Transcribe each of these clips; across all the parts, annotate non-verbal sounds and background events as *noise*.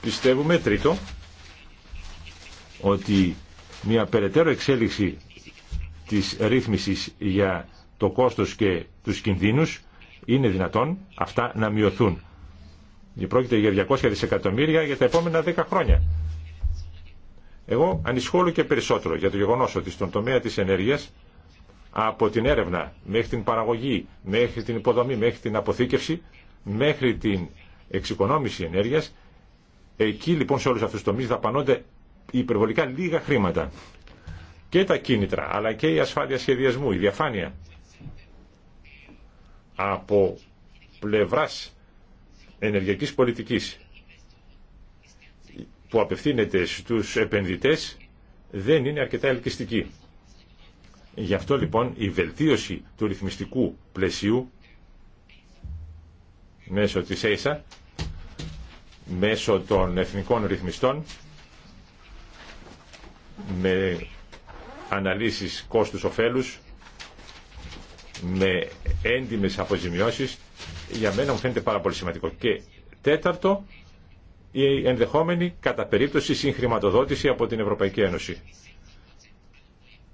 Πιστεύουμε, τρίτο, ότι μια περαιτέρω εξέλιξη της ρύθμισης για το κόστος και τους κινδύνους είναι δυνατόν αυτά να μειωθούν. Πρόκειται για 200 δισεκατομμύρια για τα επόμενα 10 χρόνια. Εγώ ανισχόλου και περισσότερο για το γεγονός ότι στον τομέα της ενέργειας από την έρευνα μέχρι την παραγωγή, μέχρι την υποδομή, μέχρι την αποθήκευση, μέχρι την εξοικονόμηση ενέργειας Εκεί λοιπόν σε όλους αυτούς τους τομείς δαπανώνται υπερβολικά λίγα χρήματα. Και τα κίνητρα, αλλά και η ασφάλεια σχεδιασμού, η διαφάνεια. Από πλευράς ενεργειακής πολιτικής που απευθύνεται στους επενδυτές δεν είναι αρκετά ελκυστική. Γι' αυτό λοιπόν η βελτίωση του ρυθμιστικού πλαισίου μέσω της ΕΙΣΑ μέσω των εθνικών ρυθμιστών με αναλύσεις κόστους-οφέλους με έντιμες αποζημιώσεις για μένα μου φαίνεται πάρα πολύ σημαντικό. Και τέταρτο, η ενδεχόμενη κατά περίπτωση συγχρηματοδότηση από την Ευρωπαϊκή Ένωση.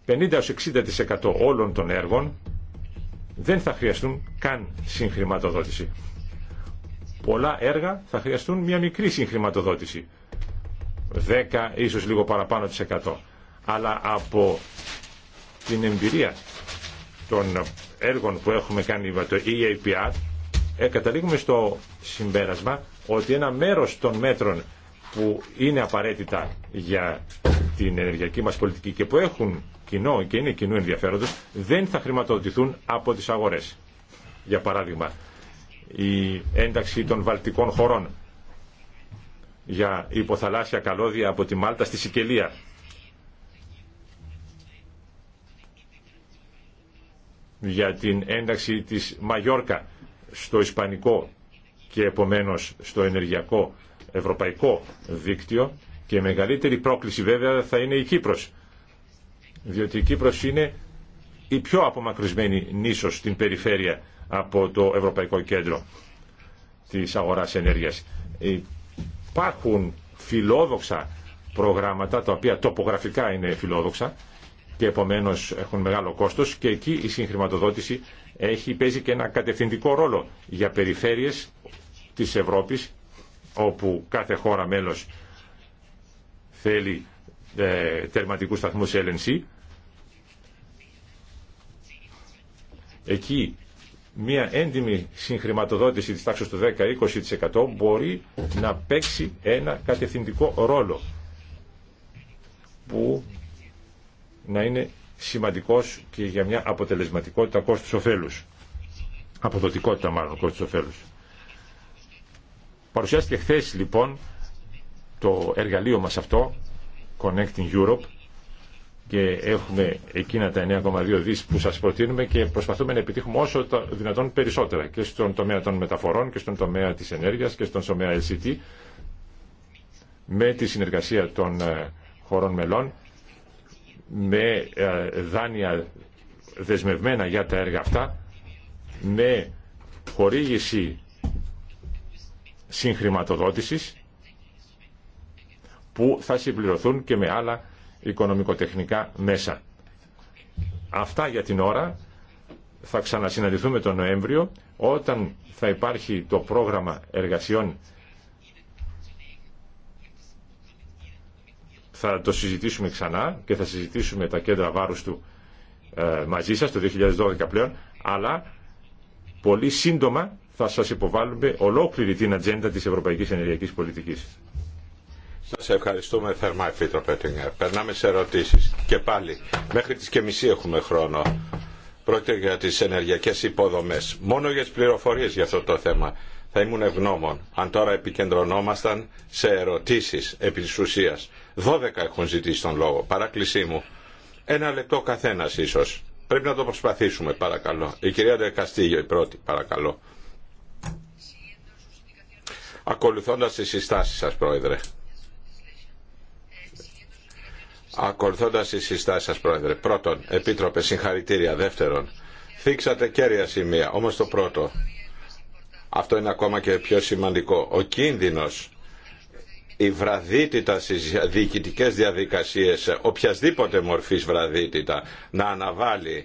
50-60% όλων των έργων δεν θα χρειαστούν καν συγχρηματοδότηση πολλά έργα θα χρειαστούν μια μικρή συγχρηματοδότηση. 10, ίσως λίγο παραπάνω της 100. Αλλά από την εμπειρία των έργων που έχουμε κάνει με το EAPR, ε, καταλήγουμε στο συμπέρασμα ότι ένα μέρος των μέτρων που είναι απαραίτητα για την ενεργειακή μας πολιτική και που έχουν κοινό και είναι κοινού ενδιαφέροντος δεν θα χρηματοδοτηθούν από τις αγορές. Για παράδειγμα, η ένταξη των βαλτικών χωρών για υποθαλάσσια καλώδια από τη Μάλτα στη Σικελία. για την ένταξη της Μαγιόρκα στο ισπανικό και επομένως στο ενεργειακό ευρωπαϊκό δίκτυο και μεγαλύτερη πρόκληση βέβαια θα είναι η Κύπρος διότι η Κύπρος είναι η πιο απομακρυσμένη νήσος στην περιφέρεια από το Ευρωπαϊκό Κέντρο της Αγοράς Ενέργειας. Υπάρχουν φιλόδοξα προγράμματα, τα οποία τοπογραφικά είναι φιλόδοξα και επομένως έχουν μεγάλο κόστος και εκεί η συγχρηματοδότηση έχει, παίζει και ένα κατευθυντικό ρόλο για περιφέρειες της Ευρώπης όπου κάθε χώρα μέλος θέλει ε, τερματικούς σταθμούς LNC. Εκεί μια έντιμη συγχρηματοδότηση της τάξης του 10-20% μπορεί να παίξει ένα κατευθυντικό ρόλο που να είναι σημαντικός και για μια αποτελεσματικότητα κόστους ωφέλους. Αποδοτικότητα μάλλον κόστους ωφέλους. Παρουσιάστηκε χθε λοιπόν το εργαλείο μας αυτό, Connecting Europe, και έχουμε εκείνα τα 9,2 δις που σας προτείνουμε και προσπαθούμε να επιτύχουμε όσο το δυνατόν περισσότερα και στον τομέα των μεταφορών και στον τομέα της ενέργειας και στον τομέα LCT με τη συνεργασία των ε, χωρών μελών με ε, δάνεια δεσμευμένα για τα έργα αυτά με χορήγηση συγχρηματοδότησης που θα συμπληρωθούν και με άλλα οικονομικοτεχνικά μέσα. Αυτά για την ώρα. Θα ξανασυναντηθούμε τον Νοέμβριο όταν θα υπάρχει το πρόγραμμα εργασιών θα το συζητήσουμε ξανά και θα συζητήσουμε τα κέντρα βάρους του ε, μαζί σας το 2012 πλέον αλλά πολύ σύντομα θα σας υποβάλουμε ολόκληρη την ατζέντα της Ευρωπαϊκής Ενεργειακής Πολιτικής. Σα ευχαριστούμε θερμά, Επίτροπε Τινγκέρ. Περνάμε σε ερωτήσει Και πάλι, μέχρι τι και μισή έχουμε χρόνο. Πρόκειται για τι ενεργειακέ υποδομέ. Μόνο για τι πληροφορίες για αυτό το θέμα. Θα ήμουν ευγνώμων αν τώρα επικεντρωνόμασταν σε ερωτήσει επί τη ουσία. Δώδεκα έχουν ζητήσει τον λόγο. Παράκλησή μου. Ένα λεπτό καθένα ίσω. Πρέπει να το προσπαθήσουμε, παρακαλώ. Η κυρία Ντεκαστήγιο, η πρώτη, παρακαλώ. Ακολουθώντα τι συστάσεις σα Πρόεδρε. Ακολουθώντα τι συστάσει σα, Πρόεδρε. Πρώτον, Επίτροπε, συγχαρητήρια. Δεύτερον, θίξατε κέρια σημεία. Όμω το πρώτο, αυτό είναι ακόμα και πιο σημαντικό. Ο κίνδυνο, η βραδύτητα στι διοικητικέ διαδικασίε, οποιασδήποτε μορφή βραδύτητα, να αναβάλει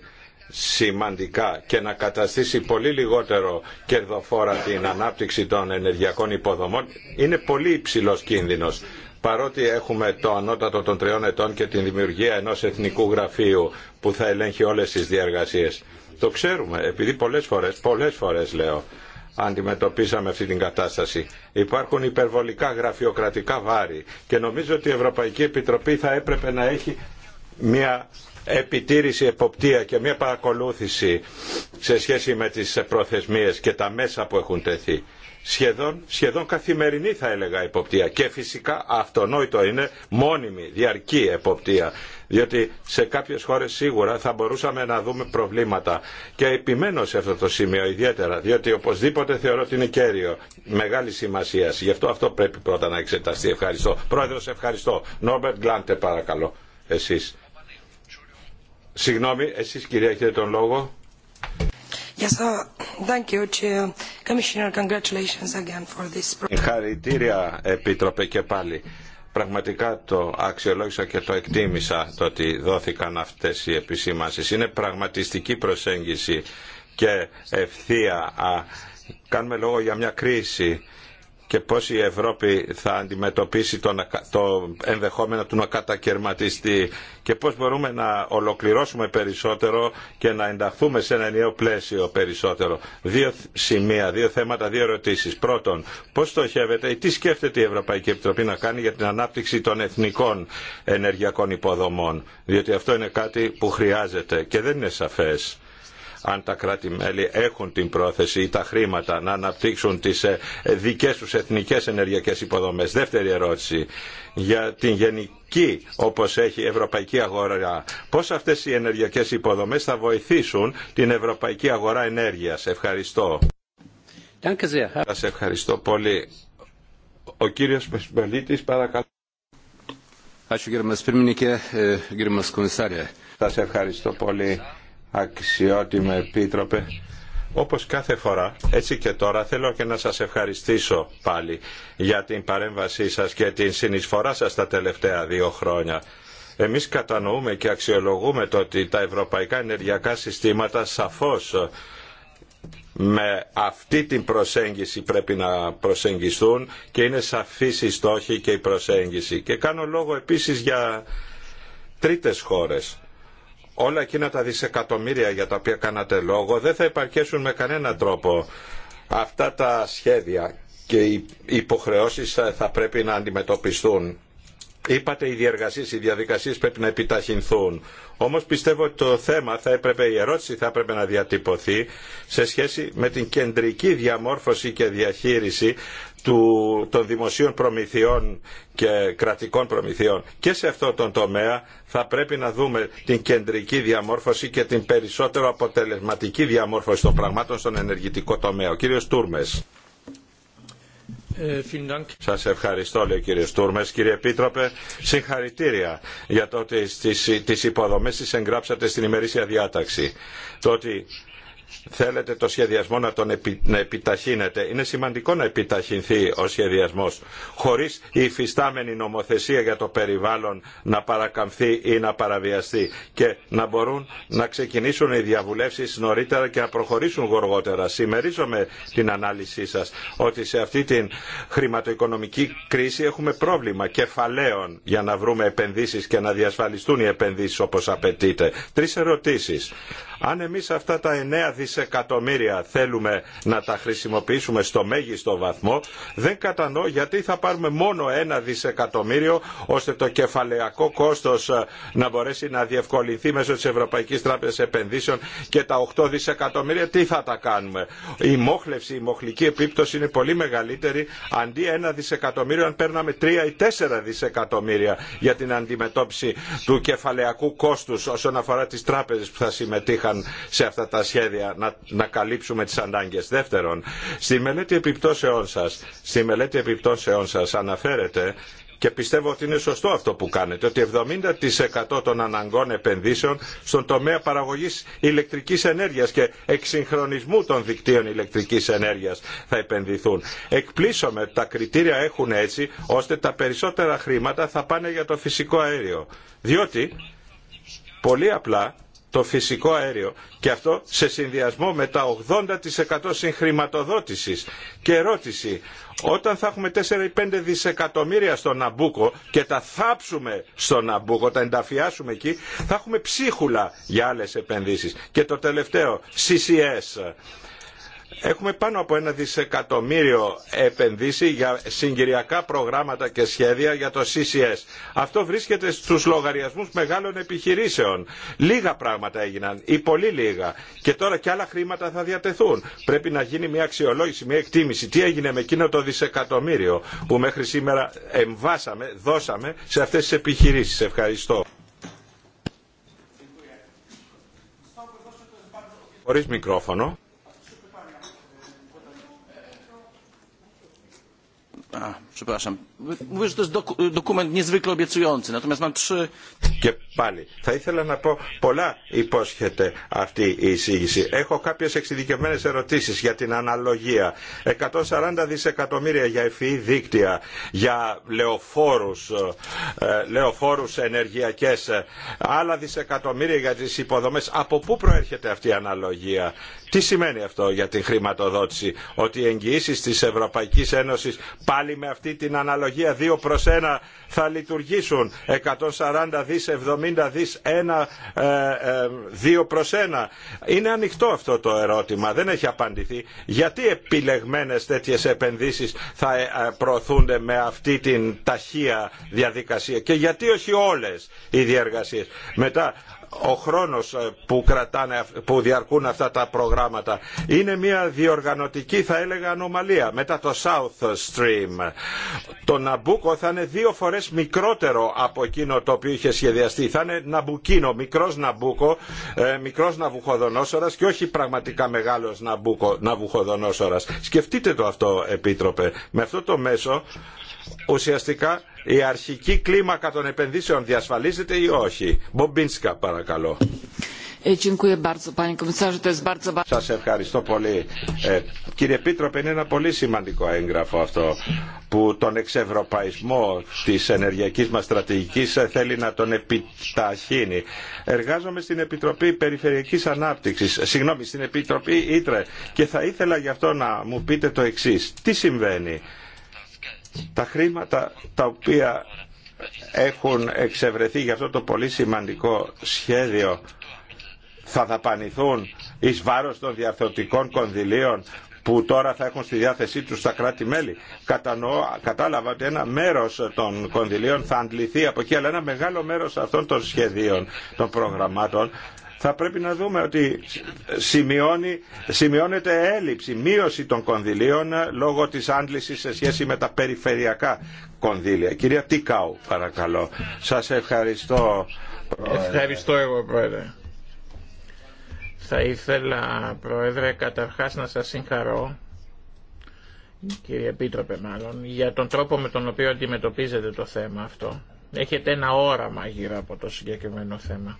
σημαντικά και να καταστήσει πολύ λιγότερο κερδοφόρα την ανάπτυξη των ενεργειακών υποδομών είναι πολύ υψηλός κίνδυνος παρότι έχουμε το ανώτατο των τριών ετών και την δημιουργία ενός εθνικού γραφείου που θα ελέγχει όλες τις διαργασίες. Το ξέρουμε, επειδή πολλές φορές, πολλές φορές λέω, αντιμετωπίσαμε αυτή την κατάσταση. Υπάρχουν υπερβολικά γραφειοκρατικά βάρη και νομίζω ότι η Ευρωπαϊκή Επιτροπή θα έπρεπε να έχει μια επιτήρηση, εποπτεία και μια παρακολούθηση σε σχέση με τις προθεσμίες και τα μέσα που έχουν τεθεί σχεδόν, σχεδόν καθημερινή θα έλεγα εποπτεία και φυσικά αυτονόητο είναι μόνιμη, διαρκή εποπτεία διότι σε κάποιες χώρες σίγουρα θα μπορούσαμε να δούμε προβλήματα και επιμένω σε αυτό το σημείο ιδιαίτερα διότι οπωσδήποτε θεωρώ ότι είναι κέριο μεγάλη σημασία. γι' αυτό αυτό πρέπει πρώτα να εξεταστεί ευχαριστώ Πρόεδρος ευχαριστώ Νόμπερτ Γκλάντε παρακαλώ εσείς Συγγνώμη, εσείς κυρία έχετε τον λόγο. Ευχαριστήρια, uh, Επίτροπε, και πάλι. Πραγματικά το αξιολόγησα και το εκτίμησα το ότι δόθηκαν αυτές οι επισήμασεις, Είναι πραγματιστική προσέγγιση και ευθεία. Κάνουμε λόγο για μια κρίση και πώς η Ευρώπη θα αντιμετωπίσει τον, το ενδεχόμενο του να κατακαιρματιστεί και πώς μπορούμε να ολοκληρώσουμε περισσότερο και να ενταχθούμε σε ένα νέο πλαίσιο περισσότερο. Δύο σημεία, δύο θέματα, δύο ερωτήσεις. Πρώτον, πώς στοχεύεται ή τι σκέφτεται η Ευρωπαϊκή Επιτροπή να κάνει για την ανάπτυξη των εθνικών ενεργειακών υποδομών, διότι αυτό είναι κάτι που χρειάζεται και δεν είναι σαφές αν τα κράτη-μέλη έχουν την πρόθεση ή τα χρήματα να αναπτύξουν τις ε, δικές τους εθνικές ενεργειακές υποδομές. Δεύτερη ερώτηση για την γενική όπως έχει η ευρωπαϊκή αγορά. Πώς αυτές οι ενεργειακές υποδομές θα βοηθήσουν την ευρωπαϊκή αγορά ενέργειας. Ευχαριστώ. Σα ευχαριστώ πολύ. Ο κύριος παρακαλώ. E, ευχαριστώ πολύ αξιότιμε επίτροπε. Όπως κάθε φορά, έτσι και τώρα, θέλω και να σας ευχαριστήσω πάλι για την παρέμβασή σας και την συνεισφορά σας τα τελευταία δύο χρόνια. Εμείς κατανοούμε και αξιολογούμε το ότι τα ευρωπαϊκά ενεργειακά συστήματα σαφώς με αυτή την προσέγγιση πρέπει να προσεγγιστούν και είναι σαφής η στόχη και η προσέγγιση. Και κάνω λόγο επίσης για τρίτες χώρες όλα εκείνα τα δισεκατομμύρια για τα οποία κάνατε λόγο δεν θα υπαρχέσουν με κανέναν τρόπο αυτά τα σχέδια και οι υποχρεώσεις θα πρέπει να αντιμετωπιστούν. Είπατε οι διεργασίες, οι διαδικασίες πρέπει να επιταχυνθούν. Όμως πιστεύω ότι το θέμα θα έπρεπε, η ερώτηση θα έπρεπε να διατυπωθεί σε σχέση με την κεντρική διαμόρφωση και διαχείριση των δημοσίων προμηθειών και κρατικών προμηθειών. Και σε αυτό τον τομέα θα πρέπει να δούμε την κεντρική διαμόρφωση και την περισσότερο αποτελεσματική διαμόρφωση των πραγμάτων στον ενεργητικό τομέα. Ο κύριος Τούρμες. Ε, Σας ευχαριστώ, λέει ο κύριος Τούρμες. Κύριε Επίτροπε, συγχαρητήρια για το ότι τις, τις υποδομές τις εγγράψατε στην ημερήσια διάταξη. Το ότι θέλετε το σχεδιασμό να τον επι, επιταχύνετε. Είναι σημαντικό να επιταχυνθεί ο σχεδιασμός χωρίς η υφιστάμενη νομοθεσία για το περιβάλλον να παρακαμφθεί ή να παραβιαστεί και να μπορούν να ξεκινήσουν οι διαβουλεύσεις νωρίτερα και να προχωρήσουν γοργότερα. Σημερίζομαι την ανάλυση σας ότι σε αυτή την χρηματοοικονομική κρίση έχουμε πρόβλημα κεφαλαίων για να βρούμε επενδύσεις και να διασφαλιστούν οι επενδύσεις όπως απαιτείται. Τρεις ερωτήσεις. Αν εμείς αυτά τα εννέα δισεκατομμύρια θέλουμε να τα χρησιμοποιήσουμε στο μέγιστο βαθμό, δεν κατανοώ γιατί θα πάρουμε μόνο ένα δισεκατομμύριο ώστε το κεφαλαιακό κόστος ε, να μπορέσει να διευκολυνθεί μέσω της Ευρωπαϊκής Τράπεζας Επενδύσεων και τα 8 δισεκατομμύρια τι θα τα κάνουμε. Η μόχλευση, η μοχλική επίπτωση είναι πολύ μεγαλύτερη αντί ένα δισεκατομμύριο αν παίρναμε 3 ή 4 δισεκατομμύρια για την αντιμετώπιση του κεφαλαιακού κόστους όσον αφορά τις τράπεζες που θα συμμετείχαν σε αυτά τα σχέδια να, καλύψουμε τις ανάγκες. Δεύτερον, στη μελέτη επιπτώσεών σας, στη μελέτη επιπτώσεών σας αναφέρεται και πιστεύω ότι είναι σωστό αυτό που κάνετε, ότι 70% των αναγκών επενδύσεων στον τομέα παραγωγής ηλεκτρικής ενέργειας και εξυγχρονισμού των δικτύων ηλεκτρικής ενέργειας θα επενδυθούν. Εκπλήσωμε, τα κριτήρια έχουν έτσι, ώστε τα περισσότερα χρήματα θα πάνε για το φυσικό αέριο. Διότι, πολύ απλά, το φυσικό αέριο και αυτό σε συνδυασμό με τα 80% συγχρηματοδότησης. Και ερώτηση, όταν θα έχουμε 4 5 δισεκατομμύρια στον Ναμπούκο και τα θάψουμε στον Ναμπούκο, τα ενταφιάσουμε εκεί, θα έχουμε ψίχουλα για άλλες επενδύσεις. Και το τελευταίο, CCS, Έχουμε πάνω από ένα δισεκατομμύριο επενδύσει για συγκυριακά προγράμματα και σχέδια για το CCS. Αυτό βρίσκεται στους λογαριασμούς μεγάλων επιχειρήσεων. Λίγα πράγματα έγιναν ή πολύ λίγα. Και τώρα και άλλα χρήματα θα διατεθούν. Πρέπει να γίνει μια αξιολόγηση, μια εκτίμηση. Τι έγινε με εκείνο το δισεκατομμύριο που μέχρι σήμερα εμβάσαμε, δώσαμε σε αυτές τις επιχειρήσεις. Ευχαριστώ. Χωρίς μικρόφωνο. przepraszam και πάλι, θα ήθελα να πω, πολλά υπόσχεται αυτή η εισήγηση. Έχω κάποιες εξειδικευμένες ερωτήσεις για την αναλογία. 140 δισεκατομμύρια για ευφυή δίκτυα, για λεωφόρους, ε, λεωφόρους ενεργειακές, άλλα δισεκατομμύρια για τις υποδομές. Από πού προέρχεται αυτή η αναλογία. Τι σημαίνει αυτό για την χρηματοδότηση, ότι οι εγγυήσει τη Ευρωπαϊκή Ένωση πάλι με αυτή την αναλογία τροπολογία 2 προς 1 θα λειτουργήσουν 140 δις, 70 δις, 1, 2 ε, ε, προς 1. Είναι ανοιχτό αυτό το ερώτημα, δεν έχει απαντηθεί. Γιατί επιλεγμένες τέτοιες επενδύσεις θα ε, προωθούνται με αυτή την ταχεία διαδικασία και γιατί όχι όλες οι διεργασίες. Μετά ο χρόνος ε, που, κρατάνε, διαρκούν αυτά τα προγράμματα. Είναι μια διοργανωτική θα έλεγα ανομαλία μετά το South Stream. Το Ναμπούκο θα είναι δύο φορές μικρότερο από εκείνο το οποίο είχε σχεδιαστεί. Θα είναι Ναμπουκίνο, μικρός Ναμπούκο, ε, μικρός Ναβουχοδονόσορας και όχι πραγματικά μεγάλος Ναμπούκο, Ναβουχοδονόσορας. Σκεφτείτε το αυτό Επίτροπε. Με αυτό το μέσο ουσιαστικά η αρχική κλίμακα των επενδύσεων διασφαλίζεται ή όχι. Μπομπίνσκα παρακαλώ. Ε, Σα ευχαριστώ πολύ. Ε, κύριε Πίτροπε, είναι ένα πολύ σημαντικό έγγραφο αυτό που τον εξευρωπαϊσμό της ενεργειακής μας στρατηγικής ε, θέλει να τον επιταχύνει. Εργάζομαι στην Επιτροπή Περιφερειακής συγγνώμη, στην Επιτροπή Ήτρε και θα ήθελα γι' αυτό να μου πείτε το εξής. Τι συμβαίνει τα χρήματα τα οποία έχουν εξευρεθεί για αυτό το πολύ σημαντικό σχέδιο θα δαπανηθούν εις βάρος των διαρθρωτικών κονδυλίων που τώρα θα έχουν στη διάθεσή τους τα κράτη-μέλη. κατάλαβα ότι ένα μέρος των κονδυλίων θα αντληθεί από εκεί, αλλά ένα μεγάλο μέρος αυτών των σχεδίων, των προγραμμάτων θα πρέπει να δούμε ότι σημειώνεται έλλειψη, μείωση των κονδυλίων λόγω της άντλησης σε σχέση με τα περιφερειακά κονδύλια. Κυρία Τικάου, παρακαλώ. Σας ευχαριστώ. Ευχαριστώ εγώ, Πρόεδρε. Θα ήθελα, Πρόεδρε, καταρχάς να σας συγχαρώ κύριε Επίτροπε μάλλον, για τον τρόπο με τον οποίο αντιμετωπίζετε το θέμα αυτό. Έχετε ένα όραμα γύρω από το συγκεκριμένο θέμα.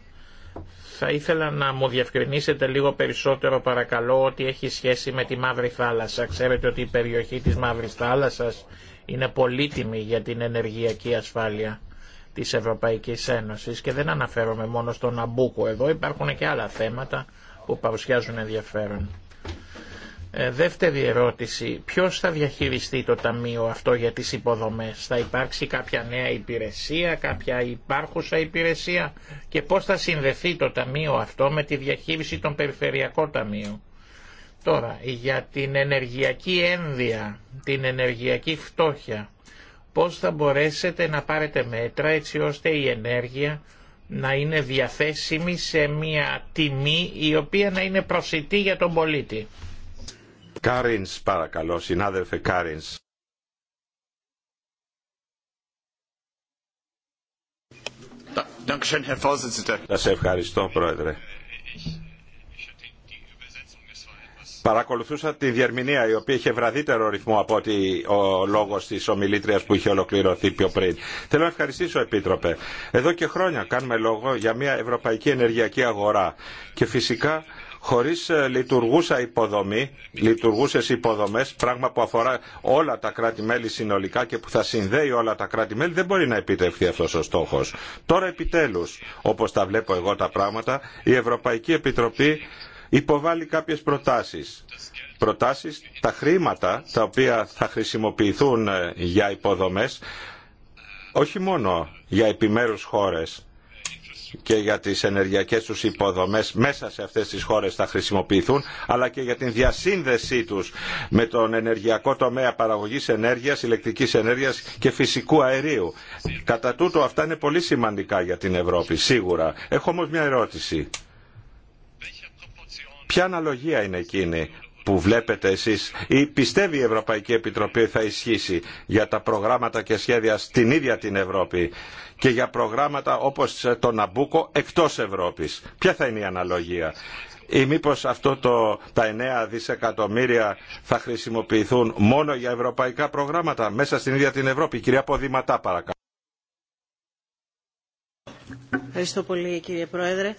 Θα ήθελα να μου διευκρινίσετε λίγο περισσότερο παρακαλώ ότι έχει σχέση με τη Μαύρη Θάλασσα. Ξέρετε ότι η περιοχή της Μαύρης Θάλασσας είναι πολύτιμη για την ενεργειακή ασφάλεια της Ευρωπαϊκής Ένωσης και δεν αναφέρομαι μόνο στον Αμπούκο εδώ, υπάρχουν και άλλα θέματα που παρουσιάζουν ενδιαφέρον. Ε, δεύτερη ερώτηση. Ποιος θα διαχειριστεί το ταμείο αυτό για τις υποδομές. Θα υπάρξει κάποια νέα υπηρεσία, κάποια υπάρχουσα υπηρεσία και πώς θα συνδεθεί το ταμείο αυτό με τη διαχείριση των περιφερειακών ταμείων. Τώρα, για την ενεργειακή ένδυα, την ενεργειακή φτώχεια, πώς θα μπορέσετε να πάρετε μέτρα έτσι ώστε η ενέργεια να είναι διαθέσιμη σε μια τιμή η οποία να είναι προσιτή για τον πολίτη. Κάρινς παρακαλώ, συνάδελφε Κάρινς. σε ευχαριστώ πρόεδρε. Παρακολουθούσα τη διερμηνία η οποία είχε βραδύτερο ρυθμό από ότι ο λόγο τη ομιλήτρια που είχε ολοκληρωθεί πιο πριν. Θέλω να ευχαριστήσω, Επίτροπε. Εδώ και χρόνια κάνουμε λόγο για μια ευρωπαϊκή ενεργειακή αγορά. Και φυσικά χωρίς ε, λειτουργούσα υποδομή, λειτουργούσες υποδομές, πράγμα που αφορά όλα τα κράτη-μέλη συνολικά και που θα συνδέει όλα τα κράτη-μέλη, δεν μπορεί να επιτευχθεί αυτός ο στόχος. Τώρα επιτέλους, όπως τα βλέπω εγώ τα πράγματα, η Ευρωπαϊκή Επιτροπή υποβάλλει κάποιες προτάσεις. Προτάσεις, τα χρήματα τα οποία θα χρησιμοποιηθούν ε, για υποδομές, όχι μόνο για επιμέρους χώρες, και για τις ενεργειακές τους υποδομές μέσα σε αυτές τις χώρες θα χρησιμοποιηθούν αλλά και για την διασύνδεσή τους με τον ενεργειακό τομέα παραγωγής ενέργειας, ηλεκτρικής ενέργειας και φυσικού αερίου. Κατά τούτο αυτά είναι πολύ σημαντικά για την Ευρώπη, σίγουρα. Έχω όμως μια ερώτηση. Ποια αναλογία είναι εκείνη που βλέπετε εσείς ή πιστεύει η Ευρωπαϊκή Επιτροπή θα ισχύσει για τα προγράμματα και σχέδια στην ίδια την Ευρώπη και για προγράμματα όπως το Ναμπούκο εκτός Ευρώπης. Ποια θα είναι η αναλογία ή μήπως αυτό το, τα 9 δισεκατομμύρια θα χρησιμοποιηθούν μόνο για ευρωπαϊκά προγράμματα μέσα στην ίδια την Ευρώπη. Κυρία Ποδηματά παρακαλώ. Ευχαριστώ πολύ κύριε Πρόεδρε.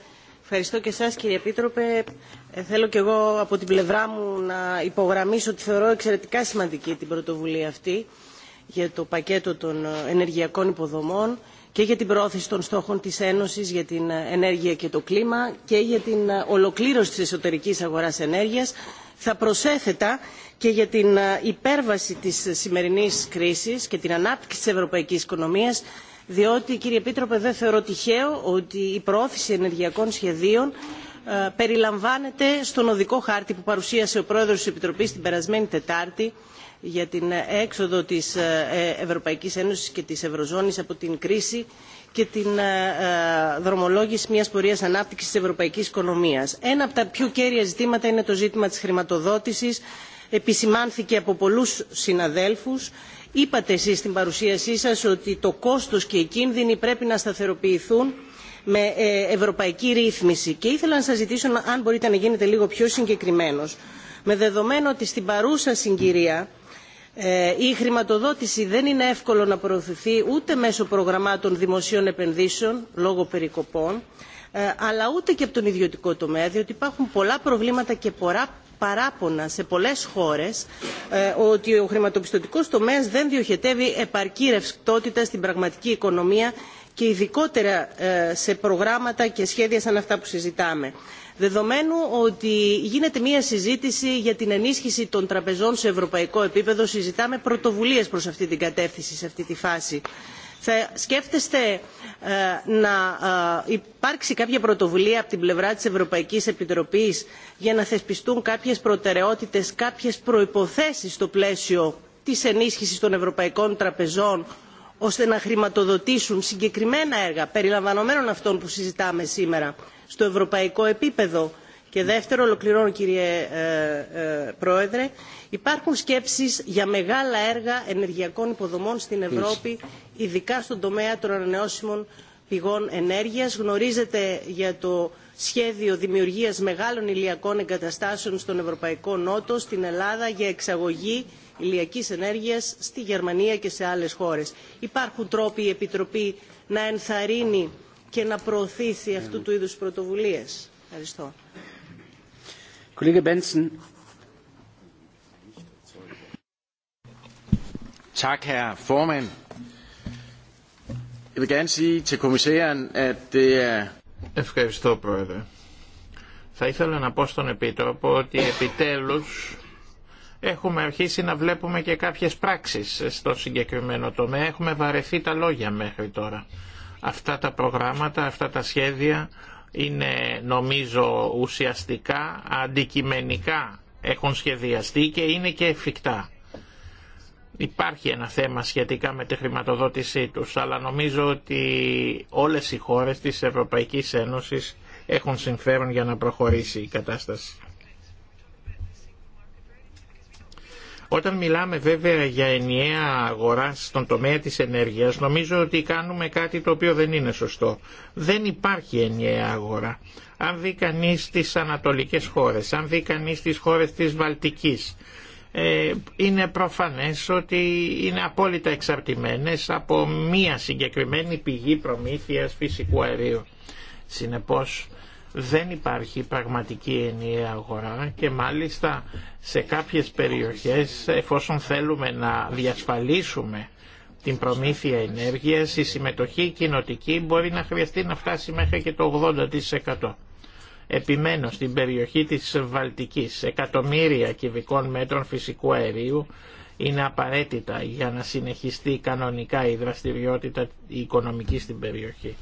Ευχαριστώ και εσάς κύριε Επίτροπε. Ε, θέλω και εγώ από την πλευρά μου να υπογραμμίσω ότι θεωρώ εξαιρετικά σημαντική την πρωτοβουλία αυτή για το πακέτο των ε, ενεργειακών υποδομών και για την προώθηση των στόχων της Ένωσης για την ε, ενέργεια και το κλίμα και για την ολοκλήρωση της εσωτερικής αγοράς ενέργειας. Θα προσέθετα και για την υπέρβαση της σημερινής κρίσης και την ανάπτυξη της ευρωπαϊκής οικονομίας διότι κύριε επίτροπε δεν θεωρώ τυχαίο ότι η προώθηση ενεργειακών σχεδίων ε, περιλαμβάνεται στον οδικό χάρτη που παρουσίασε ο πρόεδρος της επιτροπής την περασμένη τετάρτη για την έξοδο της ε, ε, ευρωπαϊκής ένωσης και της ευρωζώνης από την κρίση και την δρομολόγηση μιας πορείας ανάπτυξης της ευρωπαϊκής οικονομίας. ένα από τα πιο κέρια ζητήματα είναι το ζήτημα της χρηματοδότησης επισημάνθηκε από πολλούς συναδέλφους Είπατε εσείς στην παρουσίασή σας ότι το κόστος και οι κίνδυνοι πρέπει να σταθεροποιηθούν με ε, ευρωπαϊκή ρύθμιση και ήθελα να σας ζητήσω αν μπορείτε να γίνετε λίγο πιο συγκεκριμένος. Με δεδομένο ότι στην παρούσα συγκυρία ε, η χρηματοδότηση δεν είναι εύκολο να προωθηθεί ούτε μέσω προγραμμάτων δημοσίων επενδύσεων λόγω περικοπών ε, αλλά ούτε και από τον ιδιωτικό τομέα διότι υπάρχουν πολλά προβλήματα και πολλά παράπονα σε πολλές χώρες ε, ότι ο χρηματοπιστωτικός τομέας δεν διοχετεύει επαρκή ρευστότητα στην πραγματική οικονομία και ειδικότερα ε, σε προγράμματα και σχέδια σαν αυτά που συζητάμε. Δεδομένου ότι γίνεται μια συζήτηση για την ενίσχυση των τραπεζών σε ευρωπαϊκό επίπεδο, συζητάμε πρωτοβουλίες προς αυτή την κατεύθυνση σε αυτή τη φάση θα σκέφτεστε ε, να ε, υπάρξει κάποια πρωτοβουλία από την πλευρά της Ευρωπαϊκής Επιτροπής για να θεσπιστούν κάποιες προτεραιότητες, κάποιες προϋποθέσεις στο πλαίσιο της ενίσχυσης των ευρωπαϊκών τραπεζών ώστε να χρηματοδοτήσουν συγκεκριμένα έργα περιλαμβανομένων αυτών που συζητάμε σήμερα στο ευρωπαϊκό επίπεδο. Και δεύτερο, ολοκληρώνω κύριε ε, Πρόεδρε, Υπάρχουν σκέψεις για μεγάλα έργα ενεργειακών υποδομών στην Ευρώπη, ειδικά στον τομέα των ανανεώσιμων πηγών ενέργειας. Γνωρίζετε για το σχέδιο δημιουργίας μεγάλων ηλιακών εγκαταστάσεων στον Ευρωπαϊκό Νότο, στην Ελλάδα, για εξαγωγή ηλιακής ενέργειας στη Γερμανία και σε άλλες χώρες. Υπάρχουν τρόποι η Επιτροπή να ενθαρρύνει και να προωθήσει αυτού ναι. του είδους πρωτοβουλίες. Ευχαριστώ. Ευχαριστώ, Πρόεδρε. Θα ήθελα να πω στον Επίτροπο ότι επιτέλους έχουμε αρχίσει να βλέπουμε και κάποιες πράξεις στο συγκεκριμένο τομέα. Έχουμε βαρεθεί τα λόγια μέχρι τώρα. Αυτά τα προγράμματα, αυτά τα σχέδια είναι νομίζω ουσιαστικά, αντικειμενικά έχουν σχεδιαστεί και είναι και εφικτά. Υπάρχει ένα θέμα σχετικά με τη χρηματοδότησή τους, αλλά νομίζω ότι όλες οι χώρες της Ευρωπαϊκής Ένωσης έχουν συμφέρον για να προχωρήσει η κατάσταση. Όταν μιλάμε βέβαια για ενιαία αγορά στον τομέα της ενέργειας, νομίζω ότι κάνουμε κάτι το οποίο δεν είναι σωστό. Δεν υπάρχει ενιαία αγορά. Αν δει κανεί τις ανατολικές χώρες, αν δει κανεί τις χώρες της Βαλτικής, ε, είναι προφανές ότι είναι απόλυτα εξαρτημένες από μία συγκεκριμένη πηγή προμήθειας φυσικού αερίου. Συνεπώς δεν υπάρχει πραγματική ενιαία αγορά και μάλιστα σε κάποιες περιοχές εφόσον θέλουμε να διασφαλίσουμε την προμήθεια ενέργειας η συμμετοχή κοινοτική μπορεί να χρειαστεί να φτάσει μέχρι και το 80%. Επιμένω στην περιοχή της Βαλτικής εκατομμύρια κυβικών μέτρων φυσικού αερίου είναι απαραίτητα για να συνεχιστεί κανονικά η δραστηριότητα η οικονομική στην περιοχή.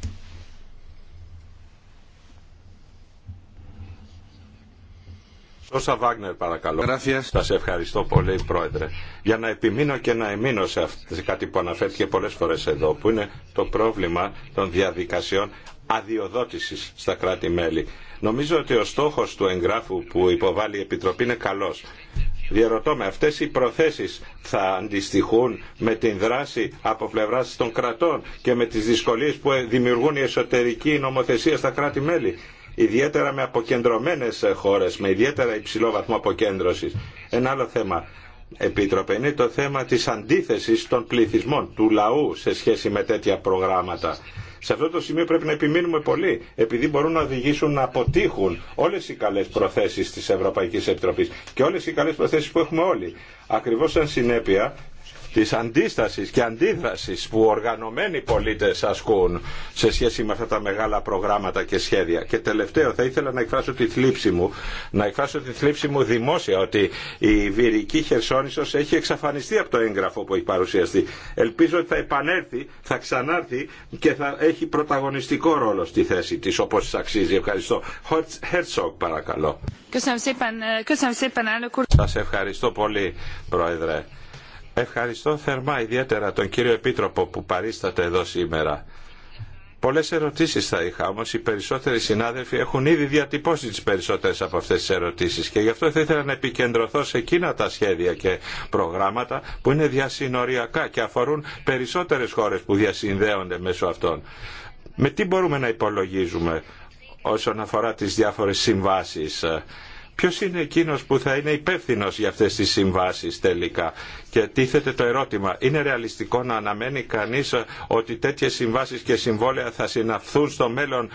Σώσα Βάγνερ παρακαλώ. Γράφειες. Σας ευχαριστώ πολύ Πρόεδρε. Για να επιμείνω και να εμείνω σε κάτι που αναφέρθηκε πολλές φορές εδώ που είναι το πρόβλημα των διαδικασιών αδειοδότησης στα κράτη-μέλη. Νομίζω ότι ο στόχος του εγγράφου που υποβάλλει η Επιτροπή είναι καλός. Διαρωτώ με, αυτές οι προθέσεις θα αντιστοιχούν με την δράση από πλευράς των κρατών και με τις δυσκολίες που δημιουργούν η εσωτερική νομοθεσία στα κράτη-μέλη ιδιαίτερα με αποκεντρωμένες χώρες, με ιδιαίτερα υψηλό βαθμό αποκέντρωσης. Ένα άλλο θέμα, Επίτροπε, είναι το θέμα της αντίθεσης των πληθυσμών, του λαού σε σχέση με τέτοια προγράμματα. Σε αυτό το σημείο πρέπει να επιμείνουμε πολύ, επειδή μπορούν να οδηγήσουν να αποτύχουν όλε οι καλέ προθέσει τη Ευρωπαϊκή Επιτροπή και όλε οι καλέ προθέσει που έχουμε όλοι. Ακριβώ σαν συνέπεια της αντίστασης και αντίδρασης που οργανωμένοι πολίτες ασκούν σε σχέση με αυτά τα μεγάλα προγράμματα και σχέδια. Και τελευταίο θα ήθελα να εκφράσω τη θλίψη μου, να εκφράσω τη θλίψη μου δημόσια ότι η Βυρική Χερσόνησος έχει εξαφανιστεί από το έγγραφο που έχει παρουσιαστεί. Ελπίζω ότι θα επανέλθει, θα ξανάρθει και θα έχει πρωταγωνιστικό ρόλο στη θέση της όπως της αξίζει. Ευχαριστώ. Herzog παρακαλώ. Σας ευχαριστώ πολύ Πρόεδρε. Ευχαριστώ θερμά ιδιαίτερα τον κύριο Επίτροπο που παρίσταται εδώ σήμερα. Πολλές ερωτήσεις θα είχα, όμως οι περισσότεροι συνάδελφοι έχουν ήδη διατυπώσει τις περισσότερες από αυτές τις ερωτήσεις και γι' αυτό θα ήθελα να επικεντρωθώ σε εκείνα τα σχέδια και προγράμματα που είναι διασυνοριακά και αφορούν περισσότερες χώρες που διασυνδέονται μέσω αυτών. Με τι μπορούμε να υπολογίζουμε όσον αφορά τις διάφορες συμβάσεις Ποιος είναι εκείνος που θα είναι υπεύθυνος για αυτές τις συμβάσεις τελικά. Και τίθεται το ερώτημα, είναι ρεαλιστικό να αναμένει κανείς ότι τέτοιες συμβάσεις και συμβόλαια θα συναφθούν στο μέλλον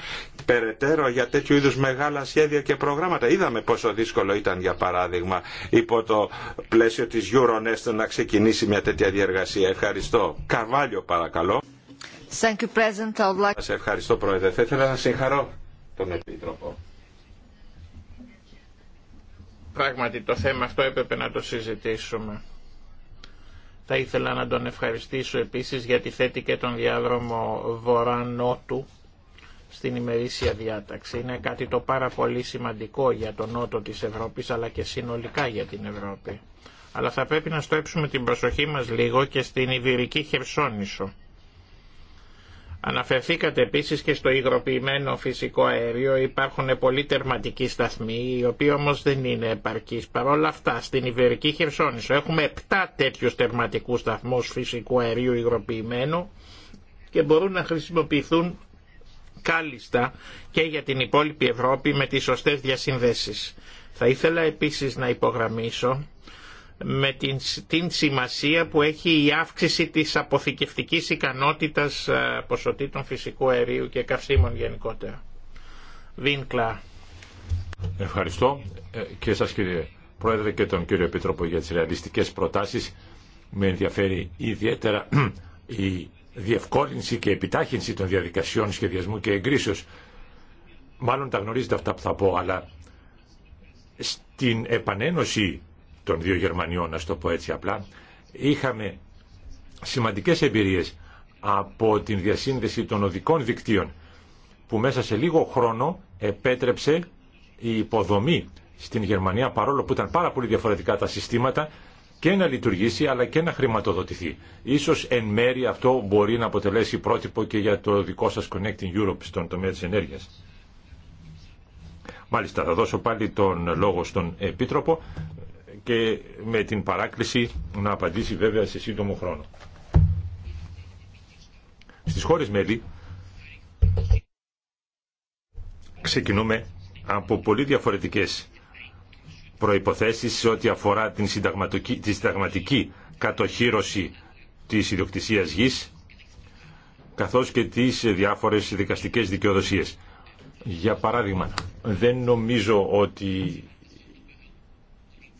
περαιτέρω για τέτοιου είδους μεγάλα σχέδια και προγράμματα. Είδαμε πόσο δύσκολο ήταν για παράδειγμα υπό το πλαίσιο της Euronest να ξεκινήσει μια τέτοια διεργασία. Ευχαριστώ. Καρβάλιο παρακαλώ. Σας ευχαριστώ Πρόεδρε. Θα ήθελα να συγχαρώ τον Επίτροπο Πράγματι το θέμα αυτό έπρεπε να το συζητήσουμε. Θα ήθελα να τον ευχαριστήσω επίσης γιατί θέτει και τον διάδρομο βορρά-νότου στην ημερήσια διάταξη. Είναι κάτι το πάρα πολύ σημαντικό για τον νότο της Ευρώπης αλλά και συνολικά για την Ευρώπη. Αλλά θα πρέπει να στρέψουμε την προσοχή μας λίγο και στην Ιβυρική Χερσόνησο. Αναφερθήκατε επίσης και στο υγροποιημένο φυσικό αέριο. Υπάρχουν πολλοί τερματικοί σταθμοί, οι οποίοι όμως δεν είναι επαρκείς. Παρ' όλα αυτά, στην Ιβερική Χερσόνησο έχουμε 7 τέτοιους τερματικούς σταθμούς φυσικού αερίου υγροποιημένου και μπορούν να χρησιμοποιηθούν κάλλιστα και για την υπόλοιπη Ευρώπη με τις σωστές διασυνδέσεις. Θα ήθελα επίσης να υπογραμμίσω με την, την σημασία που έχει η αύξηση της αποθηκευτικής ικανότητας ε, ποσοτήτων φυσικού αερίου και καυσίμων γενικότερα. Βίνκλα. Ευχαριστώ ε, και σας κύριε Πρόεδρε και τον κύριο Επίτροπο για τις ρεαλιστικές προτάσεις. Με ενδιαφέρει ιδιαίτερα *clears throat* η διευκόλυνση και επιτάχυνση των διαδικασιών σχεδιασμού και εγκρίσεως. Μάλλον τα γνωρίζετε αυτά που θα πω, αλλά στην επανένωση των δύο Γερμανιών, να το πω έτσι απλά, είχαμε σημαντικές εμπειρίες από την διασύνδεση των οδικών δικτύων που μέσα σε λίγο χρόνο επέτρεψε η υποδομή στην Γερμανία παρόλο που ήταν πάρα πολύ διαφορετικά τα συστήματα και να λειτουργήσει αλλά και να χρηματοδοτηθεί. Ίσως εν μέρη αυτό μπορεί να αποτελέσει πρότυπο και για το δικό σας Connecting Europe στον τομέα της ενέργειας. Μάλιστα, θα δώσω πάλι τον λόγο στον Επίτροπο και με την παράκληση να απαντήσει βέβαια σε σύντομο χρόνο. Στις χώρες μέλη ξεκινούμε από πολύ διαφορετικές προϋποθέσεις σε ό,τι αφορά την συνταγματική, τη συνταγματική κατοχήρωση της ιδιοκτησίας γης καθώς και τις διάφορες δικαστικές δικαιοδοσίες. Για παράδειγμα, δεν νομίζω ότι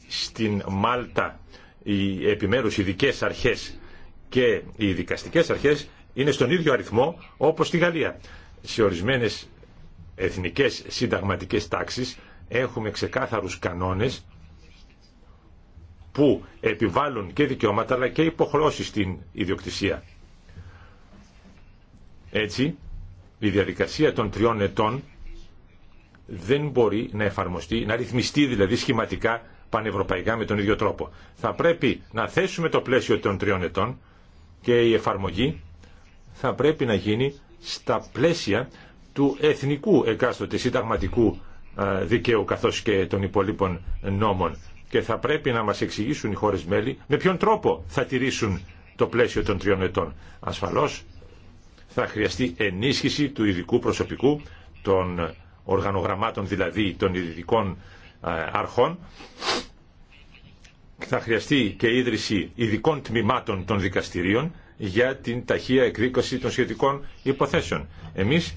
στην Μάλτα οι επιμέρους ειδικέ αρχές και οι δικαστικές αρχές είναι στον ίδιο αριθμό όπως στη Γαλλία. Σε ορισμένες εθνικές συνταγματικές τάξεις έχουμε ξεκάθαρους κανόνες που επιβάλλουν και δικαιώματα αλλά και υποχρώσεις στην ιδιοκτησία. Έτσι, η διαδικασία των τριών ετών δεν μπορεί να εφαρμοστεί, να ρυθμιστεί δηλαδή σχηματικά πανευρωπαϊκά με τον ίδιο τρόπο. Θα πρέπει να θέσουμε το πλαίσιο των τριών ετών και η εφαρμογή θα πρέπει να γίνει στα πλαίσια του εθνικού εκάστοτε συνταγματικού δικαίου καθώς και των υπολείπων νόμων και θα πρέπει να μας εξηγήσουν οι χώρες μέλη με ποιον τρόπο θα τηρήσουν το πλαίσιο των τριών ετών. Ασφαλώς θα χρειαστεί ενίσχυση του ειδικού προσωπικού, των οργανογραμμάτων δηλαδή των ειδικών ε, αρχών θα χρειαστεί και ίδρυση ειδικών τμήματων των δικαστηρίων για την ταχεία εκδίκαση των σχετικών υποθέσεων. Εμείς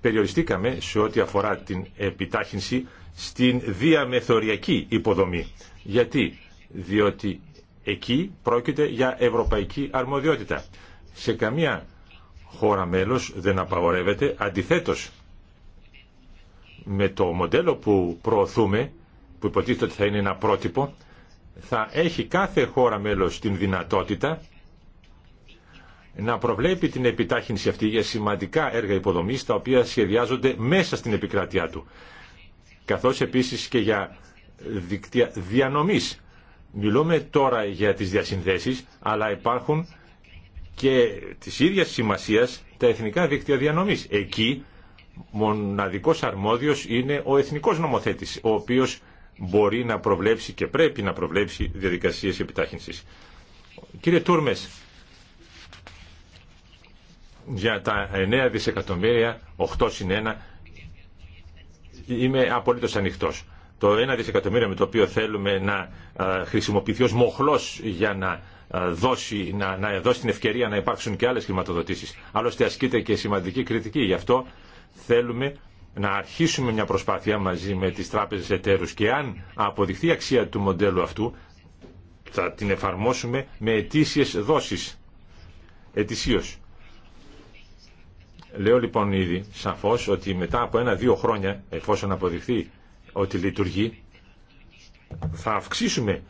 περιοριστήκαμε σε ό,τι αφορά την επιτάχυνση στην διαμεθοριακή υποδομή. Γιατί? Διότι εκεί πρόκειται για ευρωπαϊκή αρμοδιότητα. Σε καμία χώρα μέλος δεν απαγορεύεται, αντιθέτως με το μοντέλο που προωθούμε, που υποτίθεται ότι θα είναι ένα πρότυπο, θα έχει κάθε χώρα μέλος την δυνατότητα να προβλέπει την επιτάχυνση αυτή για σημαντικά έργα υποδομής τα οποία σχεδιάζονται μέσα στην επικράτειά του. Καθώς επίσης και για δικτύα διανομής. Μιλούμε τώρα για τις διασυνδέσεις, αλλά υπάρχουν και της ίδιας σημασίας τα εθνικά δίκτυα διανομής. Εκεί μοναδικός αρμόδιος είναι ο εθνικός νομοθέτης, ο οποίος μπορεί να προβλέψει και πρέπει να προβλέψει διαδικασίες επιτάχυνσης. Κύριε Τούρμες, για τα 9 δισεκατομμύρια, 8 συν 1, είμαι απολύτως ανοιχτός. Το 1 δισεκατομμύριο με το οποίο θέλουμε να ε, χρησιμοποιηθεί ως μοχλός για να ε, δώσει, να, να δώσει την ευκαιρία να υπάρξουν και άλλες χρηματοδοτήσεις. Άλλωστε ασκείται και σημαντική κριτική. Γι' αυτό Θέλουμε να αρχίσουμε μια προσπάθεια μαζί με τις τράπεζες εταίρους και αν αποδειχθεί η αξία του μοντέλου αυτού θα την εφαρμόσουμε με ετήσιες δόσεις. Ετησίως. Λέω λοιπόν ήδη σαφώς ότι μετά από ένα-δύο χρόνια εφόσον αποδειχθεί ότι λειτουργεί θα αυξήσουμε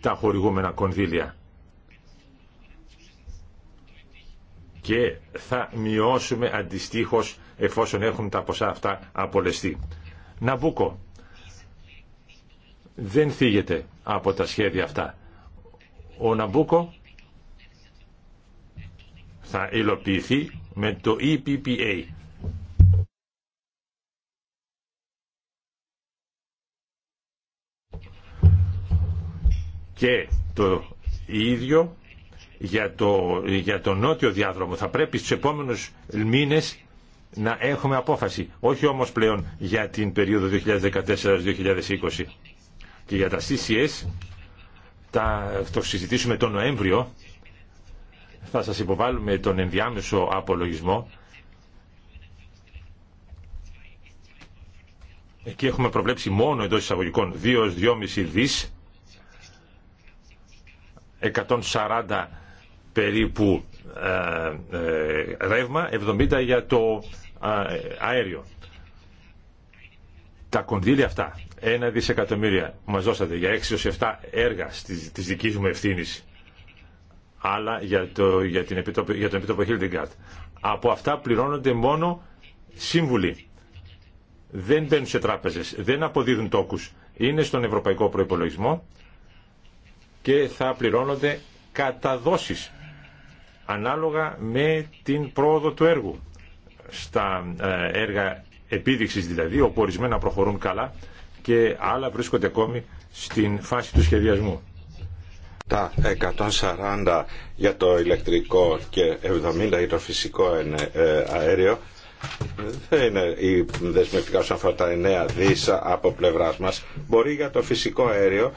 τα χορηγούμενα κονδύλια και θα μειώσουμε αντιστοίχως εφόσον έχουν τα ποσά αυτά απολεστεί. Ναμπούκο δεν θίγεται από τα σχέδια αυτά. Ο Ναμπούκο θα υλοποιηθεί με το EPPA. Και το ίδιο για το, για τον νότιο διάδρομο. Θα πρέπει στους επόμενους μήνες να έχουμε απόφαση. Όχι όμως πλέον για την περίοδο 2014-2020. Και για τα CCS, τα, το συζητήσουμε τον Νοέμβριο, θα σας υποβάλουμε τον ενδιάμεσο απολογισμό. Εκεί έχουμε προβλέψει μόνο εντός εισαγωγικών 2-2,5 δις, 140 περίπου ε, ε ρεύμα, 70 για το αέριο. Τα κονδύλια αυτά, ένα δισεκατομμύρια που μας δώσατε για 6-7 έργα της, δική δικής μου ευθύνης, αλλά για, το, για, την για τον επιτόπο Hildegard Από αυτά πληρώνονται μόνο σύμβουλοι. Δεν μπαίνουν σε τράπεζες, δεν αποδίδουν τόκους. Είναι στον ευρωπαϊκό προϋπολογισμό και θα πληρώνονται καταδόσεις ανάλογα με την πρόοδο του έργου στα ε, έργα επίδειξης δηλαδή, όπου ορισμένα προχωρούν καλά και άλλα βρίσκονται ακόμη στην φάση του σχεδιασμού. Τα 140 για το ηλεκτρικό και 70 για το φυσικό ε, αέριο δεν είναι η δεσμευτικά όσον αφορά τα 9 δις από πλευράς μας. Μπορεί για το φυσικό αέριο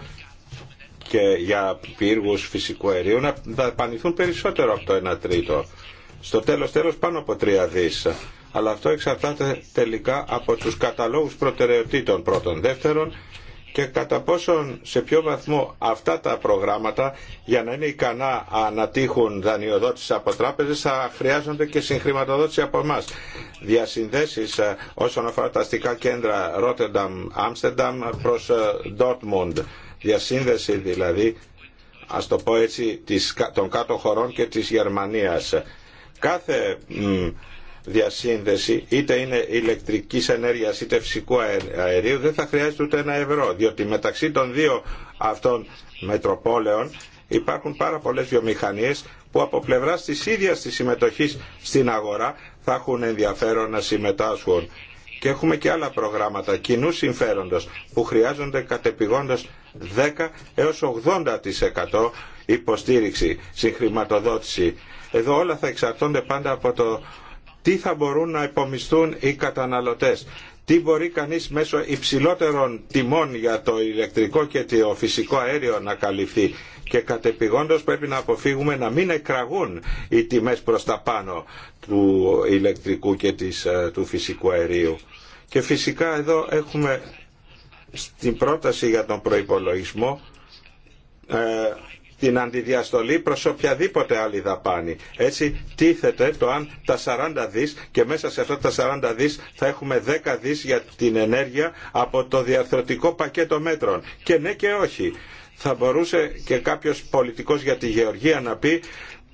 και για πύργους φυσικού αερίου να δαπανηθούν περισσότερο από το 1 τρίτο στο τέλος τέλος πάνω από τρία δις. Αλλά αυτό εξαρτάται τελικά από τους καταλόγους προτεραιοτήτων πρώτων. Δεύτερον, και κατά πόσον σε ποιο βαθμό αυτά τα προγράμματα για να είναι ικανά να τύχουν δανειοδότηση από τράπεζε θα χρειάζονται και συγχρηματοδότηση από εμά. διασυνδέσεις ε, όσον αφορά τα αστικά κέντρα Ρότερνταμ, Άμστερνταμ προς Ντόρτμουντ. Ε, Διασύνδεση δηλαδή, α το πω έτσι, των κάτω χωρών και της γερμανίας. Κάθε διασύνδεση είτε είναι ηλεκτρική ενέργεια είτε φυσικού αερίου δεν θα χρειάζεται ούτε ένα ευρώ διότι μεταξύ των δύο αυτών μετροπόλεων υπάρχουν πάρα πολλές βιομηχανίες που από πλευρά τη ίδια τη συμμετοχή στην αγορά θα έχουν ενδιαφέρον να συμμετάσχουν. Και έχουμε και άλλα προγράμματα κοινού συμφέροντος που χρειάζονται κατεπηγόντως 10 έως 80% υποστήριξη, συγχρηματοδότηση εδώ όλα θα εξαρτώνται πάντα από το τι θα μπορούν να υπομισθούν οι καταναλωτές. Τι μπορεί κανείς μέσω υψηλότερων τιμών για το ηλεκτρικό και το φυσικό αέριο να καλυφθεί και κατεπηγόντως πρέπει να αποφύγουμε να μην εκραγούν οι τιμές προς τα πάνω του ηλεκτρικού και της, ε, του φυσικού αερίου. Και φυσικά εδώ έχουμε στην πρόταση για τον προϋπολογισμό ε, την αντιδιαστολή προς οποιαδήποτε άλλη δαπάνη. Έτσι τίθεται το αν τα 40 δις και μέσα σε αυτά τα 40 δις θα έχουμε 10 δις για την ενέργεια από το διαρθρωτικό πακέτο μέτρων. Και ναι και όχι. Θα μπορούσε και κάποιος πολιτικός για τη γεωργία να πει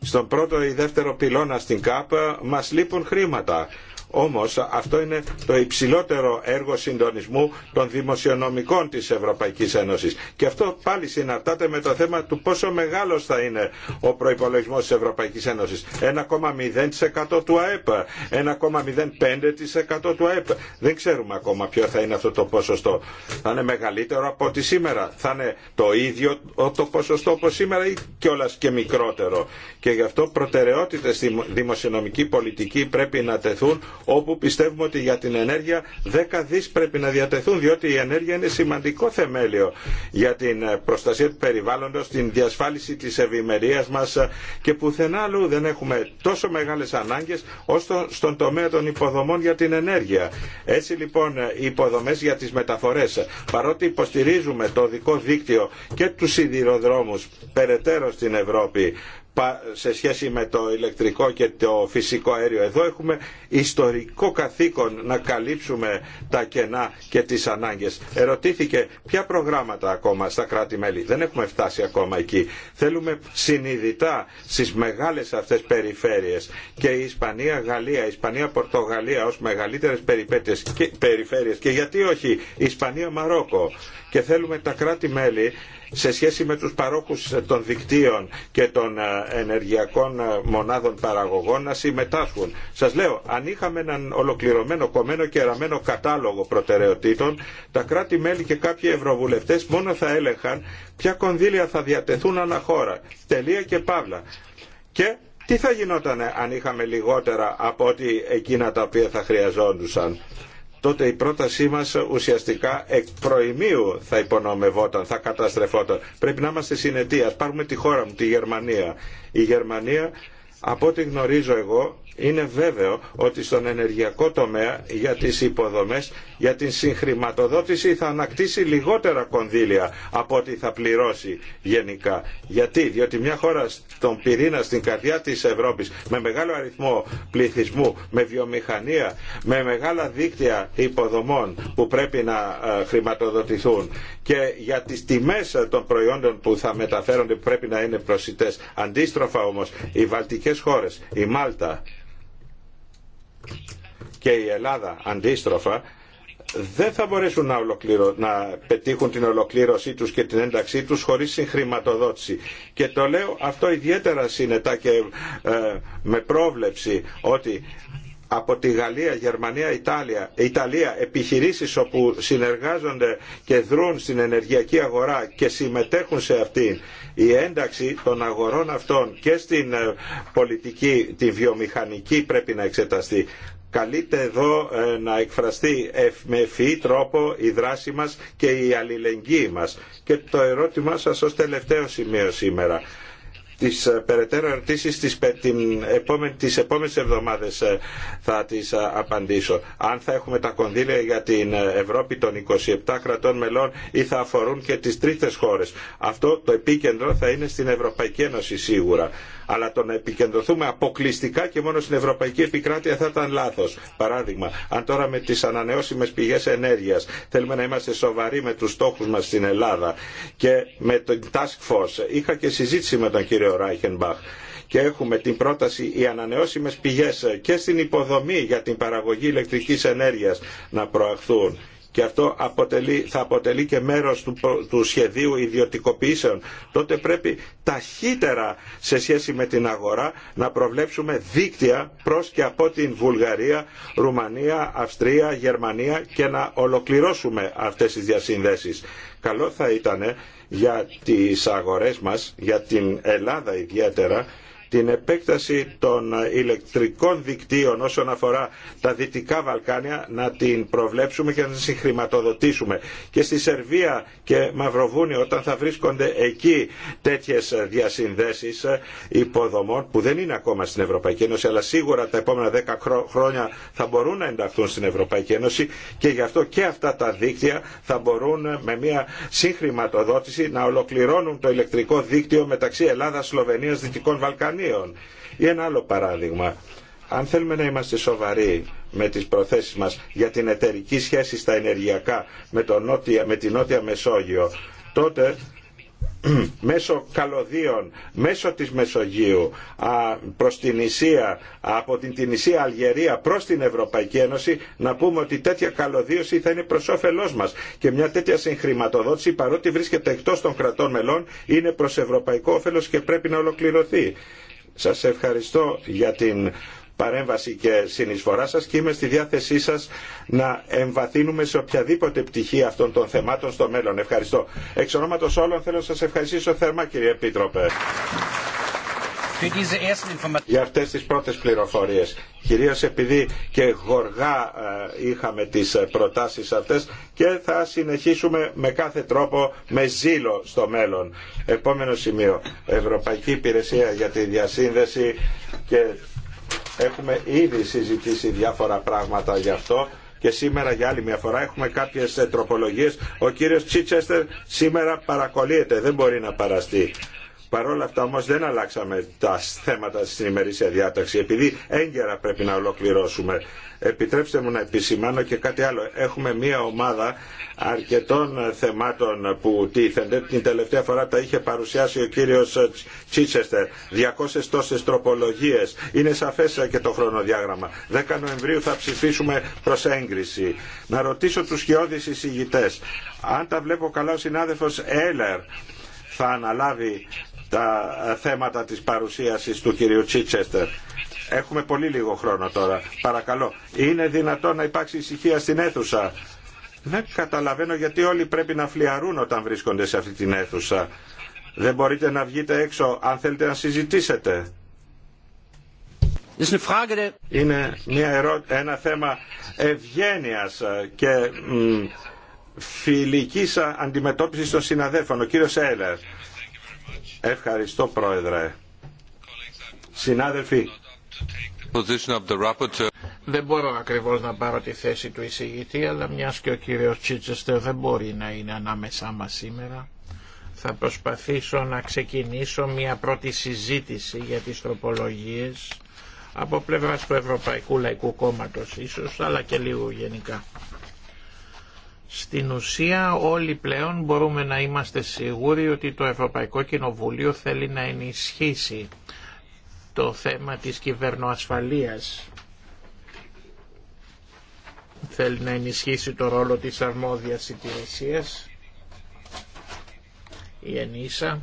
στον πρώτο ή δεύτερο πυλώνα στην ΚΑΠ μας λείπουν χρήματα. Όμως αυτό είναι το υψηλότερο έργο συντονισμού των δημοσιονομικών της Ευρωπαϊκής Ένωσης. Και αυτό πάλι συναρτάται με το θέμα του πόσο μεγάλο θα είναι ο προϋπολογισμός της Ευρωπαϊκής Ένωσης. 1,0% του ΑΕΠ, 1,05% του ΑΕΠ. Δεν ξέρουμε ακόμα ποιο θα είναι αυτό το ποσοστό. Θα είναι μεγαλύτερο από ό,τι σήμερα. Θα είναι το ίδιο το ποσοστό όπως σήμερα ή κιόλα και μικρότερο. Και γι' αυτό προτεραιότητες στη δημοσιονομική πολιτική πρέπει να τεθούν όπου πιστεύουμε ότι για την ενέργεια δέκα δις πρέπει να διατεθούν διότι η ενέργεια είναι σημαντικό θεμέλιο για την προστασία του περιβάλλοντος, την διασφάλιση της ευημερία μας και πουθενά αλλού δεν έχουμε τόσο μεγάλες ανάγκες όσο στον τομέα των υποδομών για την ενέργεια. Έτσι λοιπόν οι υποδομές για τις μεταφορές παρότι υποστηρίζουμε το δικό δίκτυο και τους σιδηροδρόμους περαιτέρω στην Ευρώπη σε σχέση με το ηλεκτρικό και το φυσικό αέριο. Εδώ έχουμε ιστορικό καθήκον να καλύψουμε τα κενά και τις ανάγκες. Ερωτήθηκε ποια προγράμματα ακόμα στα κράτη-μέλη. Δεν έχουμε φτάσει ακόμα εκεί. Θέλουμε συνειδητά στις μεγάλες αυτές περιφέρειες και η Ισπανία, Γαλλία, η Ισπανία, Πορτογαλία ως μεγαλύτερες περιφέρειες και γιατί όχι η Ισπανία, Μαρόκο και θέλουμε τα κράτη-μέλη σε σχέση με τους παρόχους των δικτύων και των ε, ενεργειακών ε, μονάδων παραγωγών να συμμετάσχουν. Σας λέω, αν είχαμε έναν ολοκληρωμένο κομμένο και ραμμένο κατάλογο προτεραιοτήτων, τα κράτη-μέλη και κάποιοι ευρωβουλευτές μόνο θα έλεγχαν ποια κονδύλια θα διατεθούν ανά χώρα. Τελεία και παύλα. Και τι θα γινόταν αν είχαμε λιγότερα από ό,τι εκείνα τα οποία θα χρειαζόντουσαν τότε η πρότασή μας ουσιαστικά εκ προημίου θα υπονομευόταν, θα καταστρεφόταν. Πρέπει να είμαστε συνετοί. Ας πάρουμε τη χώρα μου, τη Γερμανία. Η Γερμανία, από ό,τι γνωρίζω εγώ, είναι βέβαιο ότι στον ενεργειακό τομέα για τις υποδομές, για την συγχρηματοδότηση θα ανακτήσει λιγότερα κονδύλια από ό,τι θα πληρώσει γενικά. Γιατί, διότι μια χώρα στον πυρήνα, στην καρδιά της Ευρώπης, με μεγάλο αριθμό πληθυσμού, με βιομηχανία, με μεγάλα δίκτυα υποδομών που πρέπει να ε, χρηματοδοτηθούν και για τις τιμές των προϊόντων που θα μεταφέρονται που πρέπει να είναι προσιτές. Αντίστροφα όμως, οι βαλτικές χώρες, η Μάλτα, και η Ελλάδα αντίστροφα δεν θα μπορέσουν να, να πετύχουν την ολοκλήρωσή τους και την ένταξή τους χωρίς συγχρηματοδότηση. Και το λέω αυτό ιδιαίτερα συνετά και ε, με πρόβλεψη ότι από τη Γαλλία, Γερμανία, Ιταλία, Ιταλία επιχειρήσεις όπου συνεργάζονται και δρούν στην ενεργειακή αγορά και συμμετέχουν σε αυτήν η ένταξη των αγορών αυτών και στην ε, πολιτική, τη βιομηχανική πρέπει να εξεταστεί. Καλείται εδώ ε, να εκφραστεί με ευφυή τρόπο η δράση μας και η αλληλεγγύη μας. Και το ερώτημά σας ως τελευταίο σημείο σήμερα τις ε, περαιτέρω ερωτήσεις τις, την επόμενη, τις επόμενες εβδομάδες ε, θα τις ε, απαντήσω. Αν θα έχουμε τα κονδύλια για την Ευρώπη των 27 κρατών μελών ή θα αφορούν και τις τρίτες χώρες. Αυτό το επίκεντρο θα είναι στην Ευρωπαϊκή Ένωση σίγουρα αλλά το να επικεντρωθούμε αποκλειστικά και μόνο στην ευρωπαϊκή επικράτεια θα ήταν λάθο. Παράδειγμα, αν τώρα με τι ανανεώσιμε πηγέ ενέργεια θέλουμε να είμαστε σοβαροί με του στόχου μα στην Ελλάδα και με το Task Force, είχα και συζήτηση με τον κύριο Ράιχενμπαχ και έχουμε την πρόταση οι ανανεώσιμε πηγέ και στην υποδομή για την παραγωγή ηλεκτρική ενέργεια να προαχθούν και αυτό θα αποτελεί και μέρος του, του σχεδίου ιδιωτικοποιήσεων, τότε πρέπει ταχύτερα σε σχέση με την αγορά να προβλέψουμε δίκτυα προς και από την Βουλγαρία, Ρουμανία, Αυστρία, Γερμανία και να ολοκληρώσουμε αυτές τις διασύνδεσεις. Καλό θα ήταν για τις αγορές μας, για την Ελλάδα ιδιαίτερα, την επέκταση των ηλεκτρικών δικτύων όσον αφορά τα Δυτικά Βαλκάνια να την προβλέψουμε και να την συγχρηματοδοτήσουμε. Και στη Σερβία και Μαυροβούνιο όταν θα βρίσκονται εκεί τέτοιες διασυνδέσεις υποδομών που δεν είναι ακόμα στην Ευρωπαϊκή Ένωση αλλά σίγουρα τα επόμενα δέκα χρόνια θα μπορούν να ενταχθούν στην Ευρωπαϊκή Ένωση και γι' αυτό και αυτά τα δίκτυα θα μπορούν με μια συγχρηματοδότηση να ολοκληρώνουν το ηλεκτρικό δίκτυο μεταξύ Ελλάδας, Σλοβενίας, Δυτικών Βαλκανίων εργαλείων. Ή ένα άλλο παράδειγμα. Αν θέλουμε να είμαστε σοβαροί με τις προθέσεις μας για την εταιρική σχέση στα ενεργειακά με, το νότια, με τη Νότια Μεσόγειο, τότε *clears throat* μέσω καλωδίων, μέσω της Μεσογείου προς την Ισία, από την Τινησία Αλγερία προς την Ευρωπαϊκή Ένωση να πούμε ότι τέτοια καλωδίωση θα είναι προς όφελός μας και μια τέτοια συγχρηματοδότηση παρότι βρίσκεται εκτός των κρατών μελών είναι προς ευρωπαϊκό όφελος και πρέπει να ολοκληρωθεί. Σας ευχαριστώ για την παρέμβαση και συνεισφορά σας και είμαι στη διάθεσή σας να εμβαθύνουμε σε οποιαδήποτε πτυχή αυτών των θεμάτων στο μέλλον. Ευχαριστώ. Εξ ονόματος όλων θέλω να σας ευχαριστήσω θερμά κύριε Επίτροπε για αυτές τις πρώτες πληροφορίες. Κυρίως επειδή και γοργά ε, είχαμε τις ε, προτάσεις αυτές και θα συνεχίσουμε με κάθε τρόπο με ζήλο στο μέλλον. Επόμενο σημείο. Ευρωπαϊκή Υπηρεσία για τη Διασύνδεση και έχουμε ήδη συζητήσει διάφορα πράγματα γι' αυτό και σήμερα για άλλη μια φορά έχουμε κάποιες ε, τροπολογίες. Ο κύριος Τσίτσεστερ σήμερα παρακολύεται, δεν μπορεί να παραστεί. Παρ' όλα αυτά όμως δεν αλλάξαμε τα θέματα στην ημερήσια διάταξη επειδή έγκαιρα πρέπει να ολοκληρώσουμε. Επιτρέψτε μου να επισημάνω και κάτι άλλο. Έχουμε μία ομάδα αρκετών θεμάτων που τίθενται. Την τελευταία φορά τα είχε παρουσιάσει ο κύριος Τσίτσεστερ. 200 τόσες τροπολογίες. Είναι σαφές και το χρονοδιάγραμμα. 10 Νοεμβρίου θα ψηφίσουμε προς έγκριση. Να ρωτήσω τους χειώδεις εισηγητές. Αν τα βλέπω καλά ο συνάδελφος Έλερ θα αναλάβει τα θέματα της παρουσίασης του κυρίου Τσίτσεστερ. Έχουμε πολύ λίγο χρόνο τώρα. Παρακαλώ, είναι δυνατόν να υπάρξει ησυχία στην αίθουσα. Δεν καταλαβαίνω γιατί όλοι πρέπει να φλιαρούν όταν βρίσκονται σε αυτή την αίθουσα. Δεν μπορείτε να βγείτε έξω αν θέλετε να συζητήσετε. Είναι μια ερώ... ένα θέμα ευγένειας και φιλικής αντιμετώπισης των συναδέλφων. Ο κύριος Έλερ. Ευχαριστώ Πρόεδρε. Συνάδελφοι, δεν μπορώ ακριβώς να πάρω τη θέση του εισηγητή, αλλά μιας και ο κύριος Τσίτσεστερ δεν μπορεί να είναι ανάμεσά μας σήμερα, θα προσπαθήσω να ξεκινήσω μια πρώτη συζήτηση για τις τροπολογίες από πλευράς του Ευρωπαϊκού Λαϊκού Κόμματος ίσως, αλλά και λίγο γενικά. Στην ουσία όλοι πλέον μπορούμε να είμαστε σίγουροι ότι το Ευρωπαϊκό Κοινοβούλιο θέλει να ενισχύσει το θέμα της κυβερνοασφαλείας. Θέλει να ενισχύσει το ρόλο της αρμόδιας υπηρεσίας, η ΕΝΙΣΑ,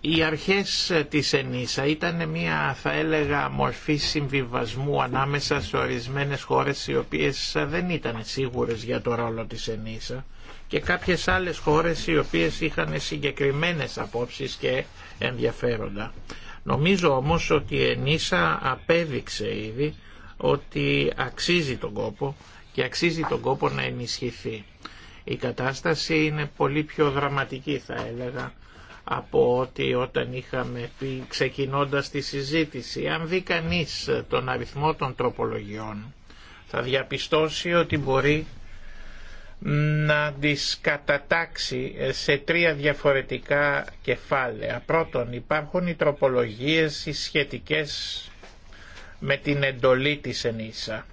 οι αρχές της ΕΝΙΣΑ ήταν μια θα έλεγα μορφή συμβιβασμού ανάμεσα σε ορισμένες χώρες οι οποίες δεν ήταν σίγουρες για το ρόλο της ΕΝΙΣΑ και κάποιες άλλες χώρες οι οποίες είχαν συγκεκριμένες απόψεις και ενδιαφέροντα. Νομίζω όμως ότι η ΕΝΙΣΑ απέδειξε ήδη ότι αξίζει τον κόπο και αξίζει τον κόπο να ενισχυθεί. Η κατάσταση είναι πολύ πιο δραματική θα έλεγα από ότι όταν είχαμε πει ξεκινώντας τη συζήτηση. Αν δει κανεί τον αριθμό των τροπολογιών θα διαπιστώσει ότι μπορεί να τις κατατάξει σε τρία διαφορετικά κεφάλαια. Πρώτον υπάρχουν οι τροπολογίες οι σχετικές με την εντολή της ενίσα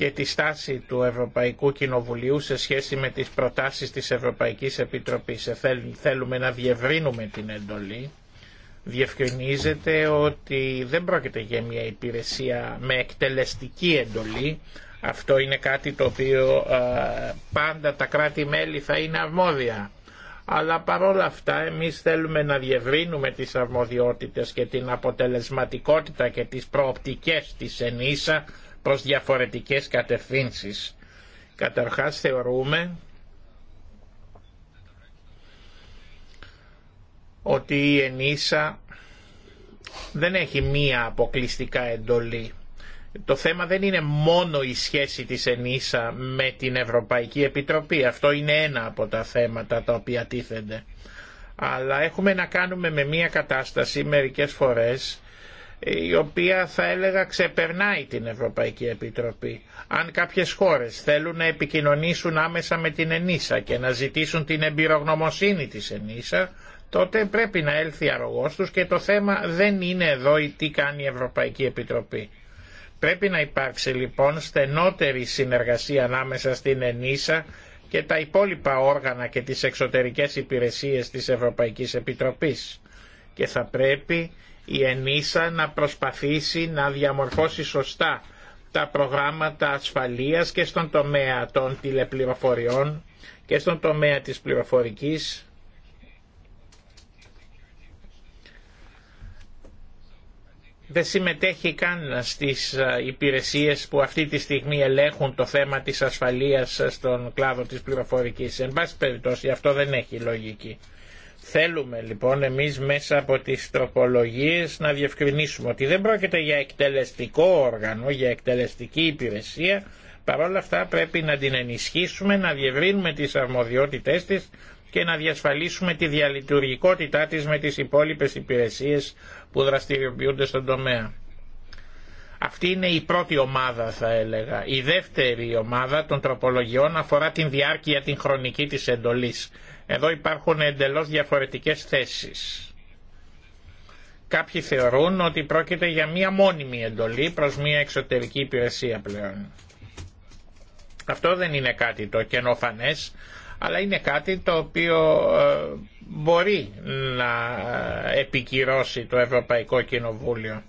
και τη στάση του Ευρωπαϊκού Κοινοβουλίου σε σχέση με τις προτάσεις της Ευρωπαϊκής Επιτροπής. Ε, θέλουμε να διευρύνουμε την εντολή. Διευκρινίζεται ότι δεν πρόκειται για μια υπηρεσία με εκτελεστική εντολή. Αυτό είναι κάτι το οποίο ε, πάντα τα κράτη-μέλη θα είναι αρμόδια. Αλλά παρόλα αυτά εμείς θέλουμε να διευρύνουμε τις αρμοδιότητες και την αποτελεσματικότητα και τις προοπτικές της ενίσα προς διαφορετικές κατευθύνσεις. Καταρχάς θεωρούμε ότι η ΕΝΙΣΑ δεν έχει μία αποκλειστικά εντολή. Το θέμα δεν είναι μόνο η σχέση της ΕΝΙΣΑ με την Ευρωπαϊκή Επιτροπή. Αυτό είναι ένα από τα θέματα τα οποία τίθενται. Αλλά έχουμε να κάνουμε με μία κατάσταση μερικές φορές η οποία θα έλεγα ξεπερνάει την Ευρωπαϊκή Επιτροπή. Αν κάποιες χώρες θέλουν να επικοινωνήσουν άμεσα με την ΕΝΙΣΑ και να ζητήσουν την εμπειρογνωμοσύνη της ΕΝΙΣΑ, τότε πρέπει να έλθει αρρωγός τους και το θέμα δεν είναι εδώ η τι κάνει η Ευρωπαϊκή Επιτροπή. Πρέπει να υπάρξει λοιπόν στενότερη συνεργασία ανάμεσα στην ΕΝΙΣΑ και τα υπόλοιπα όργανα και τις εξωτερικές υπηρεσίες της Ευρωπαϊκής Επιτροπής και θα πρέπει η ΕΝΙΣΑ να προσπαθήσει να διαμορφώσει σωστά τα προγράμματα ασφαλείας και στον τομέα των τηλεπληροφοριών και στον τομέα της πληροφορικής δεν συμμετέχει καν στις υπηρεσίες που αυτή τη στιγμή ελέγχουν το θέμα της ασφαλείας στον κλάδο της πληροφορικής. Εν πάση περιπτώσει αυτό δεν έχει λογική. Θέλουμε λοιπόν εμείς μέσα από τις τροπολογίες να διευκρινίσουμε ότι δεν πρόκειται για εκτελεστικό όργανο, για εκτελεστική υπηρεσία, παρόλα αυτά πρέπει να την ενισχύσουμε, να διευρύνουμε τις αρμοδιότητές της και να διασφαλίσουμε τη διαλειτουργικότητά της με τις υπόλοιπες υπηρεσίες που δραστηριοποιούνται στον τομέα. Αυτή είναι η πρώτη ομάδα θα έλεγα. Η δεύτερη ομάδα των τροπολογιών αφορά την διάρκεια την χρονική της εντολής. Εδώ υπάρχουν εντελώς διαφορετικές θέσεις. Κάποιοι θεωρούν ότι πρόκειται για μία μόνιμη εντολή προς μία εξωτερική υπηρεσία πλέον. Αυτό δεν είναι κάτι το καινοφανές, αλλά είναι κάτι το οποίο ε, μπορεί να επικυρώσει το Ευρωπαϊκό Κοινοβούλιο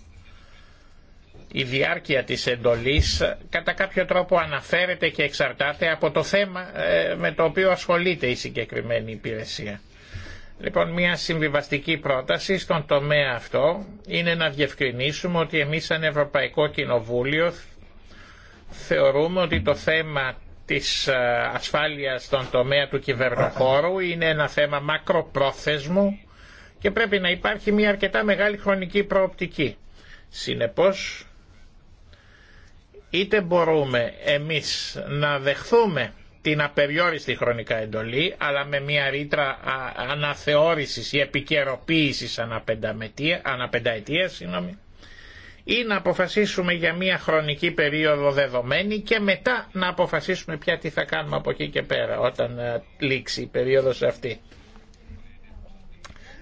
η διάρκεια της εντολής κατά κάποιο τρόπο αναφέρεται και εξαρτάται από το θέμα ε, με το οποίο ασχολείται η συγκεκριμένη υπηρεσία. Λοιπόν, μια συμβιβαστική πρόταση στον τομέα αυτό είναι να διευκρινίσουμε ότι εμείς σαν Ευρωπαϊκό Κοινοβούλιο θεωρούμε ότι το θέμα της ε, ασφάλειας στον τομέα του κυβερνοχώρου είναι ένα θέμα μακροπρόθεσμου και πρέπει να υπάρχει μια αρκετά μεγάλη χρονική προοπτική. Συνεπώς Είτε μπορούμε εμείς να δεχθούμε την απεριόριστη χρονικά εντολή, αλλά με μια ρήτρα αναθεώρησης ή επικαιροποίησης αναπενταετία, συγγνώμη, ή να αποφασίσουμε για μια χρονική περίοδο δεδομένη και μετά να αποφασίσουμε πια τι θα κάνουμε από εκεί και πέρα όταν ε, λήξει η περίοδος αυτή.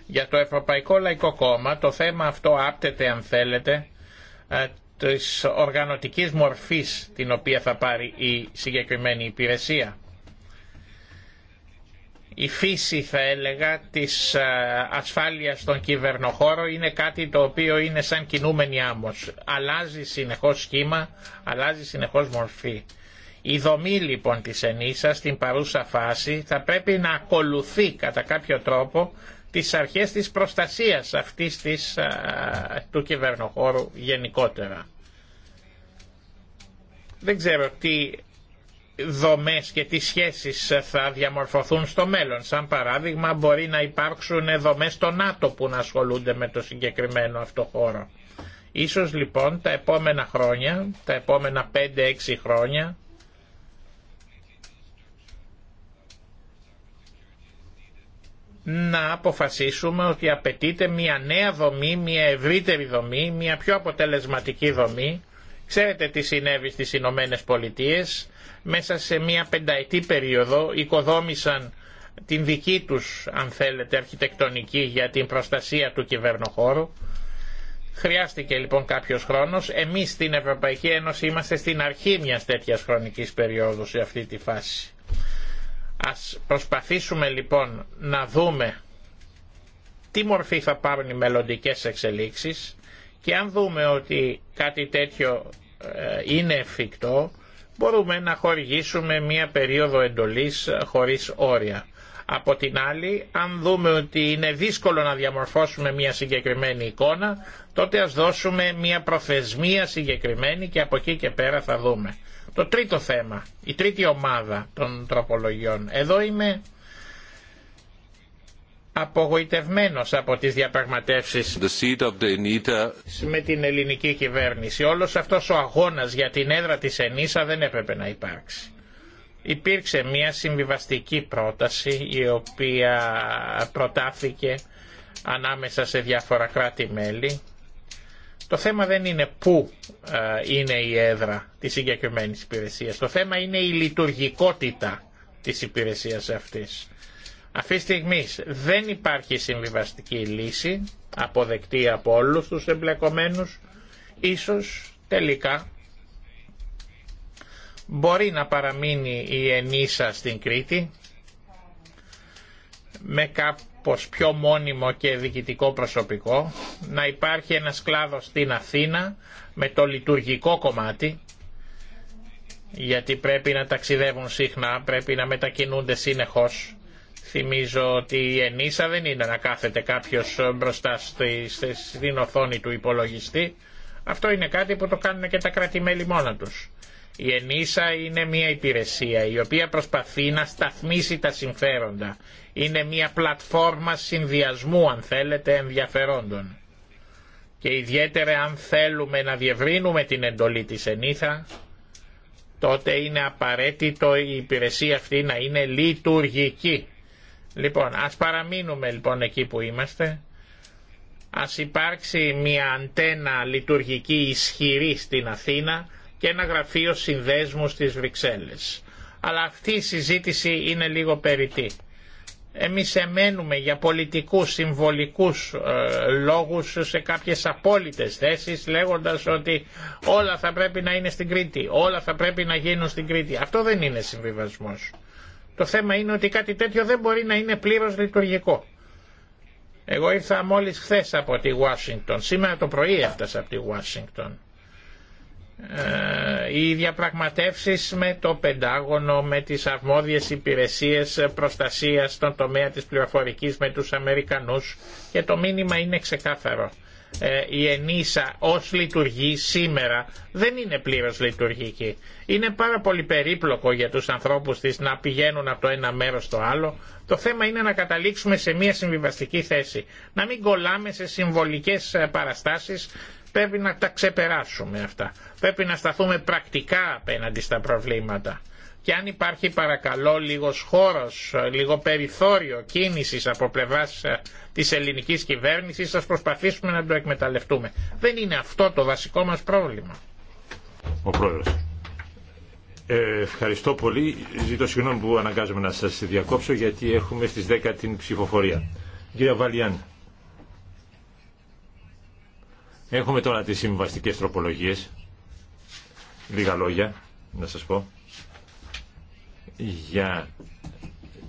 Για το Ευρωπαϊκό Λαϊκό Κόμμα το θέμα αυτό άπτεται αν θέλετε ε, της οργανωτικής μορφής την οποία θα πάρει η συγκεκριμένη υπηρεσία. Η φύση θα έλεγα της ε, ασφάλειας στον κυβερνοχώρο είναι κάτι το οποίο είναι σαν κινούμενη άμμος. Αλλάζει συνεχώς σχήμα, αλλάζει συνεχώς μορφή. Η δομή λοιπόν της ενίσας στην παρούσα φάση θα πρέπει να ακολουθεί κατά κάποιο τρόπο τις αρχές της προστασίας αυτής της, του κυβερνοχώρου γενικότερα. Δεν ξέρω τι δομές και τι σχέσεις θα διαμορφωθούν στο μέλλον. Σαν παράδειγμα μπορεί να υπάρξουν δομές στο ΝΑΤΟ που να ασχολούνται με το συγκεκριμένο αυτό χώρο. Ίσως λοιπόν τα επόμενα χρόνια, τα επόμενα 5-6 χρόνια, να αποφασίσουμε ότι απαιτείται μια νέα δομή, μια ευρύτερη δομή, μια πιο αποτελεσματική δομή. Ξέρετε τι συνέβη στις Ηνωμένε Πολιτείες. Μέσα σε μια πενταετή περίοδο οικοδόμησαν την δική τους, αν θέλετε, αρχιτεκτονική για την προστασία του κυβερνοχώρου. Χρειάστηκε λοιπόν κάποιος χρόνος. Εμείς στην Ευρωπαϊκή Ένωση είμαστε στην αρχή μιας τέτοιας χρονικής περίοδου σε αυτή τη φάση. Ας προσπαθήσουμε λοιπόν να δούμε τι μορφή θα πάρουν οι μελλοντικές εξελίξεις και αν δούμε ότι κάτι τέτοιο ε, είναι εφικτό μπορούμε να χορηγήσουμε μία περίοδο εντολής χωρίς όρια. Από την άλλη, αν δούμε ότι είναι δύσκολο να διαμορφώσουμε μια συγκεκριμένη εικόνα, τότε ας δώσουμε μια προθεσμία συγκεκριμένη και από εκεί και πέρα θα δούμε. Το τρίτο θέμα, η τρίτη ομάδα των τροπολογιών. Εδώ είμαι απογοητευμένος από τις διαπραγματεύσεις the με την ελληνική κυβέρνηση. Όλος αυτός ο αγώνας για την έδρα της Ενίσα δεν έπρεπε να υπάρξει. Υπήρξε μια συμβιβαστική πρόταση η οποία προτάθηκε ανάμεσα σε διάφορα κράτη-μέλη το θέμα δεν είναι πού ε, είναι η έδρα της συγκεκριμένη υπηρεσία. Το θέμα είναι η λειτουργικότητα της υπηρεσίας αυτής. Αυτή τη στιγμή δεν υπάρχει συμβιβαστική λύση αποδεκτή από όλους τους εμπλεκομένους. Ίσως τελικά μπορεί να παραμείνει η ενίσα στην Κρήτη με κάποιο πως πιο μόνιμο και διοικητικό προσωπικό, να υπάρχει ένας κλάδος στην Αθήνα με το λειτουργικό κομμάτι, γιατί πρέπει να ταξιδεύουν συχνά, πρέπει να μετακινούνται συνεχώς. Θυμίζω ότι η ενίσα δεν είναι να κάθεται κάποιος μπροστά στη, στην οθόνη του υπολογιστή. Αυτό είναι κάτι που το κάνουν και τα κρατημέλη μόνα τους. Η ΕΝΙΣΑ είναι μια υπηρεσία η οποία προσπαθεί να σταθμίσει τα συμφέροντα. Είναι μια πλατφόρμα συνδυασμού αν θέλετε ενδιαφερόντων. Και ιδιαίτερα αν θέλουμε να διευρύνουμε την εντολή της ΕΝΙΘΑ τότε είναι απαραίτητο η υπηρεσία αυτή να είναι λειτουργική. Λοιπόν, ας παραμείνουμε λοιπόν εκεί που είμαστε. Ας υπάρξει μια αντένα λειτουργική ισχυρή στην Αθήνα και ένα γραφείο συνδέσμου στις Βρυξέλλες. Αλλά αυτή η συζήτηση είναι λίγο περιττή. Εμείς εμένουμε για πολιτικούς συμβολικούς ε, λόγους σε κάποιες απόλυτες θέσεις λέγοντας ότι όλα θα πρέπει να είναι στην Κρήτη, όλα θα πρέπει να γίνουν στην Κρήτη. Αυτό δεν είναι συμβιβασμός. Το θέμα είναι ότι κάτι τέτοιο δεν μπορεί να είναι πλήρως λειτουργικό. Εγώ ήρθα μόλις χθες από τη Ουάσιγκτον, σήμερα το πρωί έφτασα από τη Ουάσιγκτον. Ε, οι διαπραγματεύσεις με το Πεντάγωνο, με τις αρμόδιες υπηρεσίες προστασίας στον τομέα της πληροφορικής με τους Αμερικανούς και το μήνυμα είναι ξεκάθαρο. Ε, η ΕΝΙΣΑ ως λειτουργεί σήμερα δεν είναι πλήρως λειτουργική. Είναι πάρα πολύ περίπλοκο για τους ανθρώπους της να πηγαίνουν από το ένα μέρος στο άλλο. Το θέμα είναι να καταλήξουμε σε μια συμβιβαστική θέση. Να μην κολλάμε σε συμβολικές παραστάσεις Πρέπει να τα ξεπεράσουμε αυτά. Πρέπει να σταθούμε πρακτικά απέναντι στα προβλήματα. Και αν υπάρχει παρακαλώ λίγος χώρος, λίγο περιθώριο κίνησης από πλευράς ε, της ελληνικής κυβέρνησης, θα προσπαθήσουμε να το εκμεταλλευτούμε. Δεν είναι αυτό το βασικό μας πρόβλημα. Ο Πρόεδρος. Ε, ευχαριστώ πολύ. Ζητώ συγγνώμη που αναγκάζομαι να σας διακόψω γιατί έχουμε στις 10 την ψηφοφορία. Κύριε Βαλιάν. Έχουμε τώρα τις συμβαστικές τροπολογίες. Λίγα λόγια, να σας πω, για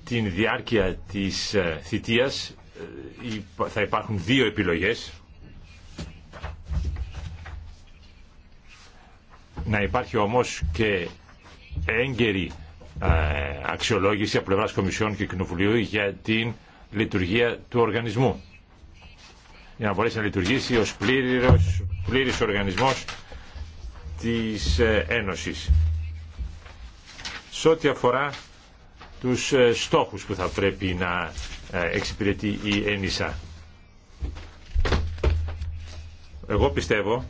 την διάρκεια της ε, θητείας ε, θα υπάρχουν δύο επιλογές. Να υπάρχει όμως και έγκαιρη ε, αξιολόγηση από πλευράς Κομισιών και Κοινοβουλίου για την λειτουργία του οργανισμού για να μπορέσει να λειτουργήσει ως πλήρης, πλήρης οργανισμός της ε, Ένωσης. Σε ό,τι αφορά τους ε, στόχους που θα πρέπει να ε, εξυπηρετεί η ΕΝΙΣΑ. Εγώ πιστεύω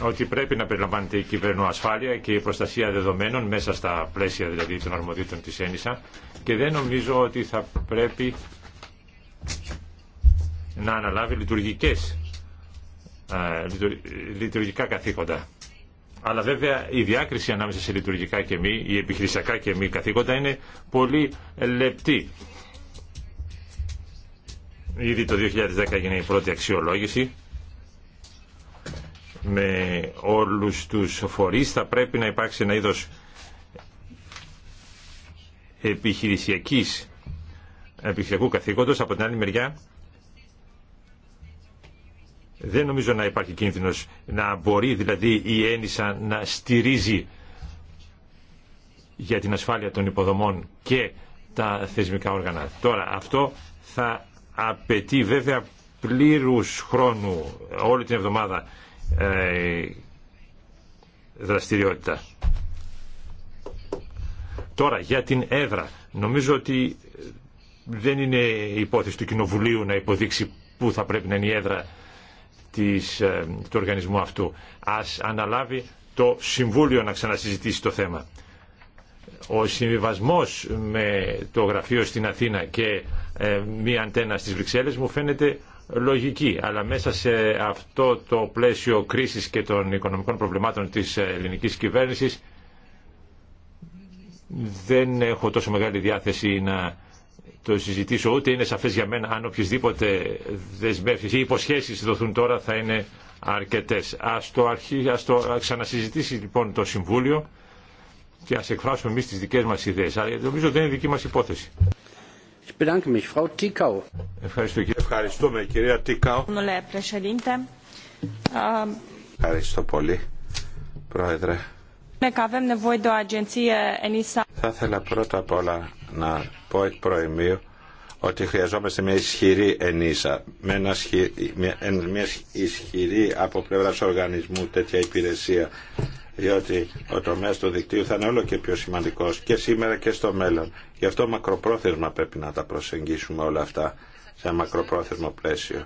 ότι πρέπει να περιλαμβάνεται η κυβερνοασφάλεια και η προστασία δεδομένων μέσα στα πλαίσια δηλαδή των αρμοδίτων της ΕΝΙΣΑ και δεν νομίζω ότι θα πρέπει να αναλάβει λειτουργικές, λειτουργικά καθήκοντα. Αλλά βέβαια η διάκριση ανάμεσα σε λειτουργικά και μη, η επιχειρησιακά και μη καθήκοντα είναι πολύ λεπτή. Ήδη το 2010 έγινε η πρώτη αξιολόγηση. Με όλους τους φορείς θα πρέπει να υπάρξει ένα είδος επιχειρησιακής, επιχειρησιακού καθήκοντος. Από την άλλη μεριά δεν νομίζω να υπάρχει κίνδυνος να μπορεί δηλαδή η Ένισα να στηρίζει για την ασφάλεια των υποδομών και τα θεσμικά όργανα. Τώρα αυτό θα απαιτεί βέβαια πλήρους χρόνου όλη την εβδομάδα ε, δραστηριότητα. Τώρα για την έδρα. Νομίζω ότι δεν είναι υπόθεση του Κοινοβουλίου να υποδείξει πού θα πρέπει να είναι η έδρα της, ε, του οργανισμού αυτού. Ας αναλάβει το Συμβούλιο να ξανασυζητήσει το θέμα. Ο συμβιβασμός με το γραφείο στην Αθήνα και ε, μία αντένα στις Βρυξέλλες μου φαίνεται λογική, αλλά μέσα σε αυτό το πλαίσιο κρίσης και των οικονομικών προβλημάτων της ελληνικής κυβέρνησης δεν έχω τόσο μεγάλη διάθεση να το συζητήσω, ούτε είναι σαφές για μένα αν οποιασδήποτε δεσμεύσεις ή υποσχέσεις δοθούν τώρα θα είναι αρκετές. Ας το, αρχί, ας το ξανασυζητήσει λοιπόν το Συμβούλιο και ας εκφράσουμε εμείς τις δικές μας ιδέες. Αλλά νομίζω δεν είναι δική μας υπόθεση. Ευχαριστώ κύριε. Ευχαριστούμε κυρία Τικάου. Ευχαριστώ πολύ πρόεδρε. Θα ήθελα πρώτα απ' όλα να πω εκ προημίου ότι χρειαζόμαστε μια ισχυρή ενίσα, με μια ισχυρή από πλευρά οργανισμού τέτοια υπηρεσία, διότι ο τομέας του δικτύου θα είναι όλο και πιο σημαντικός και σήμερα και στο μέλλον. Γι' αυτό μακροπρόθεσμα πρέπει να τα προσεγγίσουμε όλα αυτά σε ένα μακροπρόθεσμο πλαίσιο.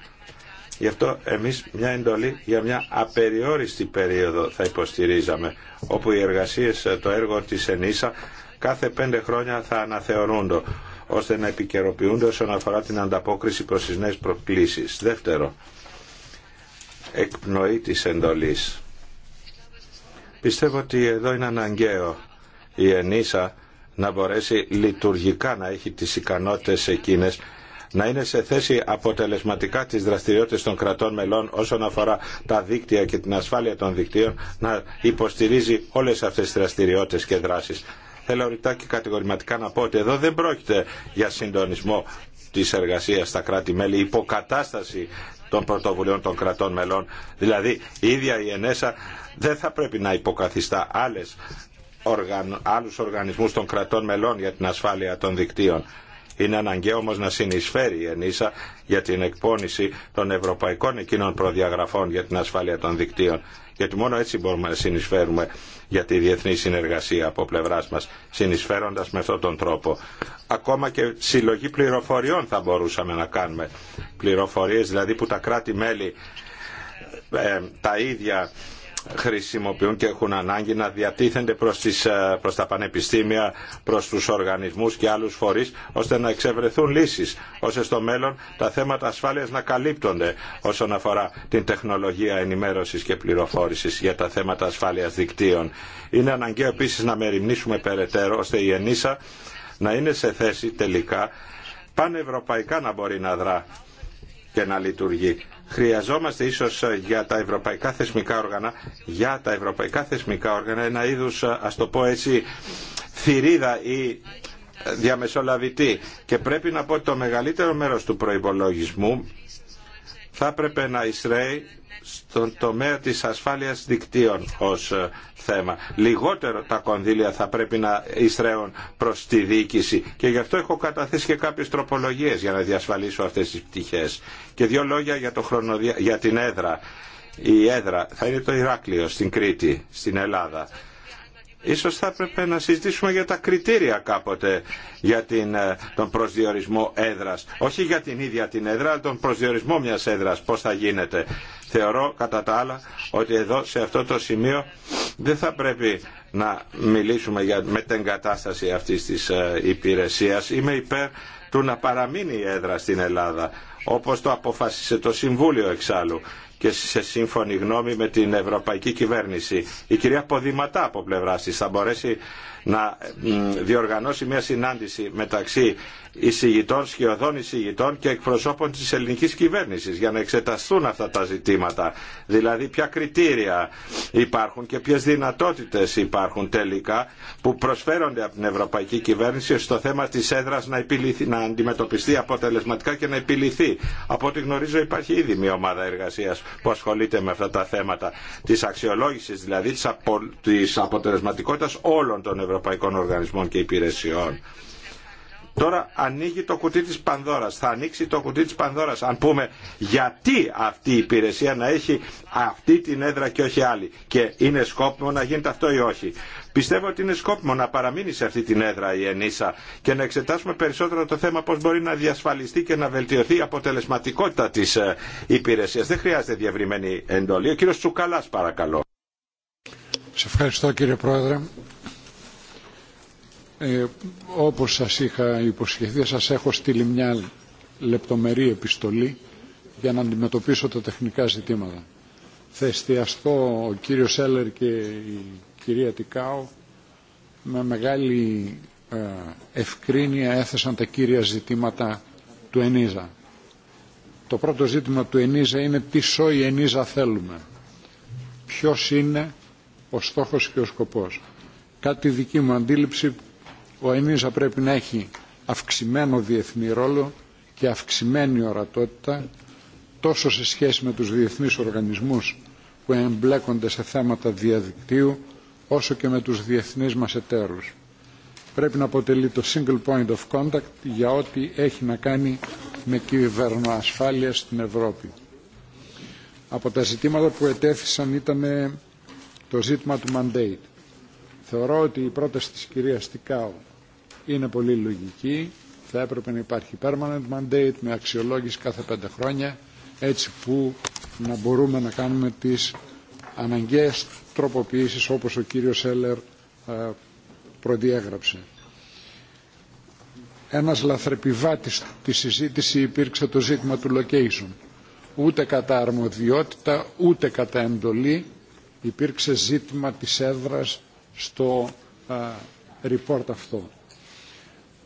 Γι' αυτό εμείς μια εντολή για μια απεριόριστη περίοδο θα υποστηρίζαμε, όπου οι εργασίες, το έργο της ΕΝΙΣΑ κάθε πέντε χρόνια θα αναθεωρούνται ώστε να επικαιροποιούνται όσον αφορά την ανταπόκριση προς τις νέες προκλήσεις. Δεύτερο, εκπνοή της εντολής. Πιστεύω ότι εδώ είναι αναγκαίο η ΕΝΗΣΑ να μπορέσει λειτουργικά να έχει τις ικανότητες εκείνες να είναι σε θέση αποτελεσματικά τις δραστηριότητες των κρατών μελών όσον αφορά τα δίκτυα και την ασφάλεια των δικτύων να υποστηρίζει όλες αυτές τις δραστηριότητες και δράσεις θέλω ρητά και κατηγορηματικά να πω ότι εδώ δεν πρόκειται για συντονισμό της εργασίας στα κράτη-μέλη, υποκατάσταση των πρωτοβουλίων των κρατών μελών. Δηλαδή η ίδια η ΕΝΕΣΑ δεν θα πρέπει να υποκαθιστά άλλες, άλλους οργανισμούς των κρατών μελών για την ασφάλεια των δικτύων. Είναι αναγκαίο όμως να συνεισφέρει η ΕΝΕΣΑ για την εκπόνηση των ευρωπαϊκών εκείνων προδιαγραφών για την ασφάλεια των δικτύων γιατί μόνο έτσι μπορούμε να συνεισφέρουμε για τη διεθνή συνεργασία από πλευράς μας, συνεισφέροντας με αυτόν τον τρόπο. Ακόμα και συλλογή πληροφοριών θα μπορούσαμε να κάνουμε. Πληροφορίες δηλαδή που τα κράτη-μέλη ε, τα ίδια χρησιμοποιούν και έχουν ανάγκη να διατίθενται προς, τις, ε, προς τα πανεπιστήμια, προς τους οργανισμούς και άλλους φορείς, ώστε να εξευρεθούν λύσεις, ώστε στο μέλλον τα θέματα ασφάλειας να καλύπτονται όσον αφορά την τεχνολογία ενημέρωσης και πληροφόρησης για τα θέματα ασφάλειας δικτύων. Είναι αναγκαίο επίσης να μεριμνήσουμε περαιτέρω, ώστε η ΕΝΗΣΑ να είναι σε θέση τελικά πανευρωπαϊκά να μπορεί να δρά και να λειτουργεί χρειαζόμαστε ίσως ε, για τα ευρωπαϊκά θεσμικά όργανα, για τα ευρωπαϊκά θεσμικά όργανα ένα είδους, ε, ας το πω έτσι, θηρίδα ή ε, διαμεσολαβητή. Και πρέπει να πω ότι το μεγαλύτερο μέρος του προϋπολογισμού θα έπρεπε να εισραίει στον τομέα της ασφάλειας δικτύων ως ε, θέμα. Λιγότερο τα κονδύλια θα πρέπει να εισραίουν προς τη διοίκηση και γι' αυτό έχω καταθέσει και κάποιες τροπολογίες για να διασφαλίσω αυτές τις πτυχές. Και δύο λόγια για, χρονοδια... για την έδρα. Η έδρα θα είναι το Ηράκλειο στην Κρήτη, στην Ελλάδα. Ίσως θα έπρεπε να συζητήσουμε για τα κριτήρια κάποτε για την, ε, τον προσδιορισμό έδρας. Όχι για την ίδια την έδρα, αλλά τον προσδιορισμό μιας έδρας, πώς θα γίνεται. Θεωρώ κατά τα άλλα ότι εδώ σε αυτό το σημείο δεν θα πρέπει να μιλήσουμε για μετεγκατάσταση αυτής της ε, υπηρεσίας. Είμαι υπέρ του να παραμείνει η έδρα στην Ελλάδα, όπως το αποφάσισε το Συμβούλιο εξάλλου και σε σύμφωνη γνώμη με την Ευρωπαϊκή Κυβέρνηση. Η κυρία Ποδηματά από πλευρά τη θα μπορέσει να διοργανώσει μια συνάντηση μεταξύ εισηγητών, σχεδόν εισηγητών και εκπροσώπων της ελληνικής κυβέρνησης για να εξεταστούν αυτά τα ζητήματα. Δηλαδή ποια κριτήρια υπάρχουν και ποιες δυνατότητες υπάρχουν τελικά που προσφέρονται από την ευρωπαϊκή κυβέρνηση στο θέμα της έδρας να, να αντιμετωπιστεί αποτελεσματικά και να επιληθεί. Από ό,τι γνωρίζω υπάρχει ήδη μια ομάδα εργασίας που ασχολείται με αυτά τα θέματα της αξιολόγησης δηλαδή της αποτελεσματικότητας όλων των ευρωπαϊκών οργανισμών και υπηρεσιών. Τώρα ανοίγει το κουτί της Πανδώρας. Θα ανοίξει το κουτί της Πανδώρας αν πούμε γιατί αυτή η υπηρεσία να έχει αυτή την έδρα και όχι άλλη. Και είναι σκόπιμο να γίνεται αυτό ή όχι. Πιστεύω ότι είναι σκόπιμο να παραμείνει σε αυτή την έδρα η ΕΝΗΣΑ και να εξετάσουμε περισσότερο το θέμα πώς μπορεί να διασφαλιστεί και να βελτιωθεί η αποτελεσματικότητα της ε, υπηρεσίας. Δεν χρειάζεται διευρυμένη εντολή. Ο κύριος Τσουκαλάς παρακαλώ. Σε ευχαριστώ κύριε Πρόεδρε. Ε, όπως σας είχα υποσχεθεί, σας έχω στείλει μια λεπτομερή επιστολή για να αντιμετωπίσω τα τεχνικά ζητήματα. Θα εστιαστώ ο κύριος Σέλερ και η κυρία Τικάου με μεγάλη ε, ευκρίνεια έθεσαν τα κύρια ζητήματα του ΕΝΙΖΑ. Το πρώτο ζήτημα του ΕΝΙΖΑ είναι τι σόι ΕΝΙΖΑ θέλουμε. Ποιος είναι ο στόχος και ο σκοπός. Κάτι δική μου αντίληψη ο ΕΝΙΖΑ πρέπει να έχει αυξημένο διεθνή ρόλο και αυξημένη ορατότητα τόσο σε σχέση με τους διεθνείς οργανισμούς που εμπλέκονται σε θέματα διαδικτύου όσο και με τους διεθνείς μας εταίρους. Πρέπει να αποτελεί το single point of contact για ό,τι έχει να κάνει με κυβερνοασφάλεια στην Ευρώπη. Από τα ζητήματα που ετέθησαν ήταν το ζήτημα του mandate. Θεωρώ ότι η πρόταση της κυρίας Τικάου είναι πολύ λογική. Θα έπρεπε να υπάρχει permanent mandate με αξιολόγηση κάθε πέντε χρόνια έτσι που να μπορούμε να κάνουμε τις αναγκαίες τροποποιήσεις όπως ο κύριος Έλερ ε, προδιέγραψε. Ένας λαθρεπιβάτης της συζήτηση υπήρξε το ζήτημα του location. Ούτε κατά αρμοδιότητα, ούτε κατά εντολή υπήρξε ζήτημα της έδρας στο ε, report αυτό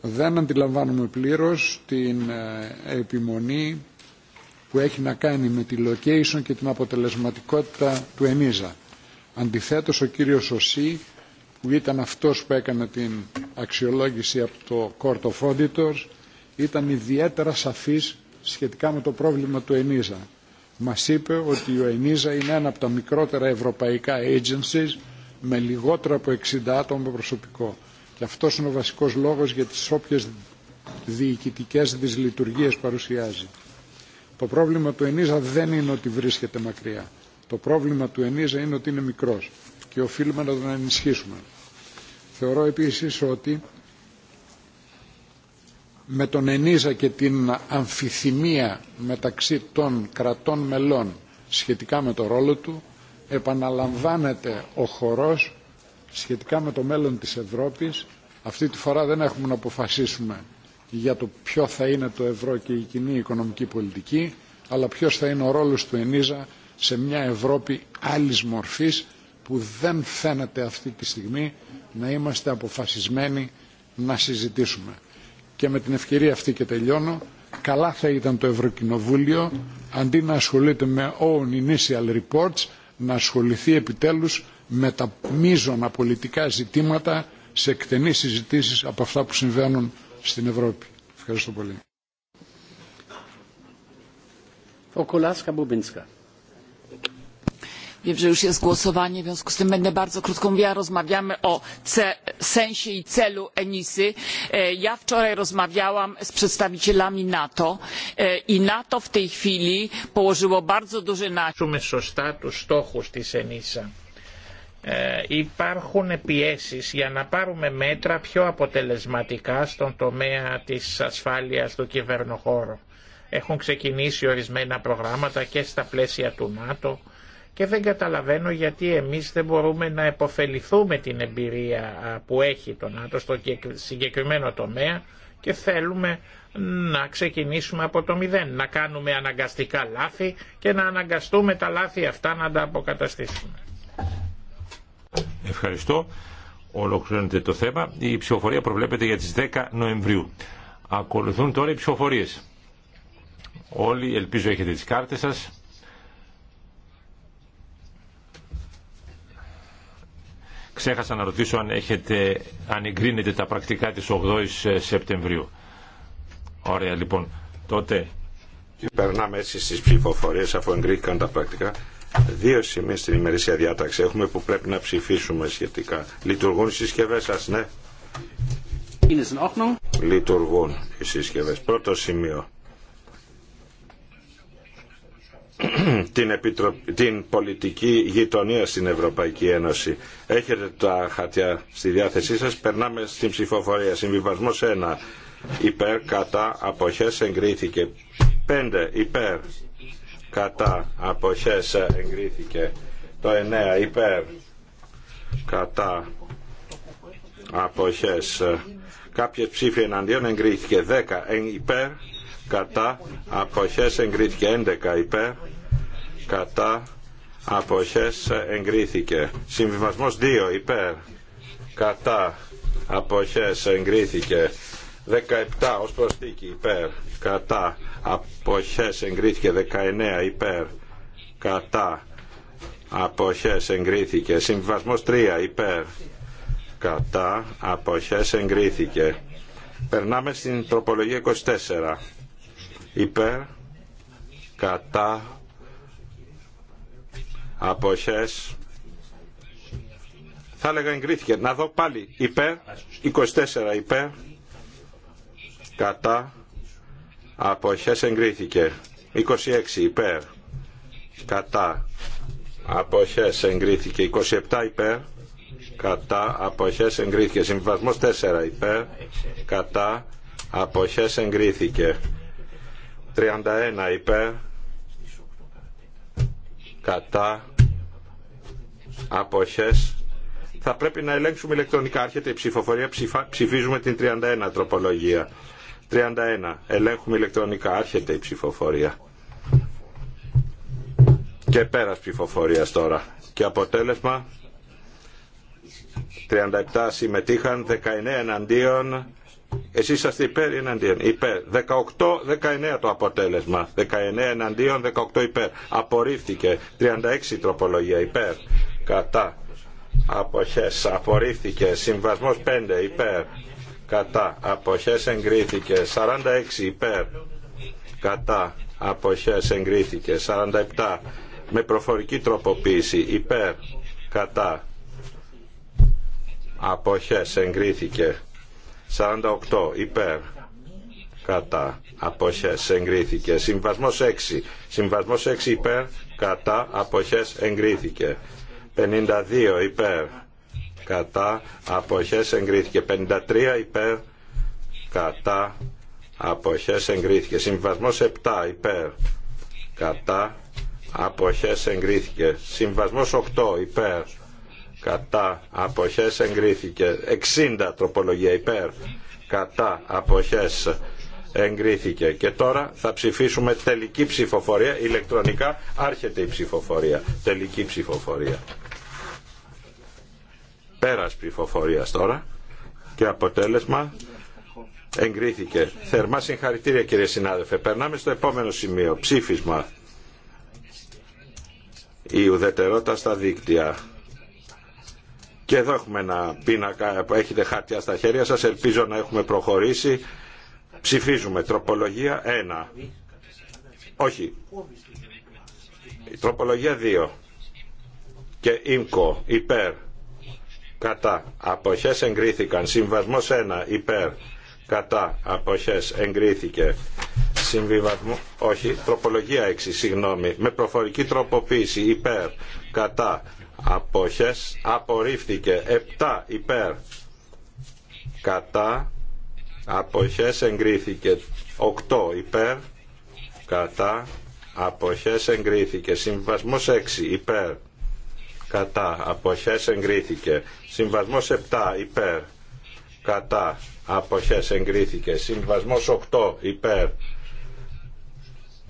δεν αντιλαμβάνουμε πλήρως την ε, επιμονή που έχει να κάνει με τη location και την αποτελεσματικότητα του ΕΝΙΖΑ. Αντιθέτως, ο κύριος Σωσή, που ήταν αυτός που έκανε την αξιολόγηση από το Court of Auditors, ήταν ιδιαίτερα σαφής σχετικά με το πρόβλημα του ΕΝΙΖΑ. Μας είπε ότι ο ΕΝΙΖΑ είναι ένα από τα μικρότερα ευρωπαϊκά agencies με λιγότερο από 60 άτομα προσωπικό. Και αυτός είναι ο βασικός λόγος για τις όποιες διοικητικές δυσλειτουργίες παρουσιάζει. Το πρόβλημα του Ενίζα δεν είναι ότι βρίσκεται μακριά. Το πρόβλημα του Ενίζα είναι ότι είναι μικρός και οφείλουμε να τον ενισχύσουμε. Θεωρώ επίσης ότι με τον Ενίζα και την αμφιθυμία μεταξύ των κρατών μελών σχετικά με το ρόλο του επαναλαμβάνεται ο χορός σχετικά με το μέλλον της Ευρώπης. Αυτή τη φορά δεν έχουμε να αποφασίσουμε για το ποιο θα είναι το ευρώ και η κοινή οικονομική πολιτική, αλλά ποιος θα είναι ο ρόλος του ΕΝΙΖΑ σε μια Ευρώπη άλλης μορφής που δεν φαίνεται αυτή τη στιγμή να είμαστε αποφασισμένοι να συζητήσουμε. Και με την ευκαιρία αυτή και τελειώνω, καλά θα ήταν το Ευρωκοινοβούλιο αντί να ασχολείται με own initial reports να ασχοληθεί επιτέλους με τα μείζωνα πολιτικά ζητήματα σε εκτενείς συζητήσεις από αυτά που συμβαίνουν στην Ευρώπη. Ευχαριστώ πολύ. wiem że już jest głosowanie w związku z tym będę bardzo krótko mówiła rozmawiamy o sensie i celu enisy. ja wczoraj rozmawiałam z przedstawicielami nato i nato w tej chwili położyło bardzo duży nacisk ε, υπάρχουν πιέσεις για να πάρουμε μέτρα πιο αποτελεσματικά στον τομέα της ασφάλειας του κυβερνοχώρου. Έχουν ξεκινήσει ορισμένα προγράμματα και στα πλαίσια του ΝΑΤΟ και δεν καταλαβαίνω γιατί εμείς δεν μπορούμε να επωφεληθούμε την εμπειρία που έχει το ΝΑΤΟ στο συγκεκριμένο τομέα και θέλουμε να ξεκινήσουμε από το μηδέν, να κάνουμε αναγκαστικά λάθη και να αναγκαστούμε τα λάθη αυτά να τα αποκαταστήσουμε. Ευχαριστώ. Ολοκληρώνεται το θέμα. Η ψηφοφορία προβλέπεται για τις 10 Νοεμβρίου. Ακολουθούν τώρα οι ψηφοφορίες. Όλοι ελπίζω έχετε τις κάρτες σας. Ξέχασα να ρωτήσω αν, έχετε, αν εγκρίνετε τα πρακτικά της 8ης Σεπτεμβρίου. Ωραία λοιπόν. Τότε... περνάμε έτσι στις ψηφοφορίες αφού εγκρίθηκαν τα πρακτικά. Δύο σημεία στην ημερήσια διάταξη έχουμε που πρέπει να ψηφίσουμε σχετικά. Λειτουργούν οι συσκευέ σα, ναι. Είναι Λειτουργούν οι συσκευέ. Πρώτο σημείο. την, την πολιτική γειτονία στην Ευρωπαϊκή Ένωση. Έχετε τα χαρτιά στη διάθεσή σας. Περνάμε στην ψηφοφορία. Συμβιβασμός 1. Υπέρ, κατά, αποχές, εγκρίθηκε. 5. Υπέρ, κατά αποχές εγκρίθηκε το 9 υπέρ κατά αποχές κάποιες ψήφοι εναντίον εγκρίθηκε 10 ε, υπέρ κατά αποχές εγκρίθηκε 11 υπέρ κατά αποχές εγκρίθηκε συμβιβασμός 2 υπέρ κατά αποχές εγκρίθηκε 17 ως προσθήκη υπέρ κατά αποχές εγκρίθηκε 19 υπέρ κατά αποχές εγκρίθηκε συμβασμός 3 υπέρ κατά αποχές εγκρίθηκε περνάμε στην τροπολογία 24 υπέρ κατά αποχές θα έλεγα εγκρίθηκε να δω πάλι υπέρ 24 υπέρ κατά αποχές εγκρίθηκε 26 υπέρ κατά αποχές εγκρίθηκε 27 υπέρ κατά αποχές εγκρίθηκε συμβασμός 4 υπέρ κατά αποχές εγκρίθηκε 31 υπέρ κατά αποχές θα πρέπει να ελέγξουμε ηλεκτρονικά. Άρχεται η ψηφοφορία, ψηφίζουμε την 31 τροπολογία. 31. Ελέγχουμε ηλεκτρονικά. Άρχεται η ψηφοφορία. Και πέρας ψηφοφορίας τώρα. Και αποτέλεσμα 37 συμμετείχαν, 19 εναντίον. Εσείς είσαστε υπέρ ή εναντίον. Υπέρ. 18-19 το αποτέλεσμα. 19 εναντίον, 18 υπέρ. Απορρίφθηκε. 36 τροπολογία υπέρ. Κατά. Αποχές. Απορρίφθηκε. Συμβασμός 5 υπέρ κατά αποχές εγκρίθηκε 46 υπέρ κατά αποχές εγκρίθηκε 47 με προφορική τροποποίηση υπέρ κατά αποχές εγκρίθηκε 48 υπέρ κατά αποχές εγκρίθηκε συμβασμός 6 συμβασμός 6 υπέρ κατά αποχές εγκρίθηκε 52 υπέρ κατά αποχές εγκρίθηκε 53 υπέρ κατά αποχές εγκρίθηκε συμβασμός 7 υπέρ κατά αποχές εγκρίθηκε συμβασμός 8 υπέρ κατά αποχές εγκρίθηκε 60 τροπολογία υπέρ κατά αποχές εγκρίθηκε και τώρα θα ψηφίσουμε τελική ψηφοφορία ηλεκτρονικά άρχεται η ψηφοφορία τελική ψηφοφορία Πέρας ψηφοφορίας τώρα και αποτέλεσμα εγκρίθηκε. Θερμά συγχαρητήρια κύριε συνάδελφε. Περνάμε στο επόμενο σημείο. Ψήφισμα. Η ουδετερότητα στα δίκτυα. Και εδώ έχουμε ένα πίνακα έχετε χαρτιά στα χέρια σας. Ελπίζω να έχουμε προχωρήσει. Ψηφίζουμε. Τροπολογία 1. Όχι. Τροπολογία 2. Και ΙΜΚΟ. Υπέρ κατά αποχές εγκρίθηκαν συμβασμός 1 υπέρ κατά αποχές εγκρίθηκε συμβιβασμό όχι τροπολογία 6 συγγνώμη με προφορική τροποποίηση υπέρ κατά αποχές απορρίφθηκε 7 υπέρ κατά αποχές εγκρίθηκε 8 υπέρ κατά αποχές εγκρίθηκε συμβασμός 6 υπέρ κατά αποχές εγκρίθηκε συμβασμός 7 υπέρ κατά αποχές εγκρίθηκε συμβασμός 8 υπέρ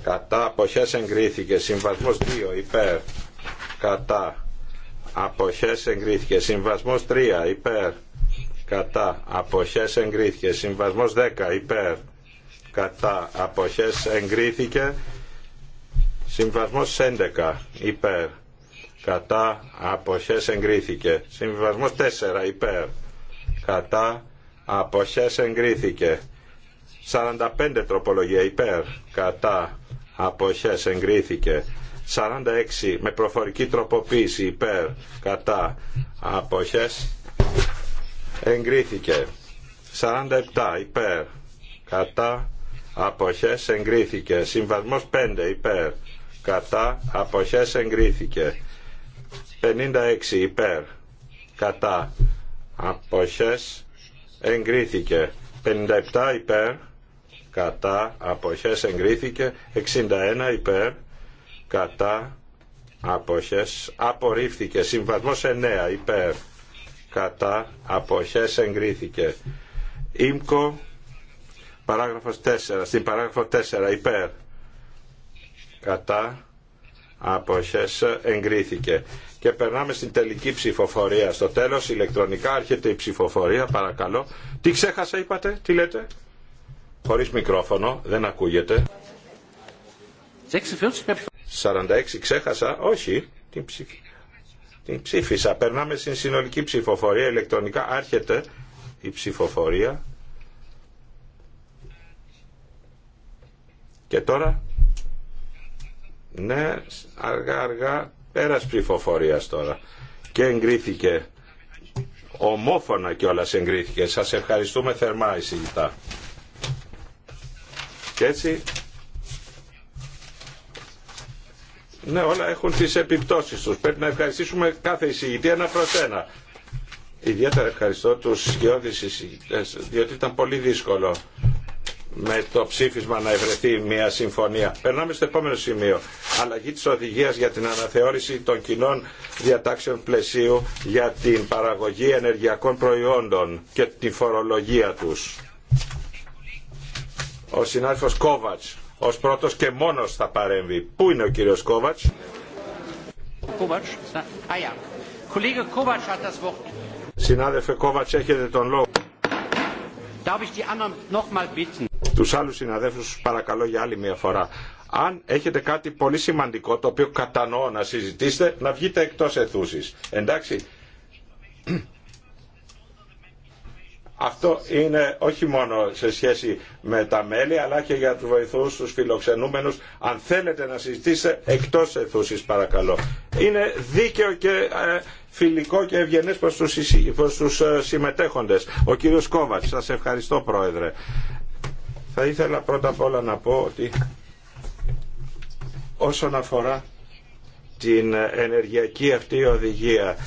κατά αποχές εγκρίθηκε συμβασμός 2 υπέρ κατά αποχές εγκρίθηκε συμβασμός 3 υπέρ κατά αποχές εγκρίθηκε συμβασμός 10 υπέρ κατά αποχές εγκρίθηκε συμβασμός 11 υπέρ κατά αποχές εγκρίθηκε. Συμβιβασμός 4 υπέρ κατά αποχές εγκρίθηκε. 45 τροπολογία υπέρ κατά αποχές εγκρίθηκε. 46 με προφορική τροποποίηση υπέρ κατά Αποχέ εγκρίθηκε. 47 υπέρ κατά αποχές εγκρίθηκε. Συμβασμός 5 υπέρ κατά αποχές εγκρίθηκε. 56 υπέρ κατά αποχές εγκρίθηκε 57 υπέρ κατά αποχές εγκρίθηκε 61 υπέρ κατά αποχές απορρίφθηκε συμβασμός 9 υπέρ κατά αποχές εγκρίθηκε ΙΜΚΟ παράγραφος 4 στην παράγραφο 4 υπέρ κατά αποχές εγκρίθηκε και περνάμε στην τελική ψηφοφορία. Στο τέλος ηλεκτρονικά έρχεται η ψηφοφορία, παρακαλώ. Τι ξέχασα είπατε, τι λέτε. Χωρίς μικρόφωνο, δεν ακούγεται. 46 ξέχασα, όχι, την, την ψήφισα. Περνάμε στην συνολική ψηφοφορία ηλεκτρονικά, άρχεται η ψηφοφορία. Και τώρα, ναι, αργά αργά Πέρας ψηφοφορίας τώρα. Και εγκρίθηκε. Ομόφωνα κιόλας εγκρίθηκε. Σας ευχαριστούμε θερμά εισηγητά. Και έτσι... Ναι, όλα έχουν τις επιπτώσεις τους. Πρέπει να ευχαριστήσουμε κάθε εισηγητή ένα προς ένα. Ιδιαίτερα ευχαριστώ τους σκιώδεις εισηγητές, διότι ήταν πολύ δύσκολο με το ψήφισμα να ευρεθεί μια συμφωνία. Περνάμε στο επόμενο σημείο. Αλλαγή της οδηγίας για την αναθεώρηση των κοινών διατάξεων πλαισίου για την παραγωγή ενεργειακών προϊόντων και τη φορολογία τους. Ο συνάδελφος Κόβατς ως πρώτος και μόνος θα παρέμβει. Πού είναι ο κύριος Κόβατς? Συνάδελφε Κόβατς έχετε τον λόγο. Τους άλλους συναδέλφους παρακαλώ για άλλη μια φορά. Αν έχετε κάτι πολύ σημαντικό το οποίο κατανοώ να συζητήσετε, να βγείτε εκτός αιθούσης. Εντάξει. Αυτό είναι όχι μόνο σε σχέση με τα μέλη, αλλά και για τους βοηθούς, τους φιλοξενούμενους. Αν θέλετε να συζητήσετε, εκτός αιθούσης παρακαλώ. Είναι δίκαιο και ε, φιλικό και ευγενές προς τους, προς ε, συμμετέχοντες. Ο κύριος Κόβατς, σας ευχαριστώ πρόεδρε. Θα ήθελα πρώτα απ' όλα να πω ότι όσον αφορά την ενεργειακή αυτή οδηγία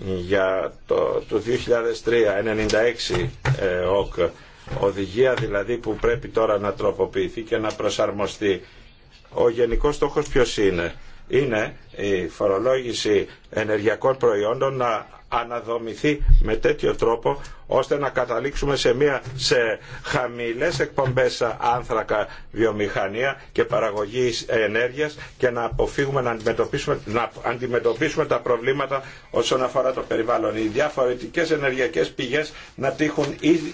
για το, το 2003 96 ε, ΟΚ οδηγία δηλαδή που πρέπει τώρα να τροποποιηθεί και να προσαρμοστεί ο γενικός στόχος ποιος είναι είναι η φορολόγηση ενεργειακών προϊόντων να αναδομηθεί με τέτοιο τρόπο ώστε να καταλήξουμε σε, μια, σε χαμηλές εκπομπές άνθρακα βιομηχανία και παραγωγή ενέργειας και να αποφύγουμε να αντιμετωπίσουμε, να αντιμετωπίσουμε τα προβλήματα όσον αφορά το περιβάλλον. Οι διαφορετικές ενεργειακές πηγές να τύχουν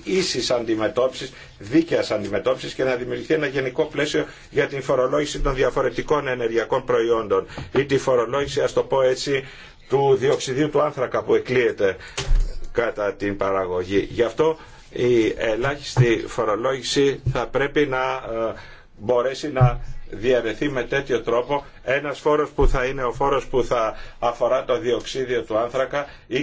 ίσης αντιμετώπισης, δίκαιας αντιμετώπισης και να δημιουργηθεί ένα γενικό πλαίσιο για την φορολόγηση των διαφορετικών ενεργειακών προϊόντων ή τη φορολόγηση, α το πω έτσι, του διοξιδίου του άνθρακα που εκλείεται κατά την παραγωγή. Γι' αυτό η ελάχιστη φορολόγηση θα πρέπει να ε, μπορέσει να διαρρεθεί με τέτοιο τρόπο ένας φόρος που θα είναι ο φόρος που θα αφορά το διοξίδιο του άνθρακα 20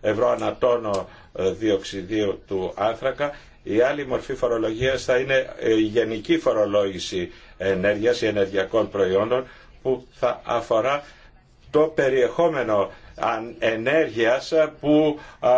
ευρώ ανατόνο ε, διοξιδίου του άνθρακα η άλλη μορφή φορολογίας θα είναι ε, η γενική φορολόγηση ενέργειας ή ενεργειακών προϊόντων που θα αφορά το περιεχόμενο ενέργειας ε, που ε,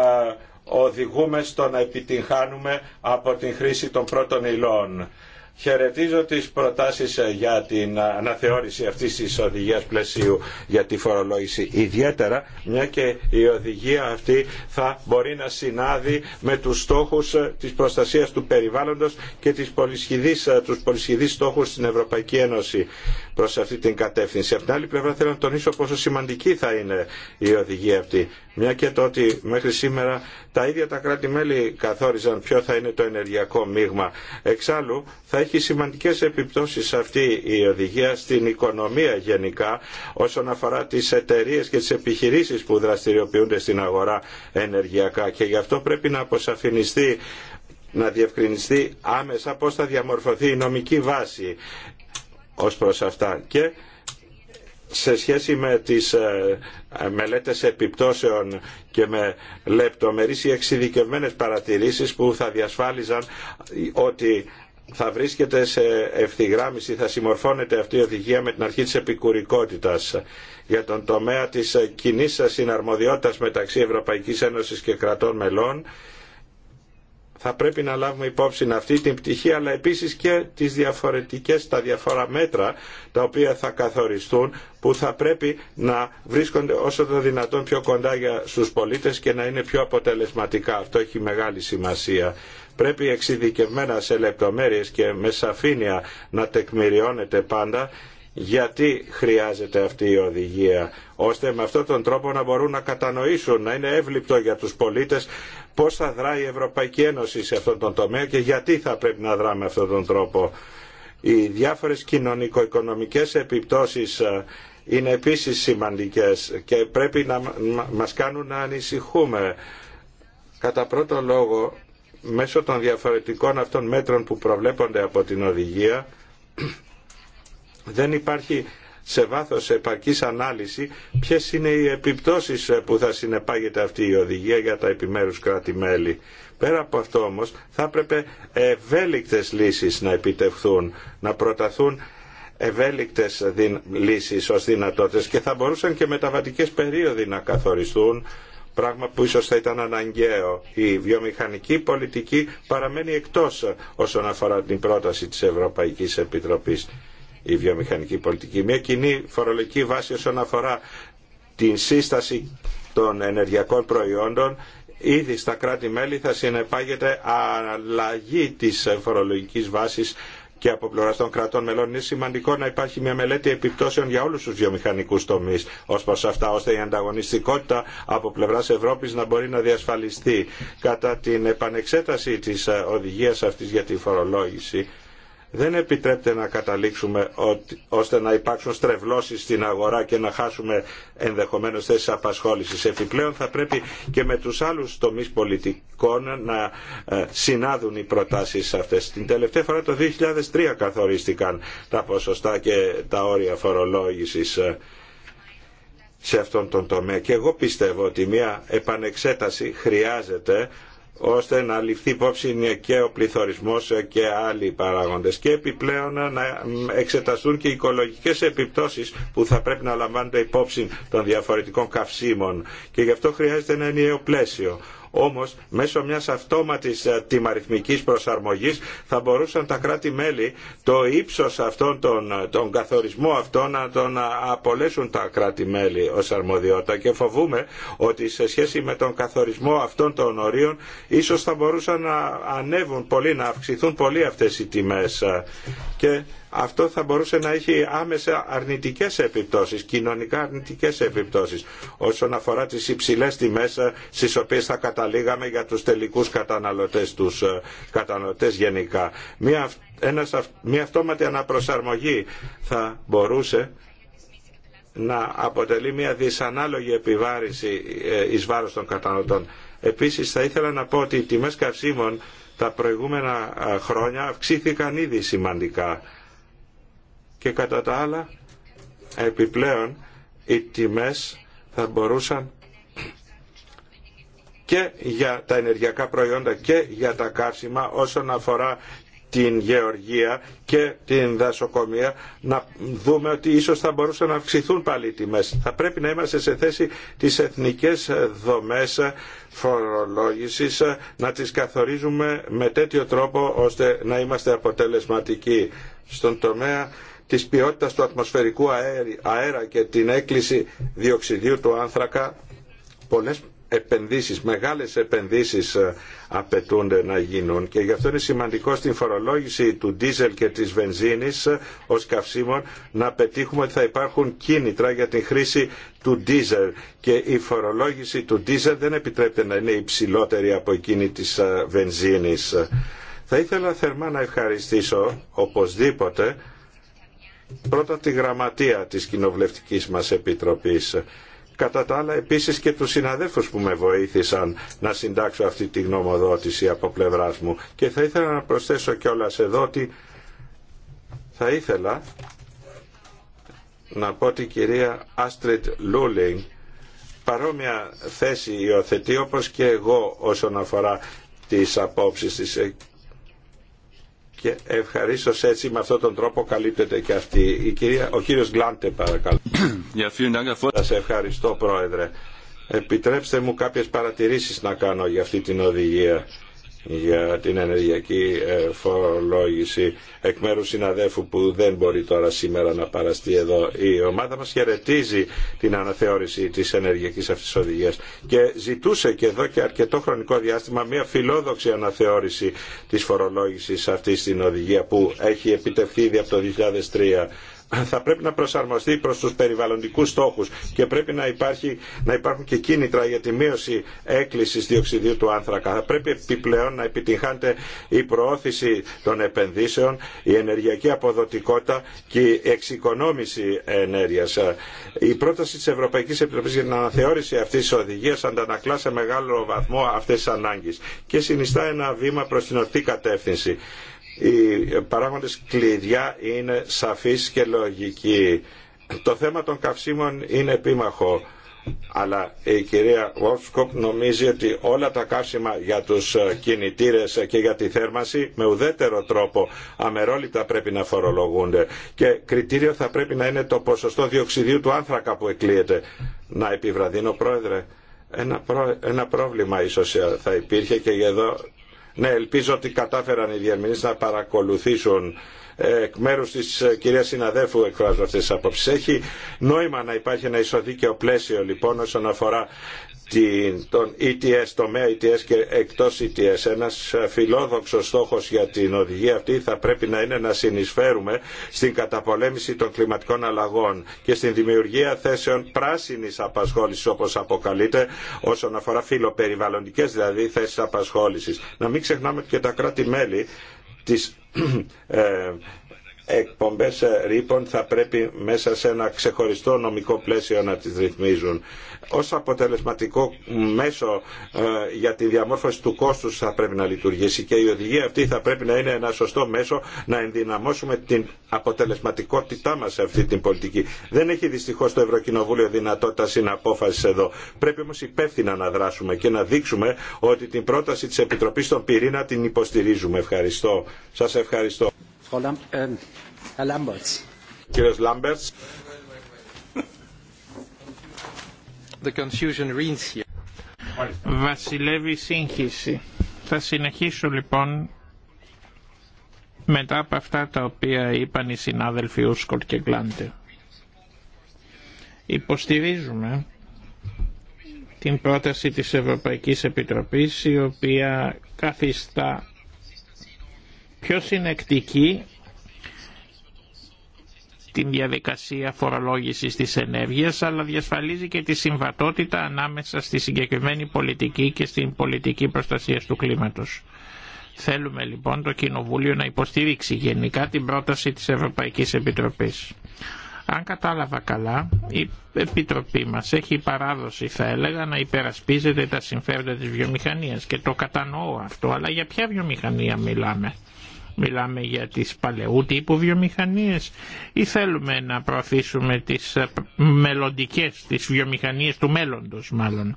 οδηγούμε στο να επιτυγχάνουμε από την χρήση των πρώτων υλών. Χαιρετίζω τις προτάσεις ε, για την ε, αναθεώρηση αυτής της οδηγίας πλαισίου για τη φορολόγηση. Ιδιαίτερα, μια και η οδηγία αυτή θα μπορεί να συνάδει με τους στόχους ε, της προστασίας του περιβάλλοντος και τις πολυσχηδείς, τους πολυσχηδείς στόχους στην Ευρωπαϊκή Ένωση προς αυτή την κατεύθυνση. Από την άλλη πλευρά θέλω να τονίσω πόσο σημαντική θα είναι η οδηγία αυτή μια και το ότι μέχρι σήμερα τα ίδια τα κράτη-μέλη καθόριζαν ποιο θα είναι το ενεργειακό μείγμα. Εξάλλου θα έχει σημαντικές επιπτώσεις αυτή η οδηγία στην οικονομία γενικά όσον αφορά τις εταιρείε και τις επιχειρήσεις που δραστηριοποιούνται στην αγορά ενεργειακά και γι' αυτό πρέπει να αποσαφινιστεί να διευκρινιστεί άμεσα πώς θα διαμορφωθεί η νομική βάση ως προς αυτά. Και σε σχέση με τις ε, μελέτες επιπτώσεων και με λεπτομερείς ή εξειδικευμένες παρατηρήσεις που θα διασφάλιζαν ότι θα βρίσκεται σε ευθυγράμμιση, θα συμμορφώνεται αυτή η οδηγία με την αρχή της επικουρικότητας για τον τομέα της ε, κοινής συναρμοδιότητας μεταξύ Ευρωπαϊκής Ένωσης και κρατών μελών θα πρέπει να λάβουμε υπόψη αυτή την πτυχή αλλά επίσης και τις διαφορετικές, τα διαφορά μέτρα τα οποία θα καθοριστούν που θα πρέπει να βρίσκονται όσο το δυνατόν πιο κοντά για στους πολίτες και να είναι πιο αποτελεσματικά. Αυτό έχει μεγάλη σημασία. Πρέπει εξειδικευμένα σε λεπτομέρειες και με σαφήνεια να τεκμηριώνεται πάντα γιατί χρειάζεται αυτή η οδηγία ώστε με αυτόν τον τρόπο να μπορούν να κατανοήσουν, να είναι εύληπτο για τους πολίτες πώς θα δράει η Ευρωπαϊκή Ένωση σε αυτόν τον τομέα και γιατί θα πρέπει να δράμε με αυτόν τον τρόπο. Οι διάφορες κοινωνικο-οικονομικές επιπτώσεις ε, είναι επίσης σημαντικές και πρέπει να μας κάνουν να ανησυχούμε. Κατά πρώτο λόγο, μέσω των διαφορετικών αυτών μέτρων που προβλέπονται από την οδηγία, δεν υπάρχει σε βάθος επαρκής ανάλυση ποιες είναι οι επιπτώσεις ε, που θα συνεπάγεται αυτή η οδηγία για τα επιμέρους κράτη-μέλη. Πέρα από αυτό όμως θα έπρεπε ευέλικτες λύσεις να επιτευχθούν, να προταθούν ευέλικτες λύσεις ως δυνατότητες και θα μπορούσαν και μεταβατικές περίοδοι να καθοριστούν πράγμα που ίσως θα ήταν αναγκαίο. Η βιομηχανική πολιτική παραμένει εκτός όσον αφορά την πρόταση της Ευρωπαϊκής Επιτροπής η βιομηχανική πολιτική. Μια κοινή φορολογική βάση όσον αφορά την σύσταση των ενεργειακών προϊόντων ήδη στα κράτη-μέλη θα συνεπάγεται αλλαγή της φορολογικής βάσης και από πλευρά των κρατών μελών είναι σημαντικό να υπάρχει μια μελέτη επιπτώσεων για όλου του βιομηχανικού τομεί ω προ αυτά, ώστε η ανταγωνιστικότητα από πλευρά Ευρώπη να μπορεί να διασφαλιστεί. Κατά την επανεξέταση τη ε, οδηγία αυτή για τη φορολόγηση, δεν επιτρέπεται να καταλήξουμε ότι, ώστε να υπάρξουν στρεβλώσεις στην αγορά και να χάσουμε ενδεχομένως θέσεις απασχόλησης. Επιπλέον θα πρέπει και με τους άλλους τομείς πολιτικών να ε, συνάδουν οι προτάσεις αυτές. Την τελευταία φορά το 2003 καθορίστηκαν τα ποσοστά και τα όρια φορολόγησης ε, σε αυτόν τον τομέα. Και εγώ πιστεύω ότι μια επανεξέταση χρειάζεται ώστε να ληφθεί υπόψη και ο πληθωρισμός και άλλοι παράγοντες και επιπλέον να εξεταστούν και οι οικολογικές επιπτώσεις που θα πρέπει να λαμβάνονται υπόψη των διαφορετικών καυσίμων και γι' αυτό χρειάζεται ένα ενιαίο πλαίσιο όμως μέσω μιας αυτόματης ε, τιμαριθμικής προσαρμογής θα μπορούσαν τα κράτη-μέλη το ύψος αυτών των, ε, τον καθορισμό αυτό να τον ε, απολέσουν τα κράτη-μέλη ως αρμοδιότητα και φοβούμε ότι σε σχέση με τον καθορισμό αυτών των ορίων ίσως θα μπορούσαν να ανέβουν πολύ, να αυξηθούν πολύ αυτές οι τιμές και αυτό θα μπορούσε να έχει άμεσα αρνητικές επιπτώσεις, κοινωνικά αρνητικές επιπτώσεις όσον αφορά τις υψηλές τιμές στις οποίες θα καταλήξουν. Λίγαμε για τους τελικούς καταναλωτές, τους ε, καταναλωτές γενικά. Μια, ένας, μια αυτόματη αναπροσαρμογή θα μπορούσε να αποτελεί μια δυσανάλογη επιβάρηση ε, εις βάρος των καταναλωτών. Επίσης θα ήθελα να πω ότι οι τιμές καυσίμων τα προηγούμενα ε, χρόνια αυξήθηκαν ήδη σημαντικά και κατά τα άλλα επιπλέον οι τιμές θα μπορούσαν και για τα ενεργειακά προϊόντα και για τα καύσιμα όσον αφορά την γεωργία και την δασοκομεία να δούμε ότι ίσως θα μπορούσαν να αυξηθούν πάλι οι τιμές. Θα πρέπει να είμαστε σε θέση τις εθνικές δομές φορολόγησης να τις καθορίζουμε με τέτοιο τρόπο ώστε να είμαστε αποτελεσματικοί στον τομέα της ποιότητας του ατμοσφαιρικού αέρα και την έκκληση διοξιδίου του άνθρακα πολλές επενδύσεις, μεγάλες επενδύσεις ε, απαιτούνται να γίνουν και γι' αυτό είναι σημαντικό στην φορολόγηση του ντίζελ και της βενζίνης ε, ως καυσίμων να πετύχουμε ότι θα υπάρχουν κίνητρα για την χρήση του ντίζελ και η φορολόγηση του ντίζελ δεν επιτρέπεται να είναι υψηλότερη από εκείνη της ε, βενζίνης. Θα ήθελα θερμά να ευχαριστήσω οπωσδήποτε πρώτα τη γραμματεία της κοινοβουλευτικής μας επιτροπής κατά τα άλλα επίσης και τους συναδέλφους που με βοήθησαν να συντάξω αυτή τη γνωμοδότηση από πλευράς μου. Και θα ήθελα να προσθέσω κιόλα εδώ ότι θα ήθελα να πω ότι η κυρία Άστριτ Λούλινγκ παρόμοια θέση υιοθετεί όπως και εγώ όσον αφορά τις απόψεις της και ευχαρίστω έτσι με αυτόν τον τρόπο καλύπτεται και αυτή. Η κυρία, ο κύριος Γκλάντε παρακαλώ. *coughs* Σα ευχαριστώ πρόεδρε. Επιτρέψτε μου κάποιε παρατηρήσει να κάνω για αυτή την οδηγία για την ενεργειακή ε, φορολόγηση εκ μέρου συναδέφου που δεν μπορεί τώρα σήμερα να παραστεί εδώ. Η ομάδα μας χαιρετίζει την αναθεώρηση της ενεργειακής αυτής οδηγίας και ζητούσε και εδώ και αρκετό χρονικό διάστημα μια φιλόδοξη αναθεώρηση της φορολόγησης αυτής στην οδηγία που έχει επιτευχθεί ήδη από το 2003 θα πρέπει να προσαρμοστεί προς τους περιβαλλοντικούς στόχους και πρέπει να, υπάρχει, να υπάρχουν και κίνητρα για τη μείωση έκκλησης διοξιδίου του άνθρακα. Θα πρέπει επιπλέον να επιτυγχάνεται η προώθηση των επενδύσεων, η ενεργειακή αποδοτικότητα και η εξοικονόμηση ενέργειας. Η πρόταση της Ευρωπαϊκής Επιτροπής για την αναθεώρηση αυτής της οδηγίας αντανακλά σε μεγάλο βαθμό αυτές τις ανάγκες και συνιστά ένα βήμα προς την ορθή κατεύθυνση. Οι παράγοντες κλειδιά είναι σαφείς και λογικοί. Το θέμα των καυσίμων είναι επίμαχο. Αλλά η κυρία Βόρσκοπ νομίζει ότι όλα τα καύσιμα για τους κινητήρες και για τη θέρμανση με ουδέτερο τρόπο αμερόλητα πρέπει να φορολογούνται και κριτήριο θα πρέπει να είναι το ποσοστό διοξιδίου του άνθρακα που εκλείεται. Να επιβραδύνω πρόεδρε. Ένα, ένα πρόβλημα ίσως θα υπήρχε και εδώ ναι, ελπίζω ότι κατάφεραν οι διερμηνείς να παρακολουθήσουν ε, εκ μέρους της ε, κυρίας συναδέφου εκφράζω αυτές τις απόψεις. Έχει νόημα να υπάρχει ένα ισοδίκαιο πλαίσιο λοιπόν όσον αφορά τον ETS, τομέα ETS και εκτός ETS. Ένας φιλόδοξος στόχος για την οδηγία αυτή θα πρέπει να είναι να συνεισφέρουμε στην καταπολέμηση των κλιματικών αλλαγών και στην δημιουργία θέσεων πράσινης απασχόλησης όπως αποκαλείται όσον αφορά φιλοπεριβαλλοντικές δηλαδή θέσεις απασχόλησης. Να μην ξεχνάμε και τα κράτη-μέλη της *clears throat* ε, εκπομπές ρήπων θα πρέπει μέσα σε ένα ξεχωριστό νομικό πλαίσιο να τις ρυθμίζουν ως αποτελεσματικό μέσο ε, για τη διαμόρφωση του κόστους θα πρέπει να λειτουργήσει και η οδηγία αυτή θα πρέπει να είναι ένα σωστό μέσο να ενδυναμώσουμε την αποτελεσματικότητά μας σε αυτή την πολιτική. Δεν έχει δυστυχώς το Ευρωκοινοβούλιο δυνατότητα συναπόφασης εδώ. Πρέπει όμως υπεύθυνα να δράσουμε και να δείξουμε ότι την πρόταση της Επιτροπής στον πυρήνα την υποστηρίζουμε. Ευχαριστώ. Σας ευχαριστώ. Βασιλεύει η Βασιλεύει σύγχυση. Θα συνεχίσω λοιπόν μετά από αυτά τα οποία είπαν οι συνάδελφοι Ούσκορ και Γκλάντε. Υποστηρίζουμε την πρόταση της Ευρωπαϊκής Επιτροπής η οποία καθιστά πιο συνεκτική την διαδικασία φορολόγησης της ενέργειας αλλά διασφαλίζει και τη συμβατότητα ανάμεσα στη συγκεκριμένη πολιτική και στην πολιτική προστασία του κλίματος. Θέλουμε λοιπόν το Κοινοβούλιο να υποστηρίξει γενικά την πρόταση της Ευρωπαϊκής Επιτροπής. Αν κατάλαβα καλά, η Επιτροπή μας έχει παράδοση, θα έλεγα, να υπερασπίζεται τα συμφέροντα της βιομηχανίας και το κατανοώ αυτό, αλλά για ποια βιομηχανία μιλάμε. Μιλάμε για τις παλαιού τύπου βιομηχανίες ή θέλουμε να προωθήσουμε τις ε, μελλοντικές, τις βιομηχανίες του μέλλοντος μάλλον.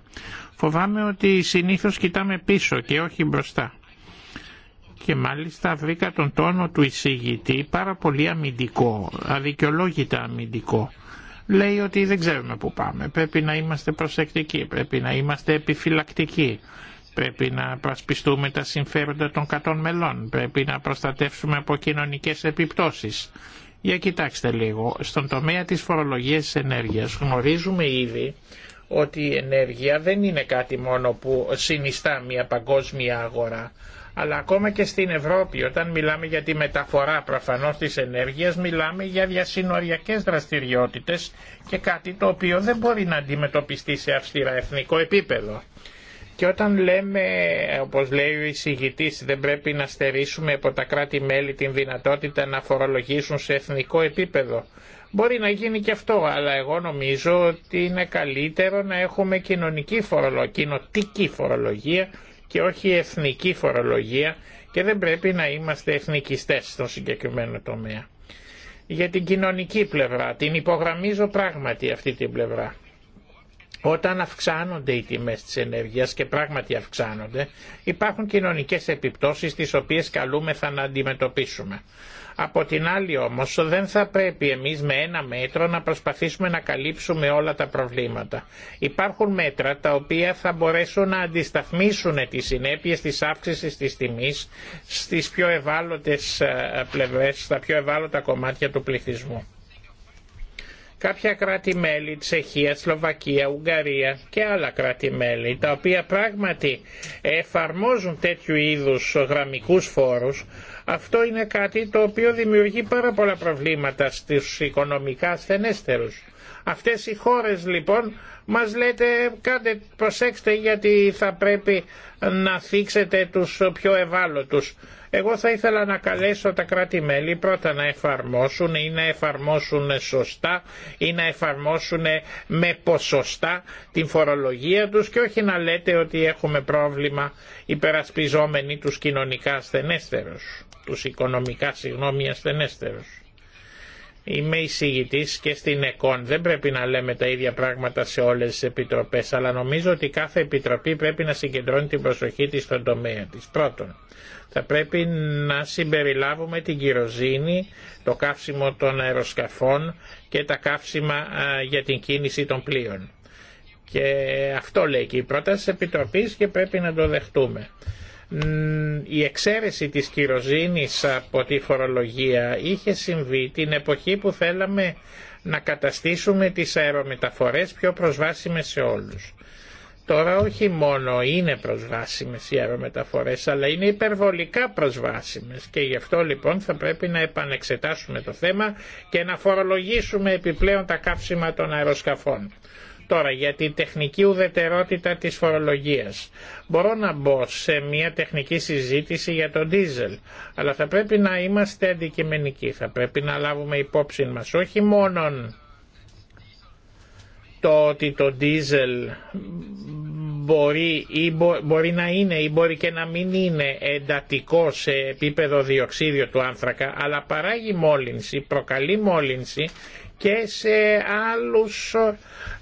Φοβάμαι ότι συνήθως κοιτάμε πίσω και όχι μπροστά. Και μάλιστα βρήκα τον τόνο του εισηγητή πάρα πολύ αμυντικό, αδικαιολόγητα αμυντικό λέει ότι δεν ξέρουμε που πάμε. Πρέπει να είμαστε προσεκτικοί, πρέπει να είμαστε επιφυλακτικοί. Πρέπει να πρασπιστούμε τα συμφέροντα των κατών μελών. Πρέπει να προστατεύσουμε από κοινωνικέ επιπτώσει. Για κοιτάξτε λίγο, στον τομέα της φορολογία της ενέργειας γνωρίζουμε ήδη ότι η ενέργεια δεν είναι κάτι μόνο που συνιστά μια παγκόσμια αγορά, αλλά ακόμα και στην Ευρώπη όταν μιλάμε για τη μεταφορά προφανώς της ενέργειας μιλάμε για διασυνοριακές δραστηριότητες και κάτι το οποίο δεν μπορεί να αντιμετωπιστεί σε αυστηρά εθνικό επίπεδο. Και όταν λέμε, όπως λέει ο εισηγητής, δεν πρέπει να στερήσουμε από τα κράτη-μέλη την δυνατότητα να φορολογήσουν σε εθνικό επίπεδο. Μπορεί να γίνει και αυτό, αλλά εγώ νομίζω ότι είναι καλύτερο να έχουμε κοινωνική φορολογία, κοινοτική φορολογία και όχι εθνική φορολογία και δεν πρέπει να είμαστε εθνικιστές στον συγκεκριμένο τομέα. Για την κοινωνική πλευρά, την υπογραμμίζω πράγματι αυτή την πλευρά όταν αυξάνονται οι τιμές της ενέργειας και πράγματι αυξάνονται, υπάρχουν κοινωνικές επιπτώσεις τις οποίες καλούμεθα να αντιμετωπίσουμε. Από την άλλη όμως δεν θα πρέπει εμείς με ένα μέτρο να προσπαθήσουμε να καλύψουμε όλα τα προβλήματα. Υπάρχουν μέτρα τα οποία θα μπορέσουν να αντισταθμίσουν τις συνέπειες της αύξησης της τιμής στις πιο ευάλωτες ε, πλευρές, στα πιο ευάλωτα κομμάτια του πληθυσμού κάποια κράτη-μέλη, Τσεχία, Σλοβακία, Ουγγαρία και άλλα κράτη-μέλη, τα οποία πράγματι εφαρμόζουν τέτοιου είδους γραμμικούς φόρους, αυτό είναι κάτι το οποίο δημιουργεί πάρα πολλά προβλήματα στους οικονομικά ασθενέστερους. Αυτές οι χώρες λοιπόν μας λέτε κάντε προσέξτε γιατί θα πρέπει να θίξετε τους πιο ευάλωτους. Εγώ θα ήθελα να καλέσω τα κράτη-μέλη πρώτα να εφαρμόσουν ή να εφαρμόσουν σωστά ή να εφαρμόσουν με ποσοστά την φορολογία τους και όχι να λέτε ότι έχουμε πρόβλημα υπερασπιζόμενοι τους κοινωνικά ασθενέστερους, τους οικονομικά συγγνώμη ασθενέστερους. Είμαι εισηγητή και στην ΕΚΟΝ. Δεν πρέπει να λέμε τα ίδια πράγματα σε όλε τι επιτροπέ, αλλά νομίζω ότι κάθε επιτροπή πρέπει να συγκεντρώνει την προσοχή τη στον τομέα τη. Πρώτον, θα πρέπει να συμπεριλάβουμε την κυροζήνη, το καύσιμο των αεροσκαφών και τα καύσιμα για την κίνηση των πλοίων. Και αυτό λέει και η πρόταση τη Επιτροπή και πρέπει να το δεχτούμε η εξαίρεση της κυροζήνης από τη φορολογία είχε συμβεί την εποχή που θέλαμε να καταστήσουμε τις αερομεταφορές πιο προσβάσιμες σε όλους. Τώρα όχι μόνο είναι προσβάσιμες οι αερομεταφορές, αλλά είναι υπερβολικά προσβάσιμες και γι' αυτό λοιπόν θα πρέπει να επανεξετάσουμε το θέμα και να φορολογήσουμε επιπλέον τα καύσιμα των αεροσκαφών. Τώρα για την τεχνική ουδετερότητα της φορολογίας. Μπορώ να μπω σε μια τεχνική συζήτηση για τον ντίζελ, αλλά θα πρέπει να είμαστε αντικειμενικοί, θα πρέπει να λάβουμε υπόψη μας όχι μόνον το ότι το ντίζελ μπορεί, μπορεί να είναι ή μπορεί και να μην είναι εντατικό σε επίπεδο διοξίδιο του άνθρακα αλλά παράγει μόλυνση, προκαλεί μόλυνση και σε άλλους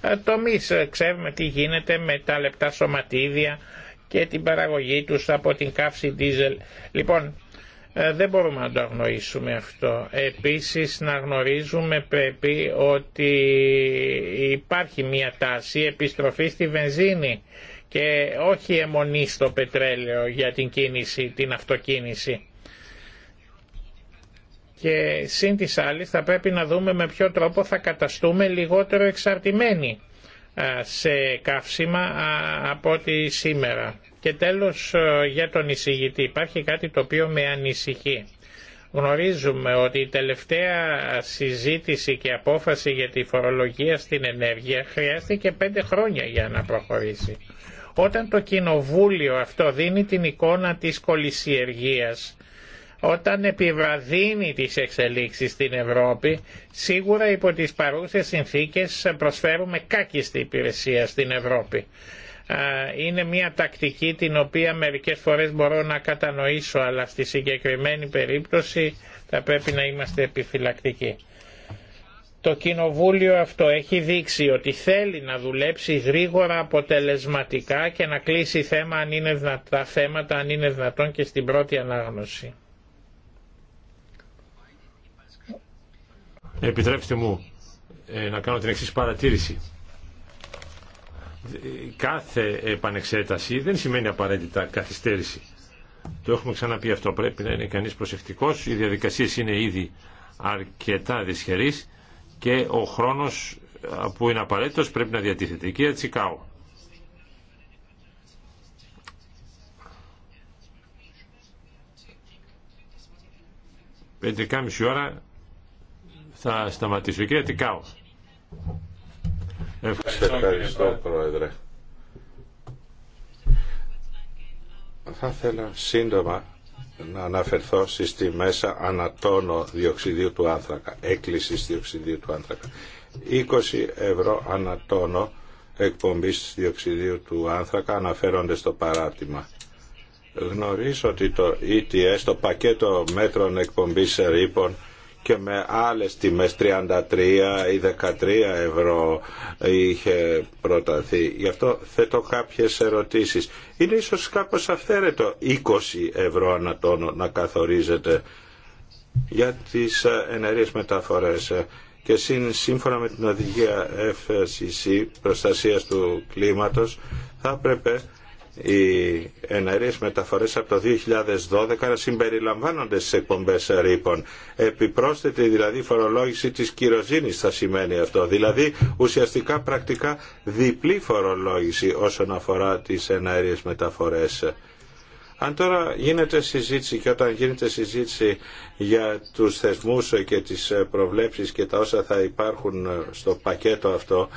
ε, τομείς. Ξέρουμε τι γίνεται με τα λεπτά σωματίδια και την παραγωγή τους από την καύση δίζελ. Λοιπόν, ε, δεν μπορούμε να το αγνοήσουμε αυτό. Επίσης να γνωρίζουμε πρέπει ότι υπάρχει μια τάση επιστροφή στη βενζίνη και όχι αιμονή στο πετρέλαιο για την κίνηση, την αυτοκίνηση. Και σύν της άλλης θα πρέπει να δούμε με ποιο τρόπο θα καταστούμε λιγότερο εξαρτημένοι σε καύσιμα από ό,τι σήμερα. Και τέλος για τον εισηγητή. Υπάρχει κάτι το οποίο με ανησυχεί. Γνωρίζουμε ότι η τελευταία συζήτηση και απόφαση για τη φορολογία στην ενέργεια χρειάστηκε πέντε χρόνια για να προχωρήσει. Όταν το κοινοβούλιο αυτό δίνει την εικόνα της κολυσιεργίας όταν επιβραδύνει τις εξελίξεις στην Ευρώπη, σίγουρα υπό τις παρούσες συνθήκες προσφέρουμε κάκιστη υπηρεσία στην Ευρώπη. Είναι μια τακτική την οποία μερικές φορές μπορώ να κατανοήσω, αλλά στη συγκεκριμένη περίπτωση θα πρέπει να είμαστε επιφυλακτικοί. Το κοινοβούλιο αυτό έχει δείξει ότι θέλει να δουλέψει γρήγορα αποτελεσματικά και να κλείσει θέμα αν είναι θέματα αν είναι δυνατόν και στην πρώτη ανάγνωση. Επιτρέψτε μου ε, να κάνω την εξής παρατήρηση. Κάθε επανεξέταση δεν σημαίνει απαραίτητα καθυστέρηση. Το έχουμε ξαναπεί αυτό. Πρέπει να είναι κανείς προσεκτικός. Οι διαδικασίες είναι ήδη αρκετά δυσχερείς και ο χρόνος ε, που είναι απαραίτητος πρέπει να διατίθεται. Κύριε κυρία Τσικάου. Πέντε ώρα θα σταματήσω. Κύριε Τικάου. Ευχαριστώ, Ευχαριστώ Πρόεδρε. Θα ήθελα σύντομα να αναφερθώ στη μέσα ανατόνο διοξιδίου του άνθρακα, έκκλησης διοξιδίου του άνθρακα. 20 ευρώ ανατόνο εκπομπής διοξιδίου του άνθρακα αναφέρονται στο παράτημα. Γνωρίζω ότι το ETS, το πακέτο μέτρων εκπομπής ρήπων, και με άλλες τιμές 33 ή 13 ευρώ είχε προταθεί. Γι' αυτό θέτω κάποιες ερωτήσεις. Είναι ίσως κάπως αυθαίρετο 20 ευρώ τόνο να καθορίζεται για τις ενεργές μεταφορές και σύμφωνα με την οδηγία FCC προστασίας του κλίματος θα έπρεπε οι εναερίες μεταφορές από το 2012 συμπεριλαμβάνονται στις εκπομπές ρήπων. Επιπρόσθετη δηλαδή φορολόγηση της κυροζήνης θα σημαίνει αυτό. Δηλαδή ουσιαστικά πρακτικά διπλή φορολόγηση όσον αφορά τις εναερίες μεταφορές. Αν τώρα γίνεται συζήτηση και όταν γίνεται συζήτηση για τους θεσμούς και τις προβλέψεις και τα όσα θα υπάρχουν στο πακέτο αυτό,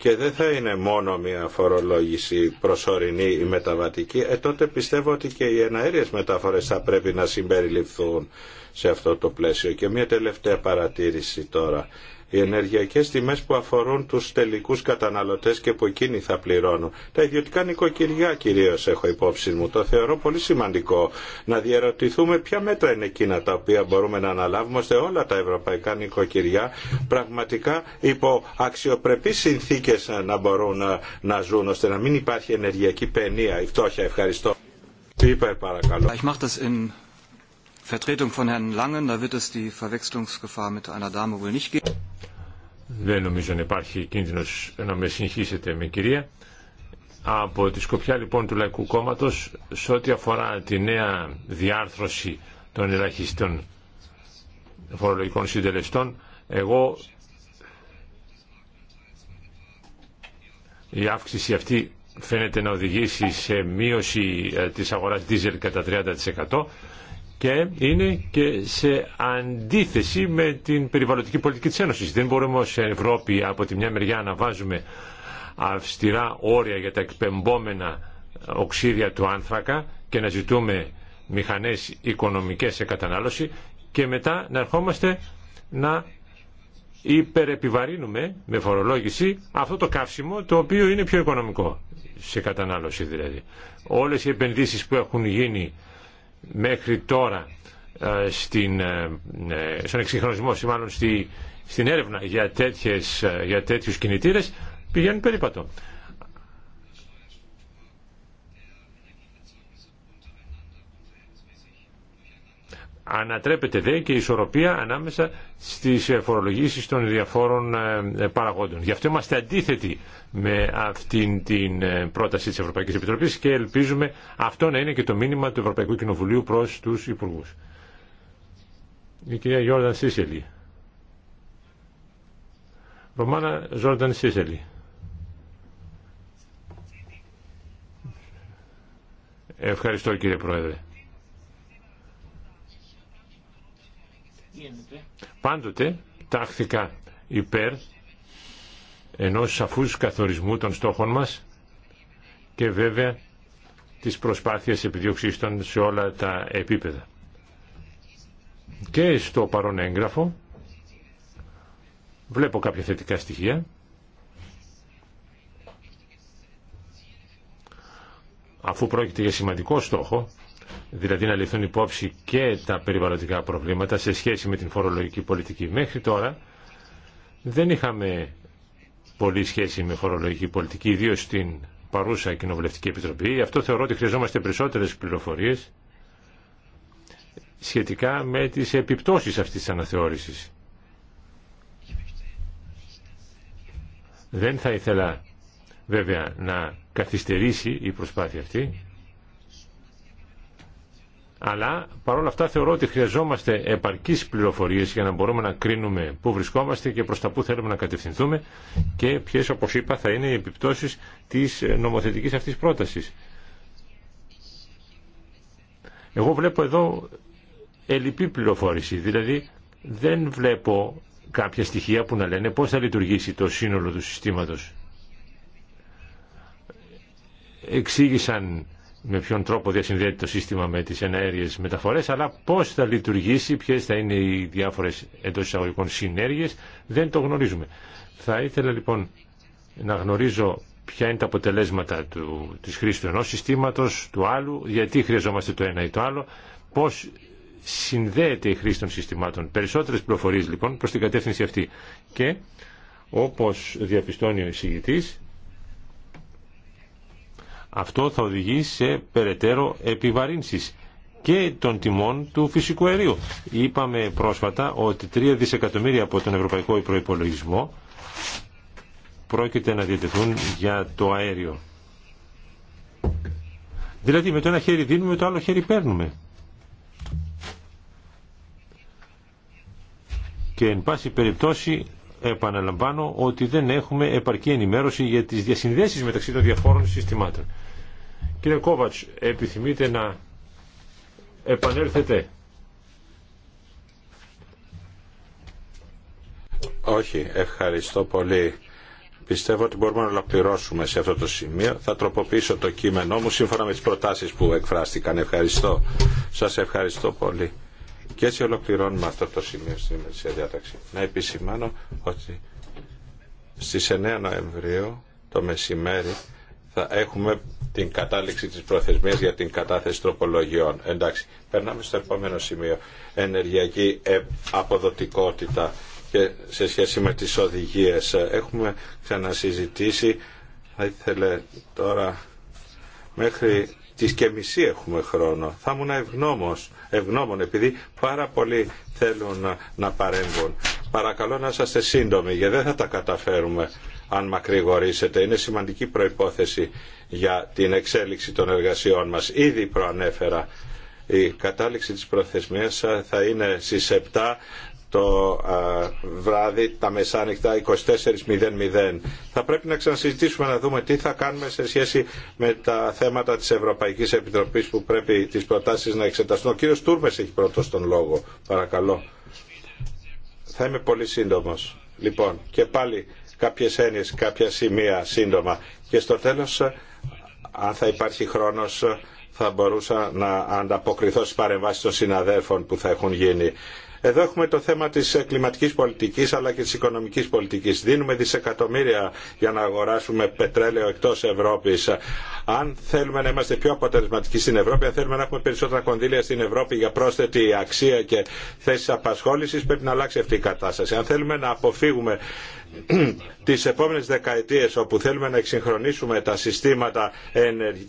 και δεν θα είναι μόνο μια φορολόγηση προσωρινή ή μεταβατική, ε, τότε πιστεύω ότι και οι εναέριες μεταφορές θα πρέπει να συμπεριληφθούν σε αυτό το πλαίσιο. Και μια τελευταία παρατήρηση τώρα οι ενεργειακές τιμές που αφορούν τους τελικούς καταναλωτές και που εκείνοι θα πληρώνουν. Τα ιδιωτικά νοικοκυριά κυρίως έχω υπόψη μου. Το θεωρώ πολύ σημαντικό να διαρωτηθούμε ποια μέτρα είναι εκείνα τα οποία μπορούμε να αναλάβουμε ώστε όλα τα ευρωπαϊκά νοικοκυριά πραγματικά υπό αξιοπρεπείς συνθήκες να μπορούν να, ζουν ώστε να μην υπάρχει ενεργειακή παινία ή φτώχεια. Ευχαριστώ. παρακαλώ. Δεν νομίζω να υπάρχει κίνδυνος να με συγχύσετε με κυρία. Από τη σκοπιά λοιπόν του Λαϊκού Κόμματος, σε ό,τι αφορά τη νέα διάρθρωση των ελαχιστών φορολογικών συντελεστών, εγώ η αύξηση αυτή φαίνεται να οδηγήσει σε μείωση ε, της αγοράς δίζελ κατά 30% και είναι και σε αντίθεση με την περιβαλλοντική πολιτική της Ένωσης. Δεν μπορούμε ως Ευρώπη από τη μια μεριά να βάζουμε αυστηρά όρια για τα εκπαιμπόμενα οξύδια του άνθρακα και να ζητούμε μηχανές οικονομικές σε κατανάλωση και μετά να ερχόμαστε να υπερεπιβαρύνουμε με φορολόγηση αυτό το καύσιμο το οποίο είναι πιο οικονομικό σε κατανάλωση δηλαδή. Όλες οι επενδύσεις που έχουν γίνει μέχρι τώρα ε, στην, ε, ε, στον εξυγχρονισμό, μάλλον στη, στην έρευνα για, τέτοιες, για τέτοιους κινητήρες πηγαίνουν περίπατο. Ανατρέπεται δε και η ισορροπία ανάμεσα στις φορολογήσεις των διαφόρων ε, παραγόντων. Γι' αυτό είμαστε αντίθετοι με αυτήν την ε, πρόταση της Ευρωπαϊκής Επιτροπής και ελπίζουμε αυτό να είναι και το μήνυμα του Ευρωπαϊκού Κοινοβουλίου προς τους Υπουργούς. Η κυρία Γιόρδαν Σίσελη. Ρωμάνα Ζόρδαν Σίσελη. Ευχαριστώ κύριε Πρόεδρε. Πάντοτε τάχθηκα υπέρ ενός σαφούς καθορισμού των στόχων μας και βέβαια τις προσπάθειες επιδιώξης σε όλα τα επίπεδα. Και στο παρόν έγγραφο βλέπω κάποια θετικά στοιχεία. Αφού πρόκειται για σημαντικό στόχο, δηλαδή να ληφθούν υπόψη και τα περιβαλλοντικά προβλήματα σε σχέση με την φορολογική πολιτική. Μέχρι τώρα δεν είχαμε πολλή σχέση με φορολογική πολιτική, ιδίω στην παρούσα Κοινοβουλευτική Επιτροπή. Γι' αυτό θεωρώ ότι χρειαζόμαστε περισσότερες πληροφορίες σχετικά με τις επιπτώσεις αυτής της αναθεώρησης. Δεν θα ήθελα βέβαια να καθυστερήσει η προσπάθεια αυτή αλλά παρόλα αυτά θεωρώ ότι χρειαζόμαστε επαρκεί πληροφορίε για να μπορούμε να κρίνουμε πού βρισκόμαστε και προ τα πού θέλουμε να κατευθυνθούμε και ποιε όπω είπα θα είναι οι επιπτώσει τη νομοθετική αυτή πρόταση. Εγώ βλέπω εδώ ελλειπή πληροφόρηση, δηλαδή δεν βλέπω κάποια στοιχεία που να λένε πώς θα λειτουργήσει το σύνολο του συστήματος. Εξήγησαν με ποιον τρόπο διασυνδέεται το σύστημα με τις εναέριες μεταφορές, αλλά πώς θα λειτουργήσει, ποιες θα είναι οι διάφορες εντός εισαγωγικών συνέργειες, δεν το γνωρίζουμε. Θα ήθελα λοιπόν να γνωρίζω ποια είναι τα αποτελέσματα του, της χρήσης του ενός συστήματος, του άλλου, γιατί χρειαζόμαστε το ένα ή το άλλο, πώς συνδέεται η χρήση των συστημάτων. Περισσότερες πληροφορίες λοιπόν προς την κατεύθυνση αυτή. Και όπως διαπιστώνει ο εισηγητής, αυτό θα οδηγεί σε περαιτέρω επιβαρύνσεις και των τιμών του φυσικού αερίου. Είπαμε πρόσφατα ότι 3 δισεκατομμύρια από τον ευρωπαϊκό προϋπολογισμό πρόκειται να διατεθούν για το αέριο. Δηλαδή με το ένα χέρι δίνουμε, με το άλλο χέρι παίρνουμε. Και εν πάση περιπτώσει επαναλαμβάνω ότι δεν έχουμε επαρκή ενημέρωση για τις διασυνδέσεις μεταξύ των διαφόρων συστημάτων. Κύριε Κόβατς, επιθυμείτε να επανέλθετε. Όχι, ευχαριστώ πολύ. Πιστεύω ότι μπορούμε να ολοκληρώσουμε σε αυτό το σημείο. Θα τροποποιήσω το κείμενό μου σύμφωνα με τις προτάσεις που εκφράστηκαν. Ευχαριστώ. Σας ευχαριστώ πολύ. Και έτσι ολοκληρώνουμε αυτό το σημείο στην ημερησία διάταξη. Να επισημάνω ότι στις 9 Νοεμβρίου το μεσημέρι θα έχουμε την κατάληξη της προθεσμίας για την κατάθεση τροπολογιών. Εντάξει, περνάμε στο επόμενο σημείο. Ενεργειακή ε, αποδοτικότητα και σε σχέση με τις οδηγίες. Έχουμε ξανασυζητήσει, θα ήθελε τώρα μέχρι τις και μισή έχουμε χρόνο. Θα ήμουν ευγνώμος ευγνώμων επειδή πάρα πολλοί θέλουν να παρέμβουν. Παρακαλώ να είσαστε σύντομοι γιατί δεν θα τα καταφέρουμε αν μακρηγορήσετε. Είναι σημαντική προϋπόθεση για την εξέλιξη των εργασιών μας. Ήδη προανέφερα η κατάληξη της προθεσμίας θα είναι στις 7 το βράδυ, τα μεσάνυχτα 24.00. Θα πρέπει να ξανασυζητήσουμε να δούμε τι θα κάνουμε σε σχέση με τα θέματα της Ευρωπαϊκής Επιτροπής που πρέπει τις προτάσεις να εξεταστούν. Ο κύριος Τούρμες έχει πρώτος τον λόγο. Παρακαλώ. Θα είμαι πολύ σύντομος. Λοιπόν, και πάλι κάποιες έννοιες, κάποια σημεία σύντομα. Και στο τέλος, αν θα υπάρχει χρόνος, θα μπορούσα να ανταποκριθώ στις παρεμβάσεις των συναδέλφων που θα έχουν γίνει. Εδώ έχουμε το θέμα της κλιματικής πολιτικής αλλά και της οικονομικής πολιτικής. Δίνουμε δισεκατομμύρια για να αγοράσουμε πετρέλαιο εκτός Ευρώπης. Αν θέλουμε να είμαστε πιο αποτελεσματικοί στην Ευρώπη, αν θέλουμε να έχουμε περισσότερα κονδύλια στην Ευρώπη για πρόσθετη αξία και θέσεις απασχόληση, πρέπει να αλλάξει αυτή η κατάσταση. Αν θέλουμε να αποφύγουμε *clears throat* τις επόμενες δεκαετίες όπου θέλουμε να εξυγχρονίσουμε τα, συστήματα,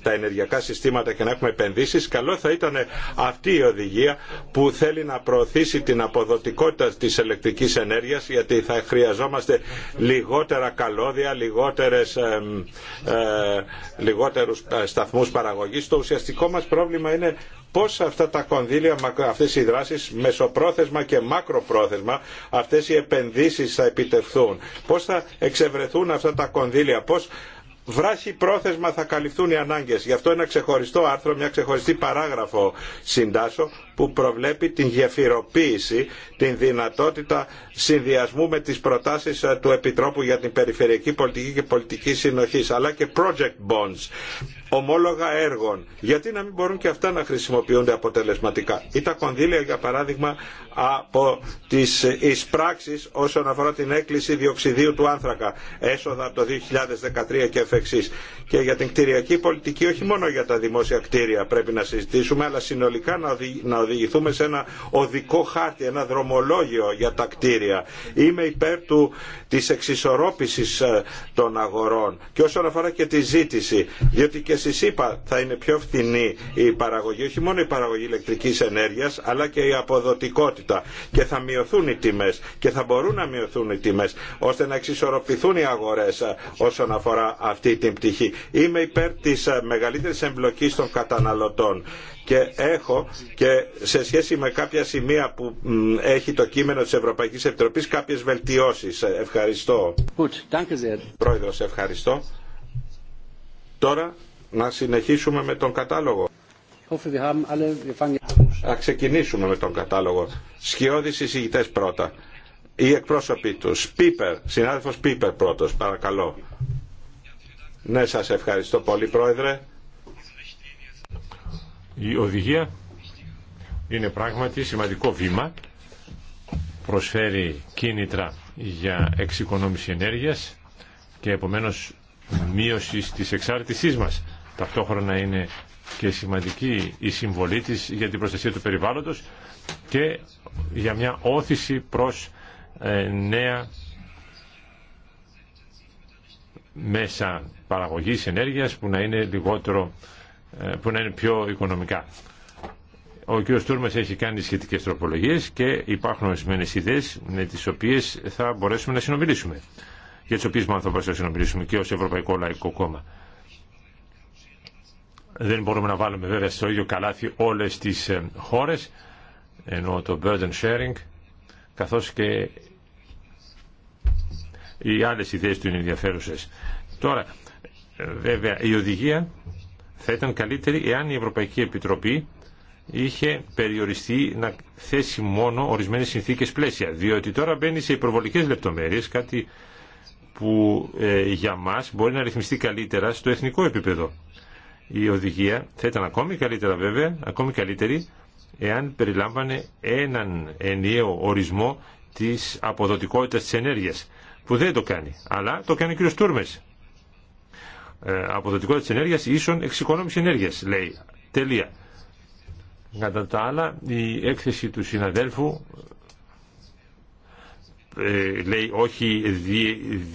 τα ενεργειακά συστήματα και να έχουμε επενδύσεις καλό θα ήταν αυτή η οδηγία που θέλει να προωθήσει την αποδοτικότητα της ηλεκτρικής ενέργειας γιατί θα χρειαζόμαστε λιγότερα καλώδια, λιγότερες, ε, λιγότερους ε, σταθμούς παραγωγής. Το ουσιαστικό μας πρόβλημα είναι πώς αυτά τα κονδύλια, αυτές οι δράσεις μεσοπρόθεσμα και μακροπρόθεσμα, αυτές οι επενδύσεις θα επιτευχθούν, πώς θα εξευρεθούν αυτά τα κονδύλια, πώς βράχει πρόθεσμα θα καλυφθούν οι ανάγκες. Γι' αυτό ένα ξεχωριστό άρθρο, μια ξεχωριστή παράγραφο συντάσσω που προβλέπει την γεφυροποίηση, την δυνατότητα συνδυασμού με τις προτάσεις ε, του Επιτρόπου για την Περιφερειακή Πολιτική και Πολιτική Συνοχής, αλλά και project bonds ομόλογα έργων. Γιατί να μην μπορούν και αυτά να χρησιμοποιούνται αποτελεσματικά. Ή τα κονδύλια, για παράδειγμα, από τις εισπράξεις όσον αφορά την έκκληση διοξιδίου του άνθρακα έσοδα από το 2013 και εφ' Και για την κτηριακή πολιτική όχι μόνο για τα δημόσια κτίρια πρέπει να συζητήσουμε αλλά συνολικά να οδηγηθούμε σε ένα οδικό χάρτη, ένα δρομολόγιο για τα κτίρια. Είμαι υπέρ του, της εξισορρόπησης ε, των αγορών και όσον αφορά και τη ζήτηση διότι και στι είπα θα είναι πιο φθηνή η παραγωγή, όχι μόνο η παραγωγή ηλεκτρικής ενέργειας αλλά και η αποδοτικότητα και θα μειωθούν οι τιμές και θα μπορούν να μειωθούν οι τιμές ώστε να εξισορροπηθούν οι αγορές ε, όσον αφορά αυτή την πτυχή. Είμαι υπέρ της ε, μεγαλύτερης εμπλοκής των καταναλωτών και έχω και σε σχέση με κάποια σημεία που έχει το κείμενο της Ευρωπαϊκής Επιτροπής κάποιες βελτιώσεις. Ε, ευχαριστώ. Πρόεδρος, ευχαριστώ. Τώρα να συνεχίσουμε με τον κατάλογο. Α ξεκινήσουμε με τον κατάλογο. Σκιώδης εισηγητές πρώτα. Οι εκπρόσωποι του Πίπερ, συνάδελφος Πίπερ πρώτος, παρακαλώ. Ναι, σας ευχαριστώ πολύ, Πρόεδρε. Η οδηγία είναι πράγματι σημαντικό βήμα. Προσφέρει κίνητρα για εξοικονόμηση ενέργειας και επομένως μείωση της εξάρτησής μας. Ταυτόχρονα είναι και σημαντική η συμβολή της για την προστασία του περιβάλλοντος και για μια όθηση προς ε, νέα μέσα παραγωγής ενέργειας που να είναι λιγότερο ε, που να είναι πιο οικονομικά. Ο κ. Τούρμας έχει κάνει σχετικές τροπολογίες και υπάρχουν ορισμένε ιδέες με τις οποίες θα μπορέσουμε να συνομιλήσουμε για τις οποίες θα μπορέσουμε να συνομιλήσουμε και ως Ευρωπαϊκό Λαϊκό Κόμμα. Δεν μπορούμε να βάλουμε βέβαια στο ίδιο καλάθι όλες τις ε, χώρες, ενώ το burden sharing, καθώς και οι άλλες ιδέες του είναι ενδιαφέρουσες. Τώρα, βέβαια, η οδηγία θα ήταν καλύτερη εάν η Ευρωπαϊκή Επιτροπή είχε περιοριστεί να θέσει μόνο ορισμένες συνθήκες πλαίσια, διότι τώρα μπαίνει σε υπερβολικές λεπτομέρειες, κάτι που ε, για μας μπορεί να ρυθμιστεί καλύτερα στο εθνικό επίπεδο η οδηγία θα ήταν ακόμη καλύτερα βέβαια, ακόμη καλύτερη, εάν περιλάμβανε έναν ενιαίο ορισμό της αποδοτικότητας της ενέργειας, που δεν το κάνει, αλλά το κάνει ο κ. Τούρμες. Ε, αποδοτικότητα της ενέργειας ίσον εξοικονόμηση ενέργειας, λέει. Τελεία. Κατά τα άλλα, η έκθεση του συναδέλφου ε, λέει όχι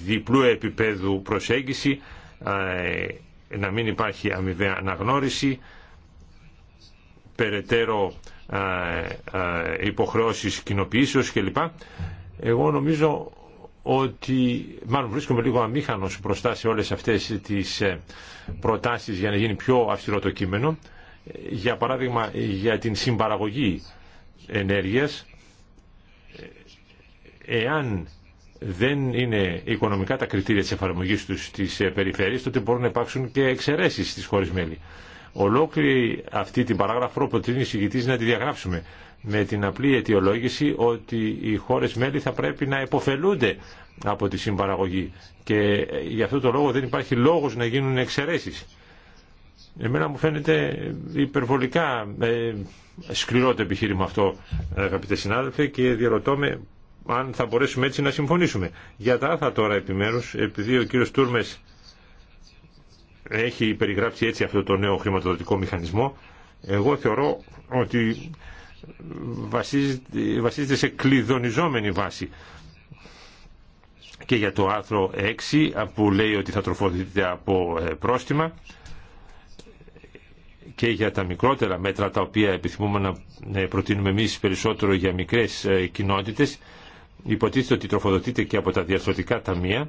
διπλού επίπεδου προσέγγιση, ε, να μην υπάρχει αμοιβαία αναγνώριση, περαιτέρω υποχρεώσεις κοινοποιήσεως κλπ. Εγώ νομίζω ότι μάλλον βρίσκομαι λίγο αμήχανος μπροστά σε όλες αυτές τις ε, προτάσεις για να γίνει πιο αυστηρό το κείμενο. Για παράδειγμα, για την συμπαραγωγή ενέργειας, εάν δεν είναι οικονομικά τα κριτήρια της εφαρμογής τους στις ε, περιφέρειες, τότε μπορούν να υπάρξουν και εξαιρέσεις στις χώρες μέλη. Ολόκληρη αυτή την παράγραφο προτείνει η συγκητής να τη διαγράψουμε με την απλή αιτιολόγηση ότι οι χώρες μέλη θα πρέπει να υποφελούνται από τη συμπαραγωγή και γι' αυτό το λόγο δεν υπάρχει λόγος να γίνουν εξαιρέσεις. Εμένα μου φαίνεται υπερβολικά ε, σκληρό το επιχείρημα αυτό, αγαπητέ συνάδελφε, και διαρωτώ με αν θα μπορέσουμε έτσι να συμφωνήσουμε. Για τα άθα τώρα επιμέρους, επειδή ο κύριος Τούρμες έχει περιγράψει έτσι αυτό το νέο χρηματοδοτικό μηχανισμό, εγώ θεωρώ ότι βασίζεται, βασίζεται σε κλειδονιζόμενη βάση. Και για το άρθρο 6 που λέει ότι θα τροφοδοτείται από ε, πρόστιμα και για τα μικρότερα μέτρα τα οποία επιθυμούμε να προτείνουμε εμείς περισσότερο για μικρές ε, κοινότητες Υποτίθεται ότι τροφοδοτείται και από τα διαρθρωτικά ταμεία.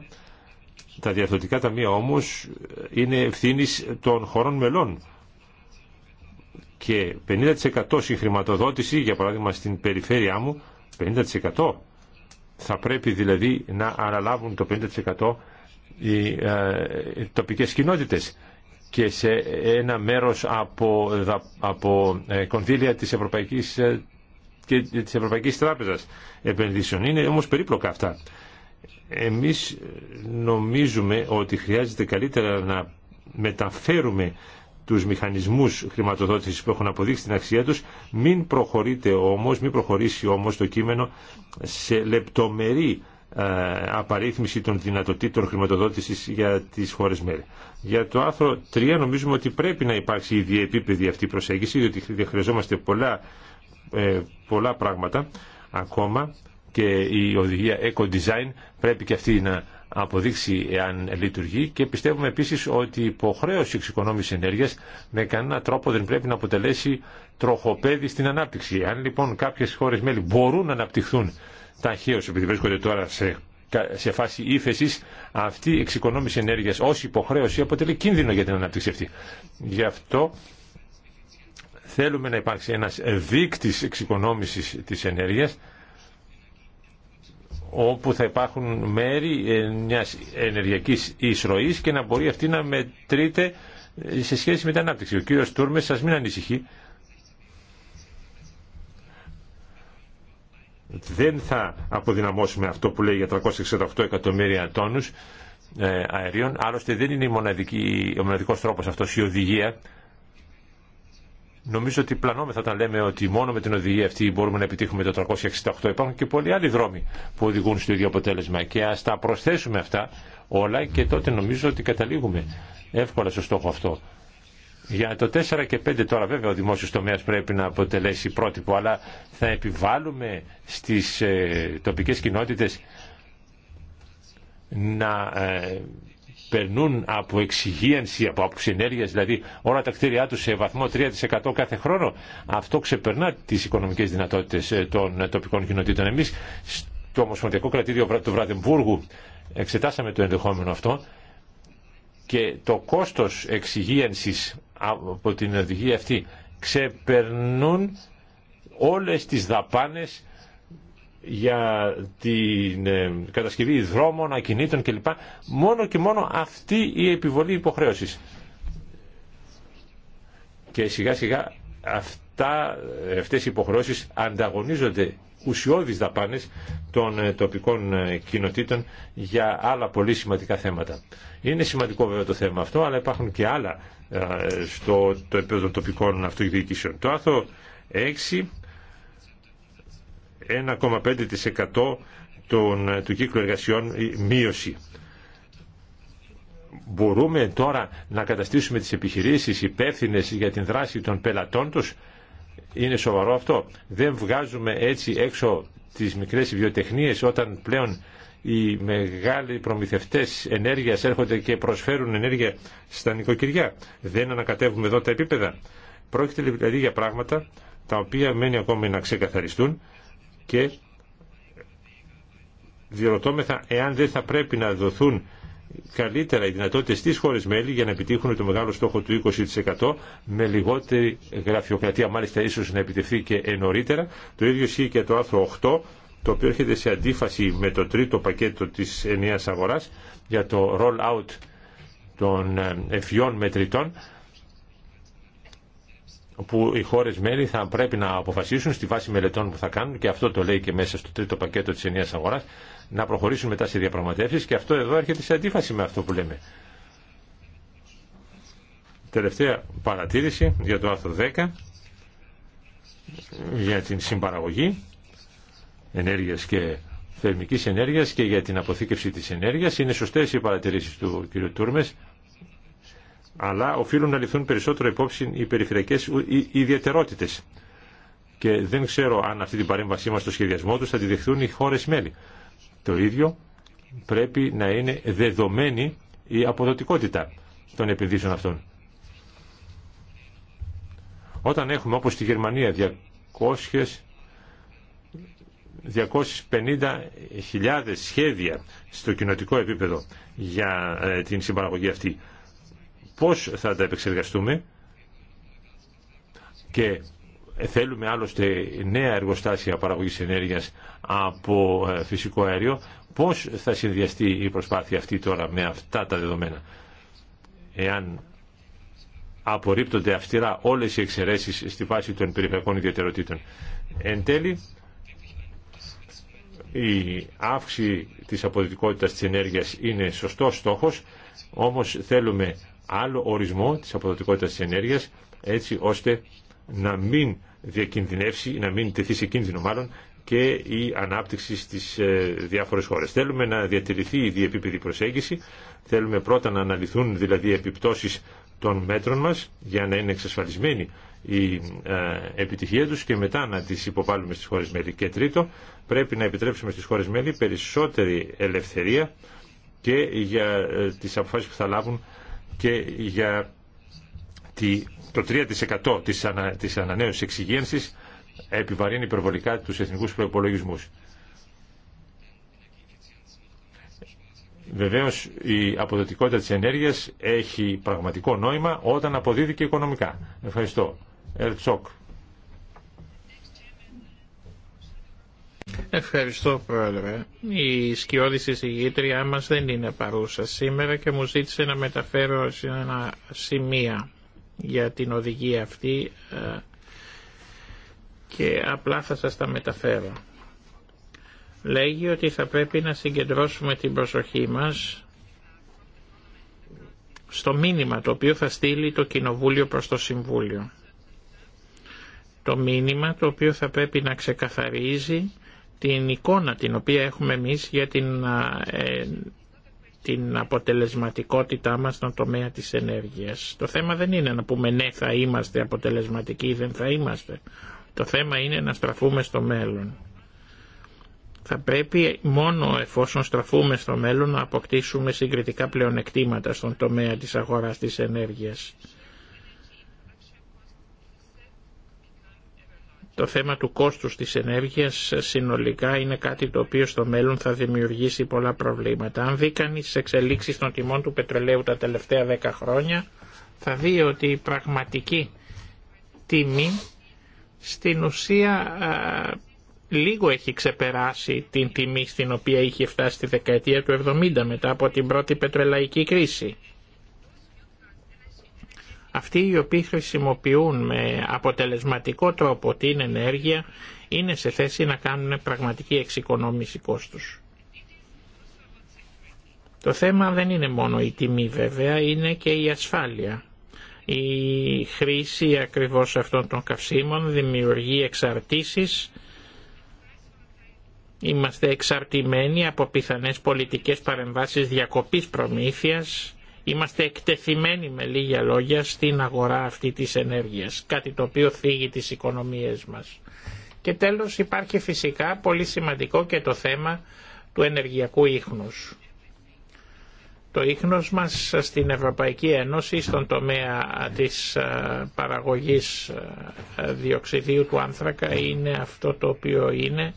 Τα διαρθρωτικά ταμεία όμως είναι ευθύνη των χωρών μελών και 50% συγχρηματοδότηση, για παράδειγμα στην περιφέρειά μου, 50% θα πρέπει δηλαδή να αναλάβουν το 50% οι ε, τοπικές κοινότητες και σε ένα μέρος από, από ε, κονδύλια της Ευρωπαϊκής ε, και της Ευρωπαϊκής Τράπεζας Επενδύσεων. Είναι όμως περίπλοκα αυτά. Εμείς νομίζουμε ότι χρειάζεται καλύτερα να μεταφέρουμε τους μηχανισμούς χρηματοδότησης που έχουν αποδείξει την αξία τους. Μην προχωρείτε όμως, μην προχωρήσει όμως το κείμενο σε λεπτομερή ε, απαρίθμηση των δυνατοτήτων χρηματοδότησης για τις χώρες μέλη. Για το άρθρο 3 νομίζουμε ότι πρέπει να υπάρξει η διεπίπεδη αυτή προσέγγιση, διότι χρειαζόμαστε πολλά ε, πολλά πράγματα ακόμα και η οδηγία eco-design πρέπει και αυτή να αποδείξει εάν λειτουργεί και πιστεύουμε επίσης ότι η υποχρέωση εξοικονόμησης ενέργειας με κανένα τρόπο δεν πρέπει να αποτελέσει τροχοπέδι στην ανάπτυξη. Αν λοιπόν κάποιες χώρες μέλη μπορούν να αναπτυχθούν ταχαίως επειδή βρίσκονται τώρα σε σε φάση ύφεση, αυτή η εξοικονόμηση ενέργεια ω υποχρέωση αποτελεί κίνδυνο για την ανάπτυξη αυτή. Γι' αυτό Θέλουμε να υπάρξει ένας δείκτης εξοικονόμησης της ενέργειας όπου θα υπάρχουν μέρη ε, μιας ενεργειακής εισρωής και να μπορεί αυτή να μετρείται ε, σε σχέση με την ανάπτυξη. Ο κύριος Τούρμες σας μην ανησυχεί. Δεν θα αποδυναμώσουμε αυτό που λέει για 368 εκατομμύρια τόνους ε, αερίων. Άλλωστε δεν είναι η μοναδική, ο μοναδικός τρόπος αυτός η οδηγία Νομίζω ότι πλανόμεθα όταν λέμε ότι μόνο με την οδηγία αυτή μπορούμε να επιτύχουμε το 368. Υπάρχουν και πολλοί άλλοι δρόμοι που οδηγούν στο ίδιο αποτέλεσμα και α τα προσθέσουμε αυτά όλα και τότε νομίζω ότι καταλήγουμε εύκολα στο στόχο αυτό. Για το 4 και 5 τώρα βέβαια ο δημόσιος τομέας πρέπει να αποτελέσει πρότυπο αλλά θα επιβάλλουμε στις ε, τοπικές κοινότητες να ε, περνούν από εξυγίανση, από άποψη δηλαδή όλα τα κτίρια του σε βαθμό 3% κάθε χρόνο, αυτό ξεπερνά τι οικονομικέ δυνατότητε ε, των ε, τοπικών κοινοτήτων. Εμεί στο Ομοσπονδιακό Κρατήριο του Βραδεμβούργου εξετάσαμε το ενδεχόμενο αυτό και το κόστο εξυγίανση από την οδηγία αυτή ξεπερνούν όλες τις δαπάνες για την ε, κατασκευή δρόμων, ακινήτων κλπ. Μόνο και μόνο αυτή η επιβολή υποχρέωσης. Και σιγά σιγά αυτά, αυτές οι υποχρεώσεις ανταγωνίζονται ουσιώδεις δαπάνες των ε, τοπικών ε, κοινοτήτων για άλλα πολύ σημαντικά θέματα. Είναι σημαντικό βέβαια το θέμα αυτό, αλλά υπάρχουν και άλλα στο το επίπεδο των τοπικών αυτοδιοίκησεων. Το άρθρο 6 1,5% των, του κύκλου εργασιών μείωση. Μπορούμε τώρα να καταστήσουμε τις επιχειρήσεις υπεύθυνε για την δράση των πελατών τους. Είναι σοβαρό αυτό. Δεν βγάζουμε έτσι έξω τις μικρές βιοτεχνίες όταν πλέον οι μεγάλοι προμηθευτές ενέργειας έρχονται και προσφέρουν ενέργεια στα νοικοκυριά. Δεν ανακατεύουμε εδώ τα επίπεδα. Πρόκειται δηλαδή για πράγματα τα οποία μένει ακόμη να ξεκαθαριστούν και διερωτώμεθα εάν δεν θα πρέπει να δοθούν καλύτερα οι δυνατότητε στι χώρε μέλη για να επιτύχουν το μεγάλο στόχο του 20% με λιγότερη γραφειοκρατία, μάλιστα ίσω να επιτευχθεί και νωρίτερα. Το ίδιο ισχύει και το άρθρο 8, το οποίο έρχεται σε αντίφαση με το τρίτο πακέτο της ενιαίας αγοράς για το roll-out των ευφυών μετρητών που οι χώρε μέλη θα πρέπει να αποφασίσουν στη βάση μελετών που θα κάνουν και αυτό το λέει και μέσα στο τρίτο πακέτο της ενιαίας αγορά, να προχωρήσουν μετά σε διαπραγματεύσεις και αυτό εδώ έρχεται σε αντίφαση με αυτό που λέμε. Τελευταία παρατήρηση για το άρθρο 10 για την συμπαραγωγή ενέργειας και θερμικής ενέργειας και για την αποθήκευση της ενέργειας. Είναι σωστές οι παρατηρήσεις του κ. Τούρμες αλλά οφείλουν να ληφθούν περισσότερο υπόψη οι περιφερειακές ιδιαιτερότητες. Και δεν ξέρω αν αυτή την παρέμβασή μας στο σχεδιασμό τους θα τη δεχθούν οι χώρες μέλη. Το ίδιο πρέπει να είναι δεδομένη η αποδοτικότητα των επενδύσεων αυτών. Όταν έχουμε όπως στη Γερμανία 200 250.000 σχέδια στο κοινοτικό επίπεδο για ε, την συμπαραγωγή αυτή πώς θα τα επεξεργαστούμε και θέλουμε άλλωστε νέα εργοστάσια παραγωγής ενέργειας από ε, φυσικό αέριο, πώς θα συνδυαστεί η προσπάθεια αυτή τώρα με αυτά τα δεδομένα. Εάν απορρίπτονται αυστηρά όλες οι εξαιρέσεις στη βάση των περιφερειακών ιδιαιτεροτήτων. Εν τέλει, η αύξηση της αποδοτικότητας της ενέργειας είναι σωστός στόχος, όμως θέλουμε άλλο ορισμό της αποδοτικότητας της ενέργειας έτσι ώστε να μην διακινδυνεύσει, να μην τεθεί σε κίνδυνο μάλλον και η ανάπτυξη στις ε, διάφορες χώρες. Θέλουμε να διατηρηθεί η διεπίπεδη προσέγγιση, θέλουμε πρώτα να αναλυθούν δηλαδή επιπτώσεις των μέτρων μας για να είναι εξασφαλισμένη η ε, επιτυχία τους και μετά να τις υποβάλουμε στις χώρες μέλη. Και τρίτο, πρέπει να επιτρέψουμε στις χώρες μέλη περισσότερη ελευθερία και για ε, τις αποφάσεις που θα λάβουν και για το 3% της, ανα, της ανανέωσης εξυγένσης επιβαρύνει υπερβολικά τους εθνικούς προϋπολογισμούς. Βεβαίως η αποδοτικότητα της ενέργειας έχει πραγματικό νόημα όταν αποδίδει και οικονομικά. Ευχαριστώ. Ερτσόκ. Ευχαριστώ Πρόεδρε. Η σκιώδη συζητήτριά μας δεν είναι παρούσα σήμερα και μου ζήτησε να μεταφέρω σε ένα σημεία για την οδηγία αυτή ε, και απλά θα σας τα μεταφέρω. Λέγει ότι θα πρέπει να συγκεντρώσουμε την προσοχή μας στο μήνυμα το οποίο θα στείλει το Κοινοβούλιο προς το Συμβούλιο. Το μήνυμα το οποίο θα πρέπει να ξεκαθαρίζει την εικόνα την οποία έχουμε εμείς για την, ε, την αποτελεσματικότητά μας στον τομέα της ενέργειας. Το θέμα δεν είναι να πούμε ναι θα είμαστε αποτελεσματικοί ή δεν θα είμαστε. Το θέμα είναι να στραφούμε στο μέλλον. Θα πρέπει μόνο εφόσον στραφούμε στο μέλλον να αποκτήσουμε συγκριτικά πλεονεκτήματα στον τομέα της αγοράς της ενέργειας. Το θέμα του κόστους της ενέργειας ε, συνολικά είναι κάτι το οποίο στο μέλλον θα δημιουργήσει πολλά προβλήματα. Αν δει κανεί τι εξελίξεις των τιμών του πετρελαίου τα τελευταία 10 χρόνια, θα δει ότι η πραγματική τιμή στην ουσία λίγο έχει ξεπεράσει την τιμή στην οποία είχε φτάσει τη δεκαετία του 70 μετά από την πρώτη πετρελαϊκή κρίση. Αυτοί οι οποίοι χρησιμοποιούν με αποτελεσματικό τρόπο την ενέργεια είναι σε θέση να κάνουν πραγματική εξοικονόμηση κόστους. Το θέμα δεν είναι μόνο η τιμή βέβαια, είναι και η ασφάλεια. Η χρήση ακριβώς αυτών των καυσίμων δημιουργεί εξαρτήσεις. Είμαστε εξαρτημένοι από πιθανές πολιτικές παρεμβάσεις διακοπής προμήθειας Είμαστε εκτεθειμένοι με λίγια λόγια στην αγορά αυτή της ενέργειας, κάτι το οποίο θίγει τις οικονομίες μας. Και τέλος υπάρχει φυσικά πολύ σημαντικό και το θέμα του ενεργειακού ίχνους. Το ίχνος μας στην Ευρωπαϊκή Ένωση στον τομέα της ε, παραγωγής ε, διοξιδίου του άνθρακα είναι αυτό το οποίο είναι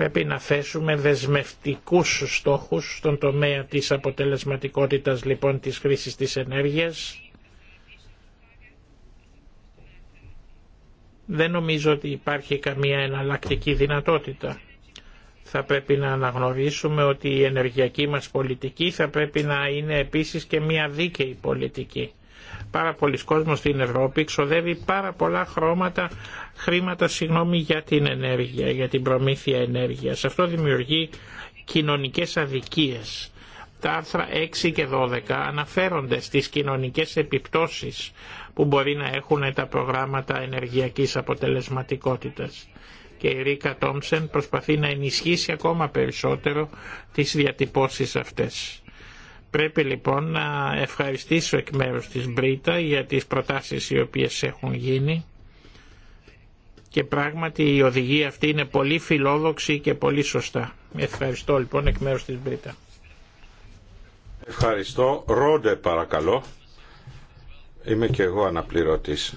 πρέπει να θέσουμε δεσμευτικούς στόχους στον τομέα της αποτελεσματικότητας λοιπόν της χρήσης της ενέργειας. Δεν νομίζω ότι υπάρχει καμία εναλλακτική δυνατότητα. Θα πρέπει να αναγνωρίσουμε ότι η ενεργειακή μας πολιτική θα πρέπει να είναι επίσης και μια δίκαιη πολιτική πάρα πολλοί κόσμος στην Ευρώπη ξοδεύει πάρα πολλά χρώματα, χρήματα συγγνώμη, για την ενέργεια, για την προμήθεια ενέργειας. Αυτό δημιουργεί κοινωνικές αδικίες. Τα άρθρα 6 και 12 αναφέρονται στις κοινωνικές επιπτώσεις που μπορεί να έχουν τα προγράμματα ενεργειακής αποτελεσματικότητας και η Ρίκα Τόμψεν προσπαθεί να ενισχύσει ακόμα περισσότερο τις διατυπώσεις αυτές. Πρέπει λοιπόν να ευχαριστήσω εκ μέρους της Μπρίτα για τις προτάσεις οι οποίες έχουν γίνει και πράγματι η οδηγία αυτή είναι πολύ φιλόδοξη και πολύ σωστά. Ευχαριστώ λοιπόν εκ μέρους της Μπρίτα. Ευχαριστώ. Ρόντε παρακαλώ. Είμαι και εγώ αναπληρωτής.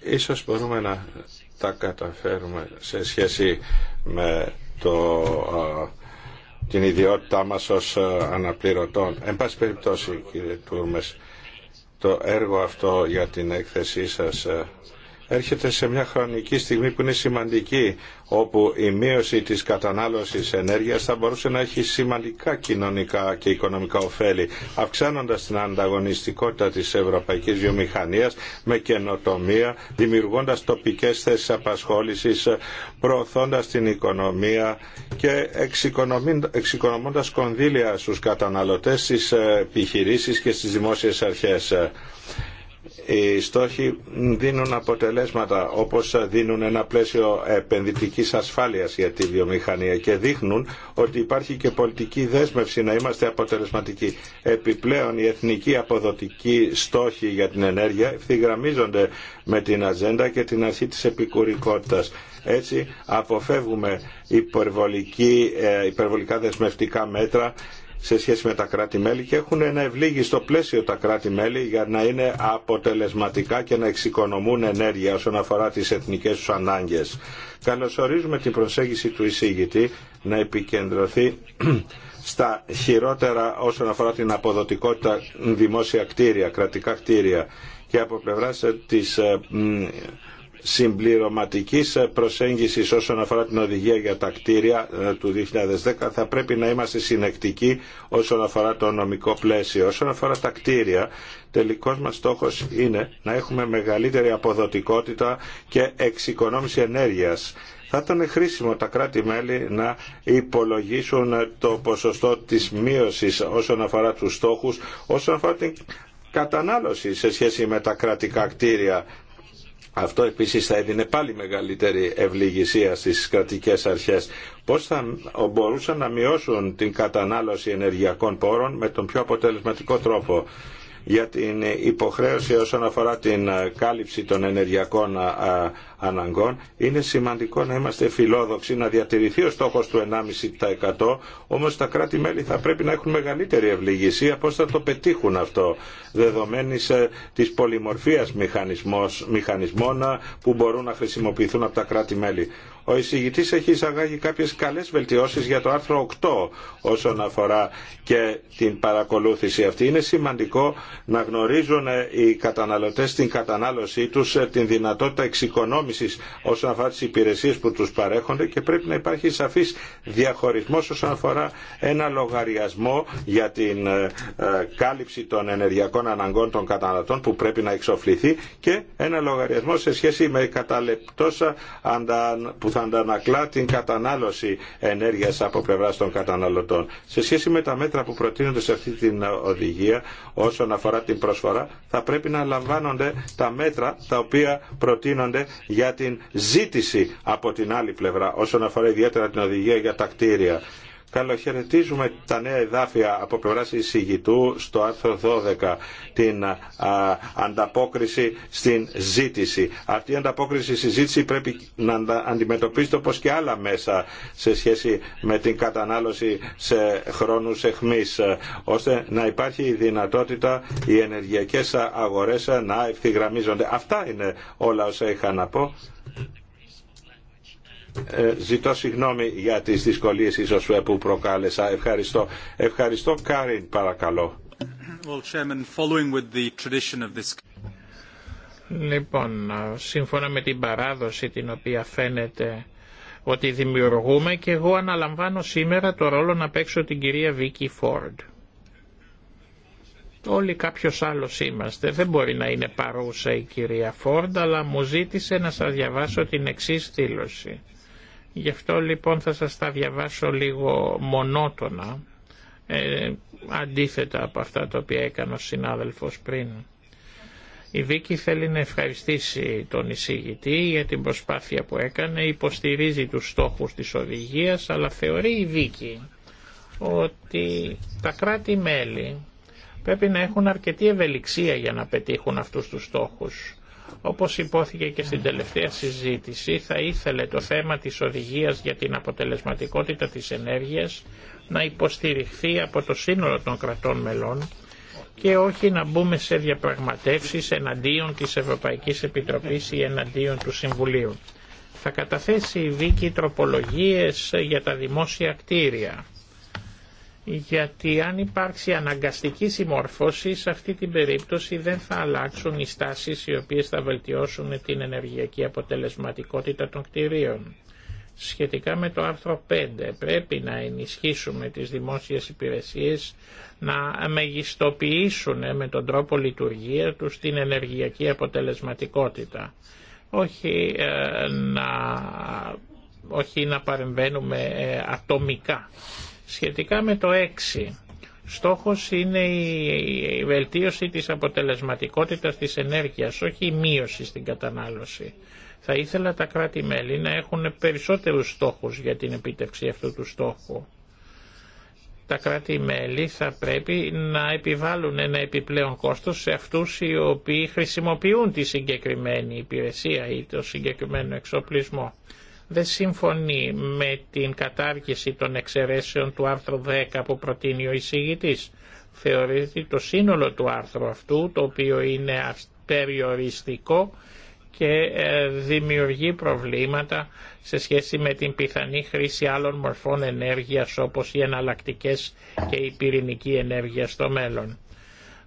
Ίσως μπορούμε να τα καταφέρουμε σε σχέση με το την ιδιότητά μας ως ε, αναπληρωτών. Εν πάση περιπτώσει κύριε Τούρμες, το έργο αυτό για την έκθεσή σας ε, έρχεται σε μια χρονική στιγμή που είναι σημαντική, όπου η μείωση της κατανάλωσης ενέργειας θα μπορούσε να έχει σημαντικά κοινωνικά και οικονομικά ωφέλη, αυξάνοντας την ανταγωνιστικότητα της ευρωπαϊκής βιομηχανίας με καινοτομία, δημιουργώντας τοπικές θέσεις απασχόλησης, προωθώντας την οικονομία και εξοικονομώντας κονδύλια στους καταναλωτές, στις επιχειρήσεις και στις δημόσιες αρχές οι στόχοι δίνουν αποτελέσματα όπως δίνουν ένα πλαίσιο επενδυτικής ασφάλειας για τη βιομηχανία και δείχνουν ότι υπάρχει και πολιτική δέσμευση να είμαστε αποτελεσματικοί. Επιπλέον οι εθνικοί αποδοτικοί στόχοι για την ενέργεια ευθυγραμμίζονται με την ατζέντα και την αρχή της επικουρικότητας. Έτσι αποφεύγουμε ε, υπερβολικά δεσμευτικά μέτρα σε σχέση με τα κράτη-μέλη και έχουν ένα ευλίγιστο πλαίσιο τα κράτη-μέλη για να είναι αποτελεσματικά και να εξοικονομούν ενέργεια όσον αφορά τις εθνικές τους ανάγκες. Καλωσορίζουμε την προσέγγιση του εισήγητη να επικεντρωθεί *clears throat* στα χειρότερα όσον αφορά την αποδοτικότητα δημόσια κτίρια, κρατικά κτίρια και από πλευράς της ε, συμπληρωματική προσέγγιση όσον αφορά την οδηγία για τα κτίρια ε, του 2010 θα πρέπει να είμαστε συνεκτικοί όσον αφορά το νομικό πλαίσιο. Όσον αφορά τα κτίρια, τελικός μας στόχος είναι να έχουμε μεγαλύτερη αποδοτικότητα και εξοικονόμηση ενέργειας. Θα ήταν χρήσιμο τα κράτη-μέλη να υπολογίσουν το ποσοστό της μείωσης όσον αφορά τους στόχους, όσον αφορά την κατανάλωση σε σχέση με τα κρατικά κτίρια αυτό επίσης θα έδινε πάλι μεγαλύτερη ευληγησία στις κρατικές αρχές. Πώς θα μπορούσαν να μειώσουν την κατανάλωση ενεργειακών πόρων με τον πιο αποτελεσματικό τρόπο για την υποχρέωση όσον αφορά την ε, κάλυψη των ενεργειακών ε, ε, αναγκών. Είναι σημαντικό να είμαστε φιλόδοξοι, να διατηρηθεί ο στόχος του 1,5% όμως τα κράτη-μέλη θα πρέπει να έχουν μεγαλύτερη ευλήγησία πώς θα το πετύχουν αυτό δεδομένης της πολυμορφίας μηχανισμών που μπορούν να χρησιμοποιηθούν από τα κράτη-μέλη. Ο εισηγητής έχει εισαγάγει κάποιες καλές βελτιώσεις για το άρθρο 8 όσον αφορά και την παρακολούθηση αυτή. Είναι σημαντικό να γνωρίζουν οι καταναλωτές την κατανάλωσή τους ε, την δυνατότητα εξοικονόμησης όσον αφορά τις υπηρεσίες που τους παρέχονται και πρέπει να υπάρχει σαφής διαχωρισμός όσον αφορά ένα λογαριασμό για την ε, ε, κάλυψη των ενεργειακών αναγκών των καταναλωτών που πρέπει να εξοφληθεί και ένα λογαριασμό σε σχέση με καταλεπτόσα που θα αντανακλά την κατανάλωση ενέργειας από πλευρά των καταναλωτών. Σε σχέση με τα μέτρα που προτείνονται σε αυτή την οδηγία όσον αφορά αφορά την θα πρέπει να λαμβάνονται τα μέτρα τα οποία προτείνονται για την ζήτηση από την άλλη πλευρά όσον αφορά ιδιαίτερα την οδηγία για τα κτίρια Καλοχαιρετίζουμε τα νέα εδάφια από πλευρά εισηγητού στο άρθρο 12, την ανταπόκριση στην ζήτηση. Αυτή η ανταπόκριση στη ζήτηση πρέπει να αντιμετωπίζεται όπως και άλλα μέσα σε σχέση με την κατανάλωση σε χρόνους εχμής, ώστε να υπάρχει η δυνατότητα οι ενεργειακές αγορές να ευθυγραμμίζονται. Αυτά είναι όλα όσα είχα να πω ε, ζητώ συγγνώμη για τις δυσκολίες ίσως ε, που προκάλεσα. Ευχαριστώ. Ευχαριστώ Κάριν παρακαλώ. Well, with the Λοιπόν, σύμφωνα με την παράδοση την οποία φαίνεται ότι δημιουργούμε και εγώ αναλαμβάνω σήμερα το ρόλο να παίξω την κυρία Βίκη Φόρντ. Όλοι κάποιος άλλος είμαστε. Δεν μπορεί να είναι παρούσα η κυρία Φόρντ, αλλά μου ζήτησε να σας διαβάσω την εξής στήλωση. Γι' αυτό λοιπόν θα σας τα διαβάσω λίγο μονότονα, ε, αντίθετα από αυτά τα οποία έκανε ο συνάδελφος πριν. Η Βίκη θέλει να ευχαριστήσει τον εισηγητή για την προσπάθεια που έκανε, υποστηρίζει τους στόχους της οδηγίας, αλλά θεωρεί η Βίκη ότι τα κράτη-μέλη πρέπει να έχουν αρκετή ευελιξία για να πετύχουν αυτούς τους στόχους. Όπως υπόθηκε και στην τελευταία συζήτηση, θα ήθελε το θέμα της οδηγίας για την αποτελεσματικότητα της ενέργειας να υποστηριχθεί από το σύνολο των κρατών μελών και όχι να μπούμε σε διαπραγματεύσεις εναντίον της Ευρωπαϊκής Επιτροπής ή εναντίον του Συμβουλίου. Θα καταθέσει η Βίκη τροπολογίες για τα δημόσια κτίρια γιατί αν υπάρξει αναγκαστική συμμόρφωση σε αυτή την περίπτωση δεν θα αλλάξουν οι στάσεις οι οποίες θα βελτιώσουν την ενεργειακή αποτελεσματικότητα των κτηρίων. Σχετικά με το άρθρο 5 πρέπει να ενισχύσουμε τις δημόσιες υπηρεσίες να μεγιστοποιήσουν ε, με τον τρόπο λειτουργία τους την ενεργειακή αποτελεσματικότητα. Όχι, ε, να, όχι παρεμβαίνουμε ε, ατομικά Σχετικά με το 6, στόχος είναι η βελτίωση της αποτελεσματικότητας της ενέργειας, όχι η μείωση στην κατανάλωση. Θα ήθελα τα κράτη-μέλη να έχουν περισσότερους στόχους για την επίτευξη αυτού του στόχου. Τα κράτη-μέλη θα πρέπει να επιβάλλουν ένα επιπλέον κόστος σε αυτούς οι οποίοι χρησιμοποιούν τη συγκεκριμένη υπηρεσία ή το συγκεκριμένο εξοπλισμό δεν συμφωνεί με την κατάργηση των εξαιρέσεων του άρθρου 10 που προτείνει ο εισηγητής. Θεωρείται το σύνολο του άρθρου αυτού, το οποίο είναι περιοριστικό και ε, δημιουργεί προβλήματα σε σχέση με την πιθανή χρήση άλλων μορφών ενέργειας όπως οι εναλλακτικέ και η πυρηνική ενέργεια στο μέλλον.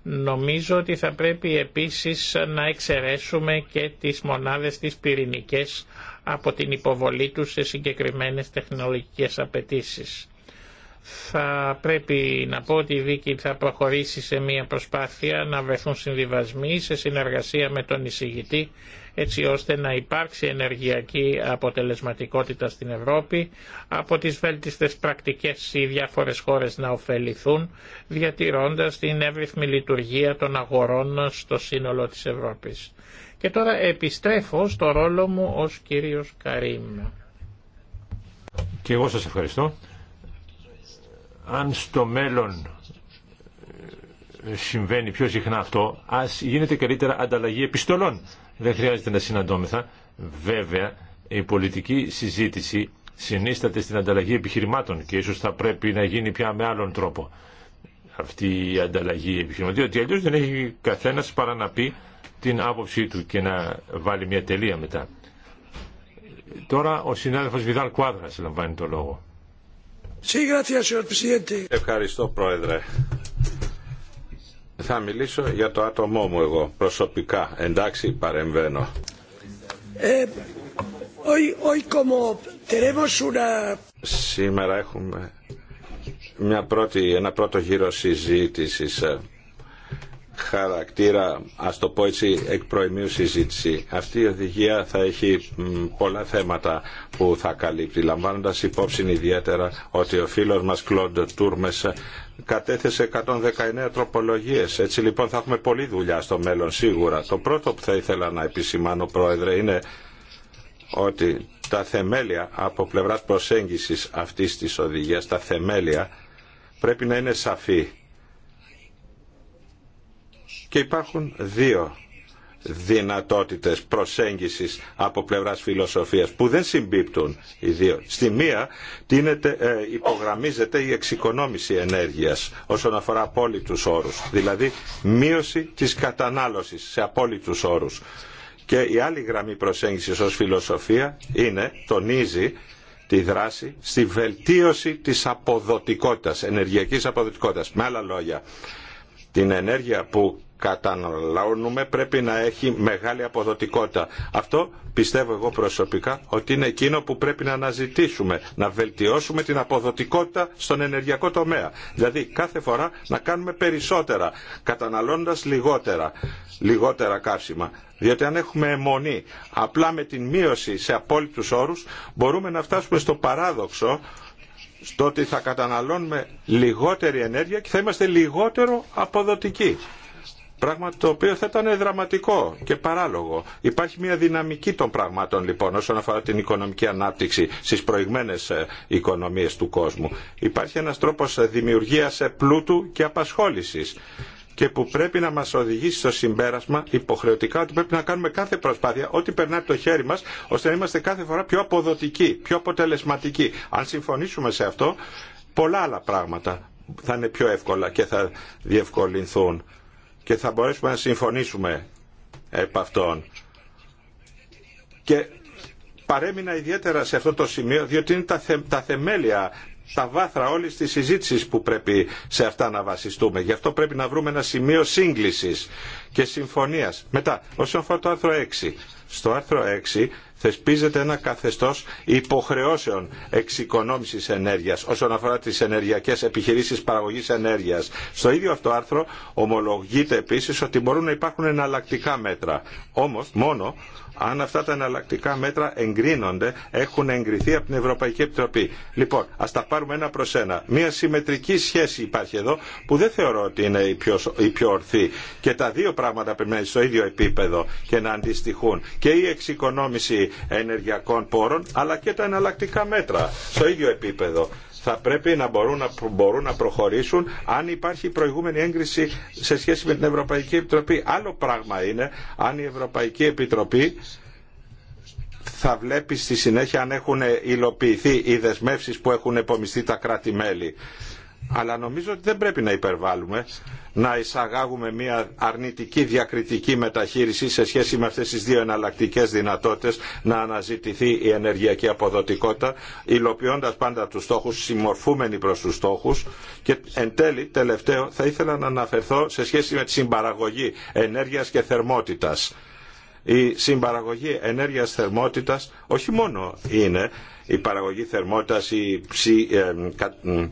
Νομίζω ότι θα πρέπει επίσης να εξαιρέσουμε και τις μονάδες της πυρηνικές από την υποβολή τους σε συγκεκριμένες τεχνολογικές απαιτήσει. Θα πρέπει να πω ότι η Δίκη θα προχωρήσει σε μια προσπάθεια να βρεθούν συμβιβασμοί σε συνεργασία με τον εισηγητή έτσι ώστε να υπάρξει ενεργειακή αποτελεσματικότητα στην Ευρώπη, από τις βέλτιστες πρακτικές οι διάφορες χώρες να ωφεληθούν, διατηρώντας την εύρυθμη λειτουργία των αγορών στο σύνολο της Ευρώπης. Και τώρα επιστρέφω στο ρόλο μου ως κύριος Καρίμ. Και εγώ σας ευχαριστώ. Αν στο μέλλον ε, συμβαίνει πιο συχνά αυτό, ας γίνεται καλύτερα ανταλλαγή επιστολών. Δεν χρειάζεται να συναντώμεθα. Βέβαια, η πολιτική συζήτηση συνίσταται στην ανταλλαγή επιχειρημάτων και ίσως θα πρέπει να γίνει πια με άλλον τρόπο αυτή η ανταλλαγή επιχειρηματία, ότι αλλιώς δεν έχει καθένας παρά να πει την άποψή του και να βάλει μια τελεία μετά. Τώρα ο συνάδελφος Βιδάλ Κουάδρας λαμβάνει το λόγο. Ευχαριστώ Πρόεδρε. Θα μιλήσω για το άτομό μου εγώ προσωπικά. Εντάξει παρεμβαίνω. Ε, Σήμερα έχουμε μια πρώτη, ένα πρώτο γύρο συζήτησης ε, χαρακτήρα, ας το πω έτσι, εκ προημίου συζήτηση. Αυτή η οδηγία θα έχει πολλά θέματα που θα καλύπτει, λαμβάνοντας υπόψη ιδιαίτερα ότι ο φίλος μας Κλοντ Τούρμες κατέθεσε 119 τροπολογίες. Έτσι λοιπόν θα έχουμε πολλή δουλειά στο μέλλον σίγουρα. Το πρώτο που θα ήθελα να επισημάνω, Πρόεδρε, είναι ότι τα θεμέλια από πλευράς προσέγγισης αυτής της οδηγίας, τα θεμέλια πρέπει να είναι σαφή και υπάρχουν δύο δυνατότητες προσέγγισης από πλευράς φιλοσοφίας που δεν συμπίπτουν οι δύο. Στη μία τίνεται, ε, υπογραμμίζεται η εξοικονόμηση ενέργειας όσον αφορά απόλυτους όρους, δηλαδή μείωση της κατανάλωσης σε απόλυτους όρους. Και η άλλη γραμμή προσέγγισης ως φιλοσοφία είναι, τονίζει, τη δράση στη βελτίωση της αποδοτικότητας, ενεργειακής αποδοτικότητας. Με άλλα λόγια, την ενέργεια που καταναλώνουμε πρέπει να έχει μεγάλη αποδοτικότητα. Αυτό πιστεύω εγώ προσωπικά ότι είναι εκείνο που πρέπει να αναζητήσουμε, να βελτιώσουμε την αποδοτικότητα στον ενεργειακό τομέα. Δηλαδή κάθε φορά να κάνουμε περισσότερα, καταναλώνοντας λιγότερα, λιγότερα καύσιμα. Διότι αν έχουμε αιμονή απλά με την μείωση σε απόλυτους όρους, μπορούμε να φτάσουμε στο παράδοξο στο ότι θα καταναλώνουμε λιγότερη ενέργεια και θα είμαστε λιγότερο αποδοτικοί. Πράγμα το οποίο θα ήταν δραματικό και παράλογο. Υπάρχει μια δυναμική των πραγμάτων λοιπόν όσον αφορά την οικονομική ανάπτυξη στις προηγμένες ε, οικονομίες του κόσμου. Υπάρχει ένας τρόπος ε, δημιουργίας ε, πλούτου και απασχόλησης και που πρέπει να μας οδηγήσει στο συμπέρασμα υποχρεωτικά ότι πρέπει να κάνουμε κάθε προσπάθεια ό,τι περνάει από το χέρι μας ώστε να είμαστε κάθε φορά πιο αποδοτικοί, πιο αποτελεσματικοί. Αν συμφωνήσουμε σε αυτό, πολλά άλλα πράγματα θα είναι πιο εύκολα και θα διευκολυνθούν και θα μπορέσουμε να συμφωνήσουμε επ' αυτών. Και παρέμεινα ιδιαίτερα σε αυτό το σημείο διότι είναι τα, τα θεμέλια τα βάθρα όλης της συζήτησης που πρέπει σε αυτά να βασιστούμε. Γι' αυτό πρέπει να βρούμε ένα σημείο σύγκλησης και συμφωνίας. Μετά, όσον αφορά το άρθρο 6. Στο άρθρο 6 θεσπίζεται ένα καθεστώς υποχρεώσεων εξοικονόμησης ενέργειας όσον αφορά τις ενεργειακές επιχειρήσεις παραγωγής ενέργειας. Στο ίδιο αυτό άρθρο ομολογείται επίσης ότι μπορούν να υπάρχουν εναλλακτικά μέτρα. Όμως μόνο αν αυτά τα εναλλακτικά μέτρα εγκρίνονται, έχουν εγκριθεί από την Ευρωπαϊκή Επιτροπή. Λοιπόν, α τα πάρουμε ένα προ ένα. Μία συμμετρική σχέση υπάρχει εδώ που δεν θεωρώ ότι είναι η πιο, η πιο ορθή. Και τα δύο πράγματα πρέπει να είναι στο ίδιο επίπεδο και να αντιστοιχούν. Και η εξοικονόμηση ενεργειακών πόρων αλλά και τα εναλλακτικά μέτρα στο ίδιο επίπεδο θα πρέπει να μπορούν να, προχωρήσουν αν υπάρχει προηγούμενη έγκριση σε σχέση με την Ευρωπαϊκή Επιτροπή. Άλλο πράγμα είναι αν η Ευρωπαϊκή Επιτροπή θα βλέπει στη συνέχεια αν έχουν υλοποιηθεί οι δεσμεύσεις που έχουν επομιστεί τα κράτη-μέλη αλλά νομίζω ότι δεν πρέπει να υπερβάλλουμε, να εισαγάγουμε μια αρνητική διακριτική μεταχείριση σε σχέση με αυτές τις δύο εναλλακτικέ δυνατότητες να αναζητηθεί η ενεργειακή αποδοτικότητα, υλοποιώντας πάντα τους στόχους, συμμορφούμενοι προς τους στόχους. Και εν τέλει, τελευταίο, θα ήθελα να αναφερθώ σε σχέση με τη συμπαραγωγή ενέργειας και θερμότητας. Η συμπαραγωγή ενέργειας θερμότητας όχι μόνο είναι η παραγωγή θερμότητας, ε,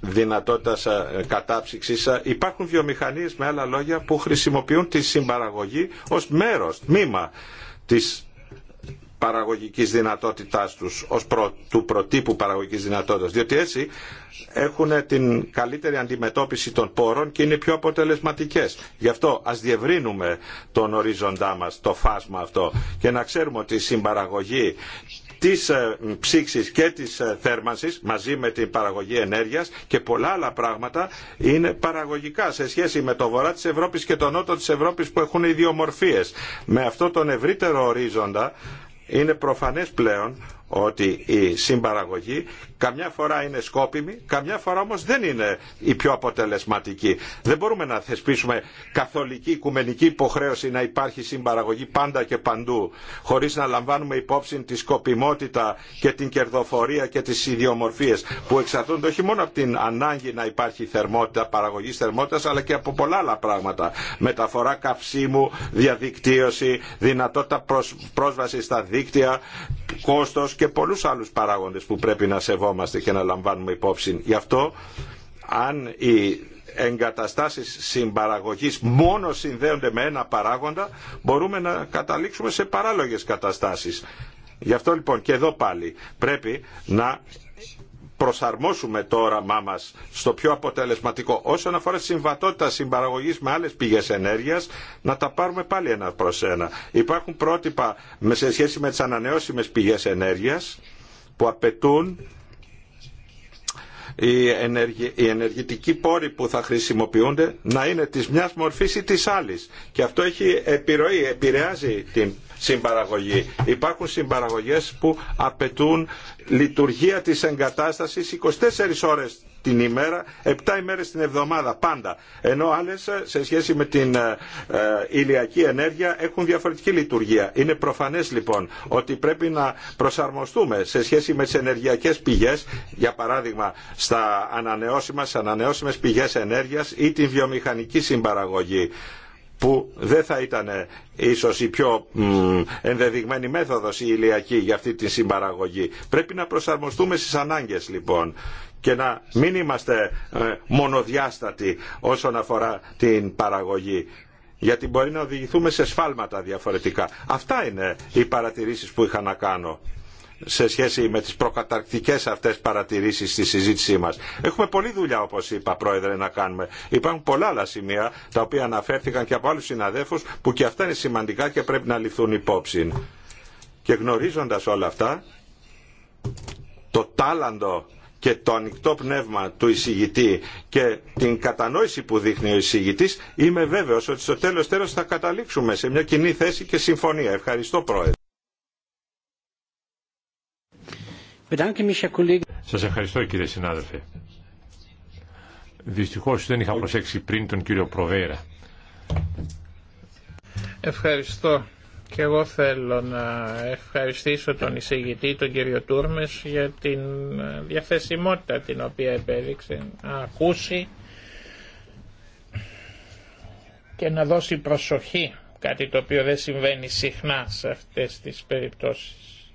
δυνατότητας ε, κατάψυξη, ε, Υπάρχουν βιομηχανίε με άλλα λόγια που χρησιμοποιούν τη συμπαραγωγή ως μέρος, τμήμα της παραγωγικής δυνατότητάς τους, ως του προτύπου παραγωγικής δυνατότητας. Διότι έτσι έχουν την καλύτερη αντιμετώπιση των πόρων και είναι πιο αποτελεσματικές. Γι' αυτό α διευρύνουμε τον οριζοντά μα το φάσμα αυτό και να ξέρουμε ότι η συμπαραγωγή της ε, ψήξης και της ε, θέρμανσης μαζί με την παραγωγή ενέργειας και πολλά άλλα πράγματα είναι παραγωγικά σε σχέση με το βορρά της Ευρώπης και το νότο της Ευρώπης που έχουν ιδιομορφίες. Με αυτό τον ευρύτερο ορίζοντα είναι προφανές πλέον ότι η συμπαραγωγή Καμιά φορά είναι σκόπιμη, καμιά φορά όμως δεν είναι η πιο αποτελεσματική. Δεν μπορούμε να θεσπίσουμε καθολική οικουμενική υποχρέωση να υπάρχει συμπαραγωγή πάντα και παντού, χωρίς να λαμβάνουμε υπόψη τη σκοπιμότητα και την κερδοφορία και τις ιδιομορφίες που εξαρτούνται όχι μόνο από την ανάγκη να υπάρχει θερμότητα, παραγωγής θερμότητας, αλλά και από πολλά άλλα πράγματα. Μεταφορά καυσίμου, διαδικτύωση, δυνατότητα πρόσβαση στα δίκτυα, κόστος και πολλούς άλλους παράγοντες που πρέπει να σεβόμαστε σκεφτόμαστε και να λαμβάνουμε υπόψη. Γι' αυτό αν οι εγκαταστάσεις συμπαραγωγής μόνο συνδέονται με ένα παράγοντα μπορούμε να καταλήξουμε σε παράλογες καταστάσεις. Γι' αυτό λοιπόν και εδώ πάλι πρέπει να προσαρμόσουμε το όραμά μας στο πιο αποτελεσματικό. Όσον αφορά τη συμβατότητα συμπαραγωγής με άλλες πηγές ενέργειας, να τα πάρουμε πάλι ένα προς ένα. Υπάρχουν πρότυπα σε σχέση με τις ανανεώσιμες πηγές ενέργειας που απαιτούν οι ενεργητικοί πόροι που θα χρησιμοποιούνται να είναι της μιας μορφής ή της άλλης. Και αυτό έχει επιρροή, επηρεάζει την συμπαραγωγή. Υπάρχουν συμπαραγωγές που απαιτούν λειτουργία της εγκατάστασης 24 ώρες την ημέρα, 7 ημέρες την εβδομάδα πάντα. Ενώ άλλες ε, σε σχέση με την ε, ε, ηλιακή ενέργεια έχουν διαφορετική λειτουργία. Είναι προφανές λοιπόν ότι πρέπει να προσαρμοστούμε σε σχέση με τις ενεργειακές πηγές, για παράδειγμα στα ανανεώσιμα, στις ανανεώσιμες πηγές ενέργειας ή την βιομηχανική συμπαραγωγή που δεν θα ήταν ίσως η πιο ενδεδειγμένη μέθοδος η ηλιακή για αυτή τη συμπαραγωγή. Πρέπει να προσαρμοστούμε στις ανάγκες λοιπόν και να μην είμαστε ε, μονοδιάστατοι όσον αφορά την παραγωγή γιατί μπορεί να οδηγηθούμε σε σφάλματα διαφορετικά. Αυτά είναι οι παρατηρήσεις που είχα να κάνω σε σχέση με τις προκαταρκτικές αυτές παρατηρήσεις στη συζήτησή μας. Έχουμε πολλή δουλειά όπως είπα πρόεδρε να κάνουμε. Υπάρχουν πολλά άλλα σημεία τα οποία αναφέρθηκαν και από άλλους συναδέφους που και αυτά είναι σημαντικά και πρέπει να ληφθούν υπόψη. Και γνωρίζοντας όλα αυτά το τάλαντο και το ανοιχτό πνεύμα του εισηγητή και την κατανόηση που δείχνει ο εισηγητή, είμαι βέβαιος ότι στο τέλος τέλος θα καταλήξουμε σε μια κοινή θέση και συμφωνία. Ευχαριστώ Πρόεδρε. Σας ευχαριστώ κύριε συνάδελφε. Δυστυχώς δεν είχα προσέξει πριν τον κύριο Προβέρα. Ευχαριστώ και εγώ θέλω να ευχαριστήσω τον εισηγητή, τον κύριο Τούρμες, για την ε, διαθεσιμότητα την οποία επέδειξε να ακούσει και να δώσει προσοχή, κάτι το οποίο δεν συμβαίνει συχνά σε αυτές τις περιπτώσεις.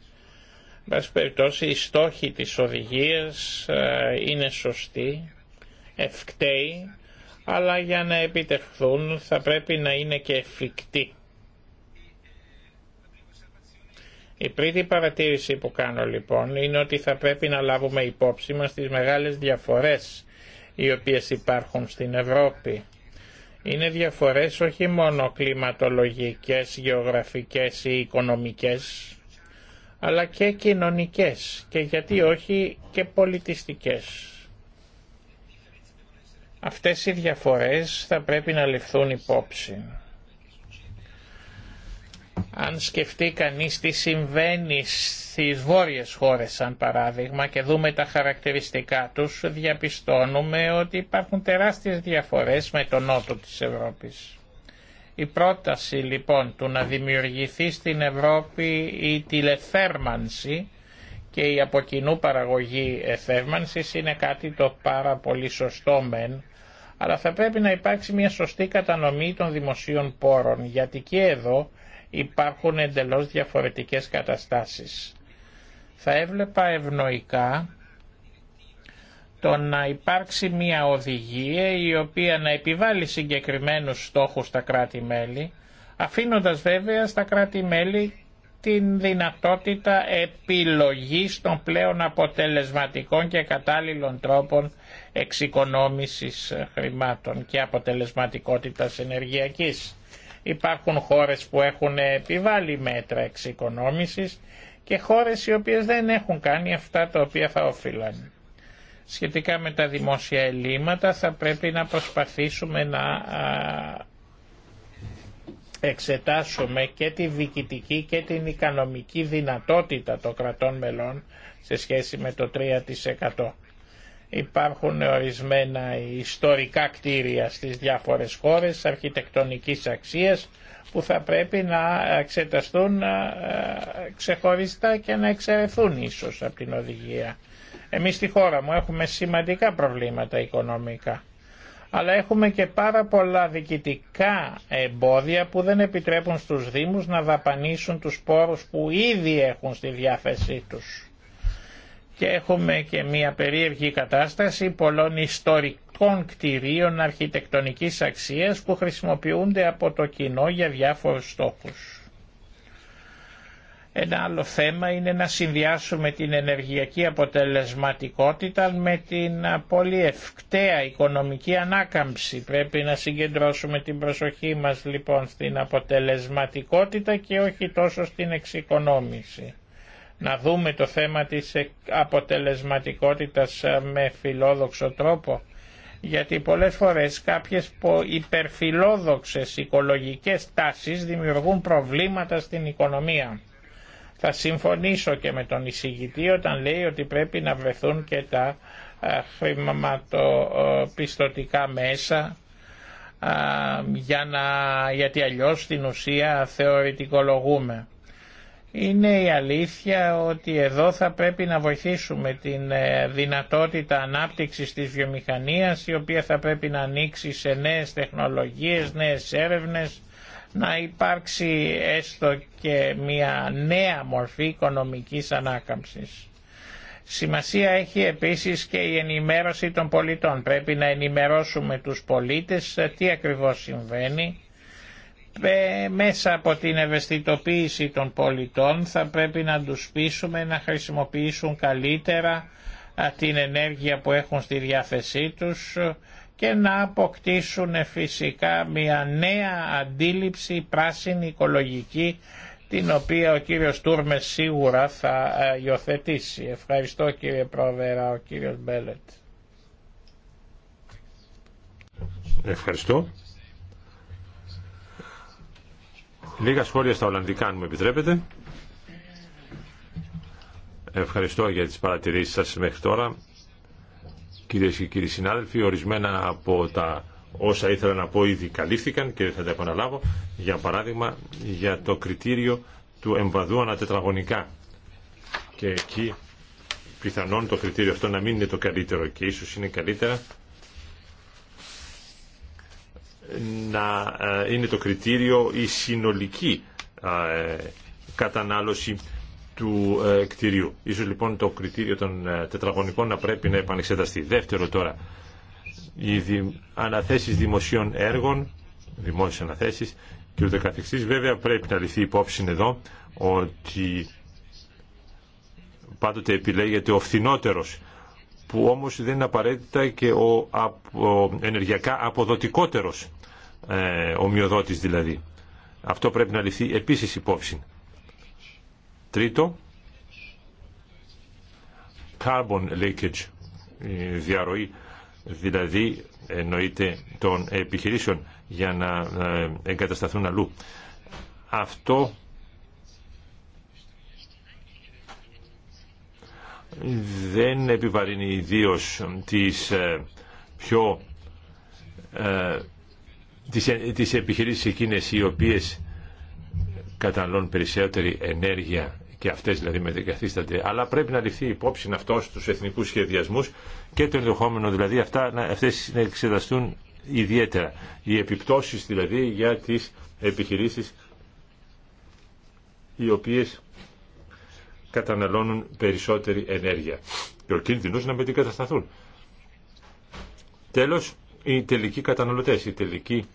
Βάση περιπτώσει, οι στόχοι της οδηγίας ε, είναι σωστοί, ευκταίοι, αλλά για να επιτευχθούν θα πρέπει να είναι και εφικτοί Η πρώτη παρατήρηση που κάνω λοιπόν είναι ότι θα πρέπει να λάβουμε υπόψη μας τις μεγάλες διαφορές οι οποίες υπάρχουν στην Ευρώπη. Είναι διαφορές όχι μόνο κλιματολογικές, γεωγραφικές ή οικονομικές, αλλά και κοινωνικές και γιατί όχι και πολιτιστικές. Αυτές οι διαφορές θα πρέπει να ληφθούν υπόψη. Αν σκεφτεί κανείς τι συμβαίνει στις βόρειες χώρες σαν παράδειγμα και δούμε τα χαρακτηριστικά τους, διαπιστώνουμε ότι υπάρχουν τεράστιες διαφορές με τον νότο της Ευρώπης. Η πρόταση λοιπόν του να δημιουργηθεί στην Ευρώπη η τηλεθέρμανση και η από κοινού παραγωγή ε, θέρμανσης είναι κάτι το πάρα πολύ σωστό μεν, αλλά θα πρέπει να υπάρξει μια σωστή κατανομή των δημοσίων πόρων, γιατί και εδώ υπάρχουν εντελώς διαφορετικές καταστάσεις. Θα έβλεπα ευνοϊκά το να υπάρξει μια οδηγία η οποία να επιβάλλει συγκεκριμένους στόχους στα κράτη-μέλη, αφήνοντας βέβαια στα κράτη-μέλη την δυνατότητα επιλογής των πλέον αποτελεσματικών και κατάλληλων τρόπων εξοικονόμησης χρημάτων και αποτελεσματικότητας ενεργειακής. Υπάρχουν χώρες που έχουν επιβάλει μέτρα εξοικονόμησης και χώρες οι οποίες δεν έχουν κάνει αυτά τα οποία θα οφείλαν. Σχετικά με τα δημόσια ελλείμματα θα πρέπει να προσπαθήσουμε να εξετάσουμε και τη διοικητική και την οικονομική δυνατότητα των κρατών μελών σε σχέση με το 3%. Υπάρχουν ορισμένα ιστορικά κτίρια στις διάφορες χώρες αρχιτεκτονικής αξίας που θα πρέπει να εξεταστούν ε, ξεχωριστά και να εξαιρεθούν ίσως από την οδηγία. Εμείς στη χώρα μου έχουμε σημαντικά προβλήματα οικονομικά αλλά έχουμε και πάρα πολλά διοικητικά εμπόδια που δεν επιτρέπουν στους Δήμους να δαπανίσουν τους πόρους που ήδη έχουν στη διάθεσή τους και έχουμε και μια περίεργη κατάσταση πολλών ιστορικών κτηρίων αρχιτεκτονικής αξίας που χρησιμοποιούνται από το κοινό για διάφορους στόχους. Ένα άλλο θέμα είναι να συνδυάσουμε την ενεργειακή αποτελεσματικότητα με την πολύ ευκταία οικονομική ανάκαμψη. Πρέπει να συγκεντρώσουμε την προσοχή μας λοιπόν στην αποτελεσματικότητα και όχι τόσο στην εξοικονόμηση να δούμε το θέμα της αποτελεσματικότητας ε, με φιλόδοξο τρόπο γιατί πολλές φορές κάποιες υπερφιλόδοξες οικολογικές τάσεις δημιουργούν προβλήματα στην οικονομία. Θα συμφωνήσω και με τον εισηγητή όταν λέει ότι πρέπει να βρεθούν και τα ε, χρηματοπιστωτικά μέσα ε, για να, γιατί αλλιώς στην ουσία θεωρητικολογούμε. Είναι η αλήθεια ότι εδώ θα πρέπει να βοηθήσουμε την ε, δυνατότητα ανάπτυξης της βιομηχανίας η οποία θα πρέπει να ανοίξει σε νέες τεχνολογίες, νέες έρευνες, να υπάρξει έστω και μια νέα μορφή οικονομικής ανάκαμψης. Σημασία έχει επίσης και η ενημέρωση των πολιτών. Πρέπει να ενημερώσουμε τους πολίτες ε, τι ακριβώς συμβαίνει ε, μέσα από την ευαισθητοποίηση των πολιτών θα πρέπει να τους πείσουμε να χρησιμοποιήσουν καλύτερα την ενέργεια που έχουν στη διάθεσή τους και να αποκτήσουν φυσικά μια νέα αντίληψη πράσινη οικολογική την οποία ο κύριος Τούρμες σίγουρα θα υιοθετήσει. Ευχαριστώ κύριε Πρόεδρε, ο κύριος Μπέλετ. Ευχαριστώ. Λίγα σχόλια στα Ολλανδικά, αν μου επιτρέπετε. Ευχαριστώ για τις παρατηρήσεις σας μέχρι τώρα. Κυρίε και κύριοι συνάδελφοι, ορισμένα από τα όσα ήθελα να πω ήδη καλύφθηκαν και θα τα επαναλάβω. Για παράδειγμα, για το κριτήριο του εμβαδού ανατετραγωνικά. Και εκεί πιθανόν το κριτήριο αυτό να μην είναι το καλύτερο και ίσως είναι καλύτερα να ε, είναι το κριτήριο η συνολική ε, κατανάλωση του ε, κτηρίου. Ίσως λοιπόν το κριτήριο των τετραγωνικών να πρέπει να επανεξεταστεί. Δεύτερο τώρα, οι αναθέσεις δημοσίων έργων, δημόσιες αναθέσεις και ούτε καθεξής. Βέβαια πρέπει να ληφθεί υπόψη εδώ ότι πάντοτε επιλέγεται ο φθηνότερος που όμως δεν είναι απαραίτητα και ο ενεργειακά αποδοτικότερος ε, ομοιοδότης δηλαδή. Αυτό πρέπει να ληφθεί επίσης υπόψη. Τρίτο, carbon leakage, διαρροή, δηλαδή εννοείται των επιχειρήσεων για να ε, εγκατασταθούν αλλού. Αυτό δεν επιβαρύνει ιδίω τις ε, πιο ε, τις, ε, τις επιχειρήσεις εκείνες οι οποίες καταναλώνουν περισσότερη ενέργεια και αυτές δηλαδή μετεκαθίστανται, αλλά πρέπει να ληφθεί υπόψη αυτό στους εθνικούς σχεδιασμούς και το ενδεχόμενο δηλαδή αυτά, να, αυτές να εξεταστούν ιδιαίτερα. Οι επιπτώσεις δηλαδή για τις επιχειρήσεις οι οποίες καταναλώνουν περισσότερη ενέργεια και ο κίνδυνος να μετεκατασταθούν. Τέλος, οι τελικοί καταναλωτές, οι τελικοί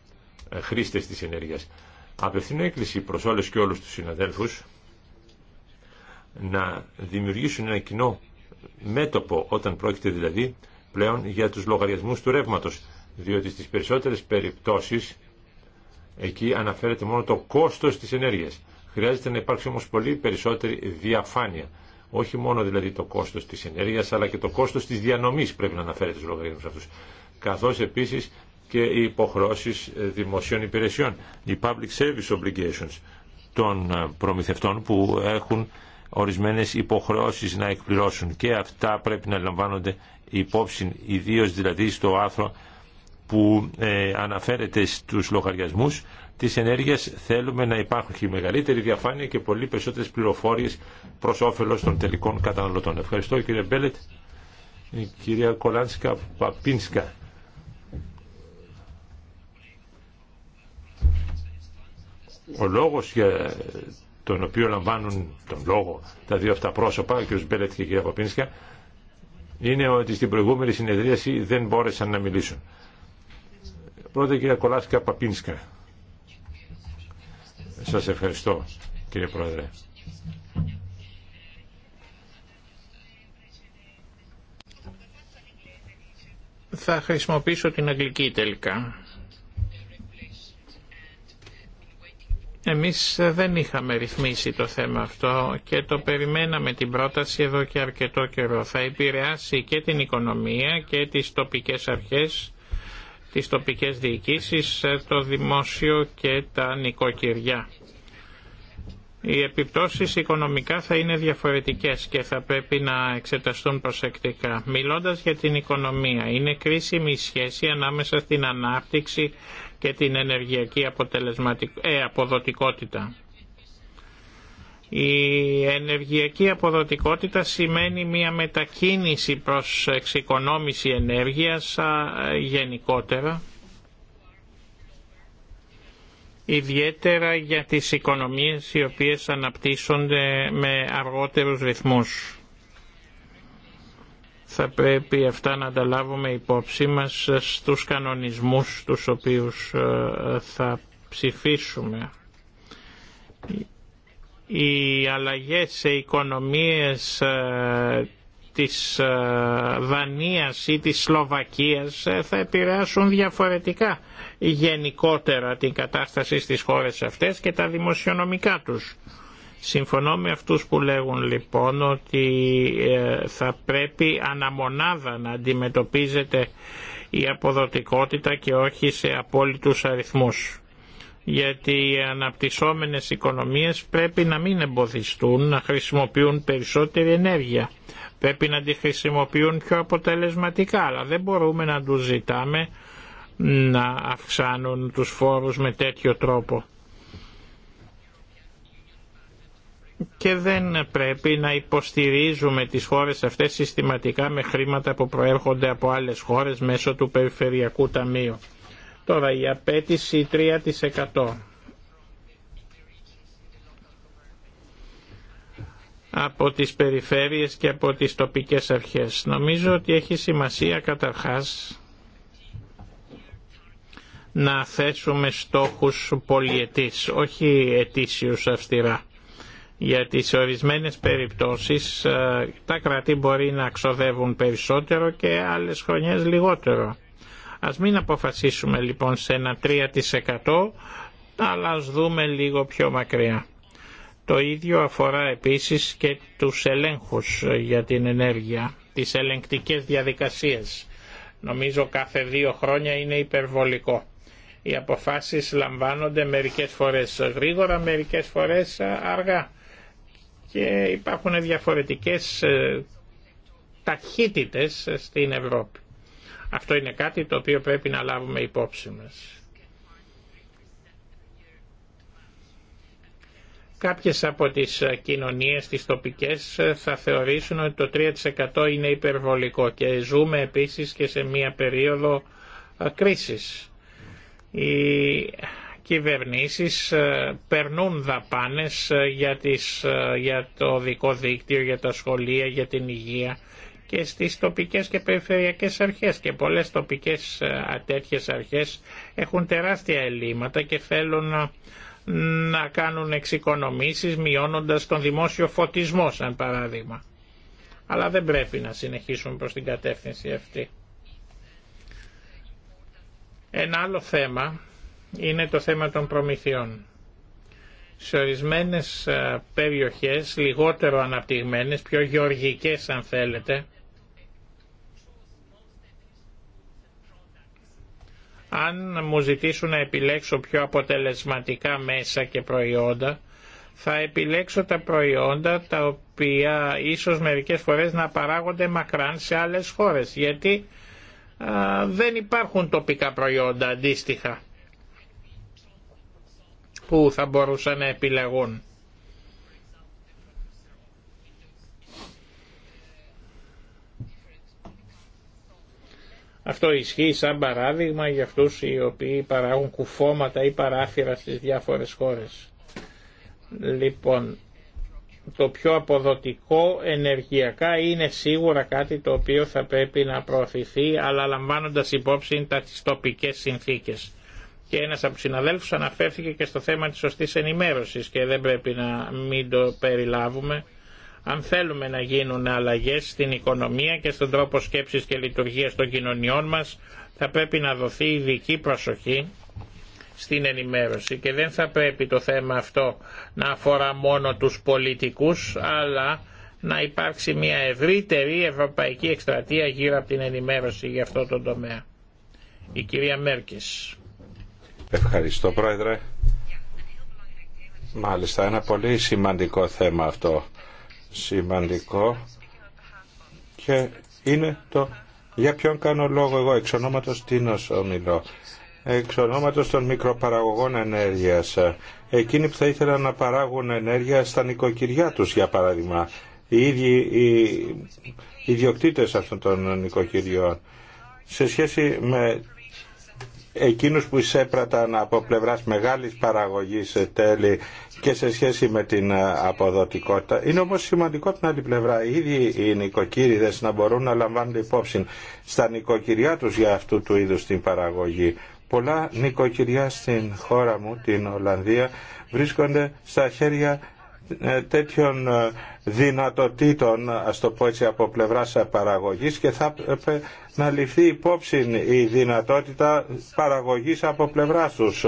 χρήστες της ενέργειας. Απευθύνω έκκληση προς όλες και όλους τους συναδέλφους να δημιουργήσουν ένα κοινό μέτωπο όταν πρόκειται δηλαδή πλέον για τους λογαριασμούς του ρεύματος διότι στις περισσότερες περιπτώσεις εκεί αναφέρεται μόνο το κόστος της ενέργειας. Χρειάζεται να υπάρξει όμως πολύ περισσότερη διαφάνεια. Όχι μόνο δηλαδή το κόστος της ενέργειας αλλά και το κόστος της διανομής πρέπει να αναφέρεται στους λογαριασμούς αυτούς. Καθώς επίσης και οι υποχρώσεις ε, δημοσίων υπηρεσιών, οι public service obligations των ε, προμηθευτών που έχουν ορισμένες υποχρεώσεις να εκπληρώσουν και αυτά πρέπει να λαμβάνονται υπόψη, ιδίω δηλαδή στο άθρο που ε, αναφέρεται στους λογαριασμούς της ενέργειας θέλουμε να υπάρχουν και μεγαλύτερη διαφάνεια και πολύ περισσότερες πληροφόρειες προς όφελος των τελικών καταναλωτών. Ευχαριστώ κύριε Μπέλετ, η κυρία Κολάνσκα Παπίνσκα. Ο λόγος για τον οποίο λαμβάνουν τον λόγο τα δύο αυτά πρόσωπα, ο κ. Μπέλετ και η κ. Παπίνσκα, είναι ότι στην προηγούμενη συνεδρίαση δεν μπόρεσαν να μιλήσουν. Πρώτα κυρία Κολάσκα Παπίνσκα. Σας ευχαριστώ κύριε Πρόεδρε. Θα χρησιμοποιήσω την αγγλική τελικά. Εμείς ε, δεν είχαμε ρυθμίσει το θέμα αυτό και το περιμέναμε την πρόταση εδώ και αρκετό καιρό. Θα επηρεάσει και την οικονομία και τις τοπικές αρχές, τις τοπικές διοικήσεις, ε, το δημόσιο και τα νοικοκυριά. Οι επιπτώσεις οικονομικά θα είναι διαφορετικές και θα πρέπει να εξεταστούν προσεκτικά. Μιλώντας για την οικονομία, είναι κρίσιμη η σχέση ανάμεσα στην ανάπτυξη και την ενεργειακή ε, αποδοτικότητα. Η ενεργειακή αποδοτικότητα σημαίνει μια μετακίνηση προς εξοικονόμηση ενέργειας γενικότερα, ιδιαίτερα για τις οικονομίες οι οποίες αναπτύσσονται με αργότερους ρυθμούς θα πρέπει αυτά να τα λάβουμε υπόψη μας στους κανονισμούς τους οποίους ε, θα ψηφίσουμε. Οι αλλαγές σε οικονομίες ε, της ε, Δανίας ή της Σλοβακίας θα επηρεάσουν διαφορετικά γενικότερα την κατάσταση στις χώρες αυτές και τα δημοσιονομικά τους. Συμφωνώ με αυτούς που λέγουν λοιπόν ότι ε, θα πρέπει αναμονάδα να αντιμετωπίζεται η αποδοτικότητα και όχι σε απόλυτους αριθμούς. Γιατί οι αναπτυσσόμενες οικονομίες πρέπει να μην εμποδιστούν να χρησιμοποιούν περισσότερη ενέργεια. Πρέπει να τη χρησιμοποιούν πιο αποτελεσματικά, αλλά δεν μπορούμε να τους ζητάμε να αυξάνουν τους φόρους με τέτοιο τρόπο. και δεν πρέπει να υποστηρίζουμε τις χώρες αυτές συστηματικά με χρήματα που προέρχονται από άλλες χώρες μέσω του Περιφερειακού Ταμείου. Τώρα η απέτηση 3%. από τις περιφέρειες και από τις τοπικές αρχές. Νομίζω ότι έχει σημασία καταρχάς να θέσουμε στόχους πολιετής, όχι ετήσιους αυστηρά για τις ορισμένες περιπτώσεις ε, τα κρατή μπορεί να ξοδεύουν περισσότερο και άλλες χρονιές λιγότερο. Ας μην αποφασίσουμε λοιπόν σε ένα 3% αλλά ας δούμε λίγο πιο μακριά. Το ίδιο αφορά επίσης και τους ελέγχους ε, για την ενέργεια, τις ελεγκτικές διαδικασίες. Νομίζω κάθε δύο χρόνια είναι υπερβολικό. Οι αποφάσεις λαμβάνονται μερικές φορές γρήγορα, μερικές φορές αργά και υπάρχουν διαφορετικές ε, ταχύτητες στην Ευρώπη. Αυτό είναι κάτι το οποίο πρέπει να λάβουμε υπόψη μας. Κάποιες από τις ε, κοινωνίες, τις τοπικές, ε, θα θεωρήσουν ότι το 3% είναι υπερβολικό και ζούμε επίσης και σε μία περίοδο κρίσης κυβερνήσεις ε, περνούν δαπάνες ε, για, ε, για το δικό δίκτυο, για τα σχολεία, για την υγεία και στις τοπικές και περιφερειακές αρχές και πολλές τοπικές τέτοιες αρχές έχουν τεράστια ελλείμματα και θέλουν να, κάνουν εξοικονομήσεις μειώνοντας τον δημόσιο φωτισμό σαν παράδειγμα. Αλλά δεν πρέπει να συνεχίσουμε προς την κατεύθυνση αυτή. Ένα άλλο θέμα είναι το θέμα των προμηθειών. Σε ορισμένε ε, περιοχές, λιγότερο αναπτυγμένες, πιο γεωργικές αν θέλετε, αν μου ζητήσουν να επιλέξω πιο αποτελεσματικά μέσα και προϊόντα, θα επιλέξω τα προϊόντα τα οποία ίσως μερικές φορές να παράγονται μακράν σε άλλες χώρες, γιατί δεν υπάρχουν τοπικά προϊόντα αντίστοιχα που θα μπορούσαν να επιλεγούν. Αυτό ισχύει σαν παράδειγμα για αυτούς οι οποίοι παράγουν κουφώματα ή παράθυρα στις διάφορες χώρες. Λοιπόν, το πιο αποδοτικό ενεργειακά είναι σίγουρα κάτι το οποίο θα πρέπει να προωθηθεί αλλά λαμβάνοντας υπόψη τα τις τοπικές συνθήκες και ένας από τους συναδέλφους αναφέρθηκε και στο θέμα της σωστής ενημέρωσης και δεν πρέπει να μην το περιλάβουμε αν θέλουμε να γίνουν αλλαγές στην οικονομία και στον τρόπο σκέψης και λειτουργίας των κοινωνιών μας θα πρέπει να δοθεί ειδική προσοχή στην ενημέρωση και δεν θα πρέπει το θέμα αυτό να αφορά μόνο τους πολιτικούς αλλά να υπάρξει μια ευρύτερη ευρωπαϊκή εκστρατεία γύρω από την ενημέρωση για αυτό το τομέα. Η κυρία Μέρκης. Ευχαριστώ Πρόεδρε. Μάλιστα, ένα πολύ σημαντικό θέμα αυτό. Σημαντικό και είναι το για ποιον κάνω λόγο εγώ, εξ ονόματος τίνος ομιλώ, εξ ονόματος των μικροπαραγωγών ενέργειας, εκείνοι που θα ήθελαν να παράγουν ενέργεια στα νοικοκυριά τους για παράδειγμα, οι ίδιοι οι ιδιοκτήτες αυτών των νοικοκυριών, σε σχέση με εκείνους που εισέπραταν από πλευράς μεγάλης παραγωγής τέλη και σε σχέση με την αποδοτικότητα. Είναι όμως σημαντικό την άλλη πλευρά ήδη οι νοικοκύριδες να μπορούν να λαμβάνουν υπόψη στα νοικοκυριά τους για αυτού του είδους την παραγωγή. Πολλά νοικοκυριά στην χώρα μου, την Ολλανδία, βρίσκονται στα χέρια ε, τέτοιων ε, δυνατοτήτων, ας το πω έτσι, από πλευράς παραγωγής και θα έπρεπε να ληφθεί υπόψη η δυνατότητα παραγωγής από πλευράς τους.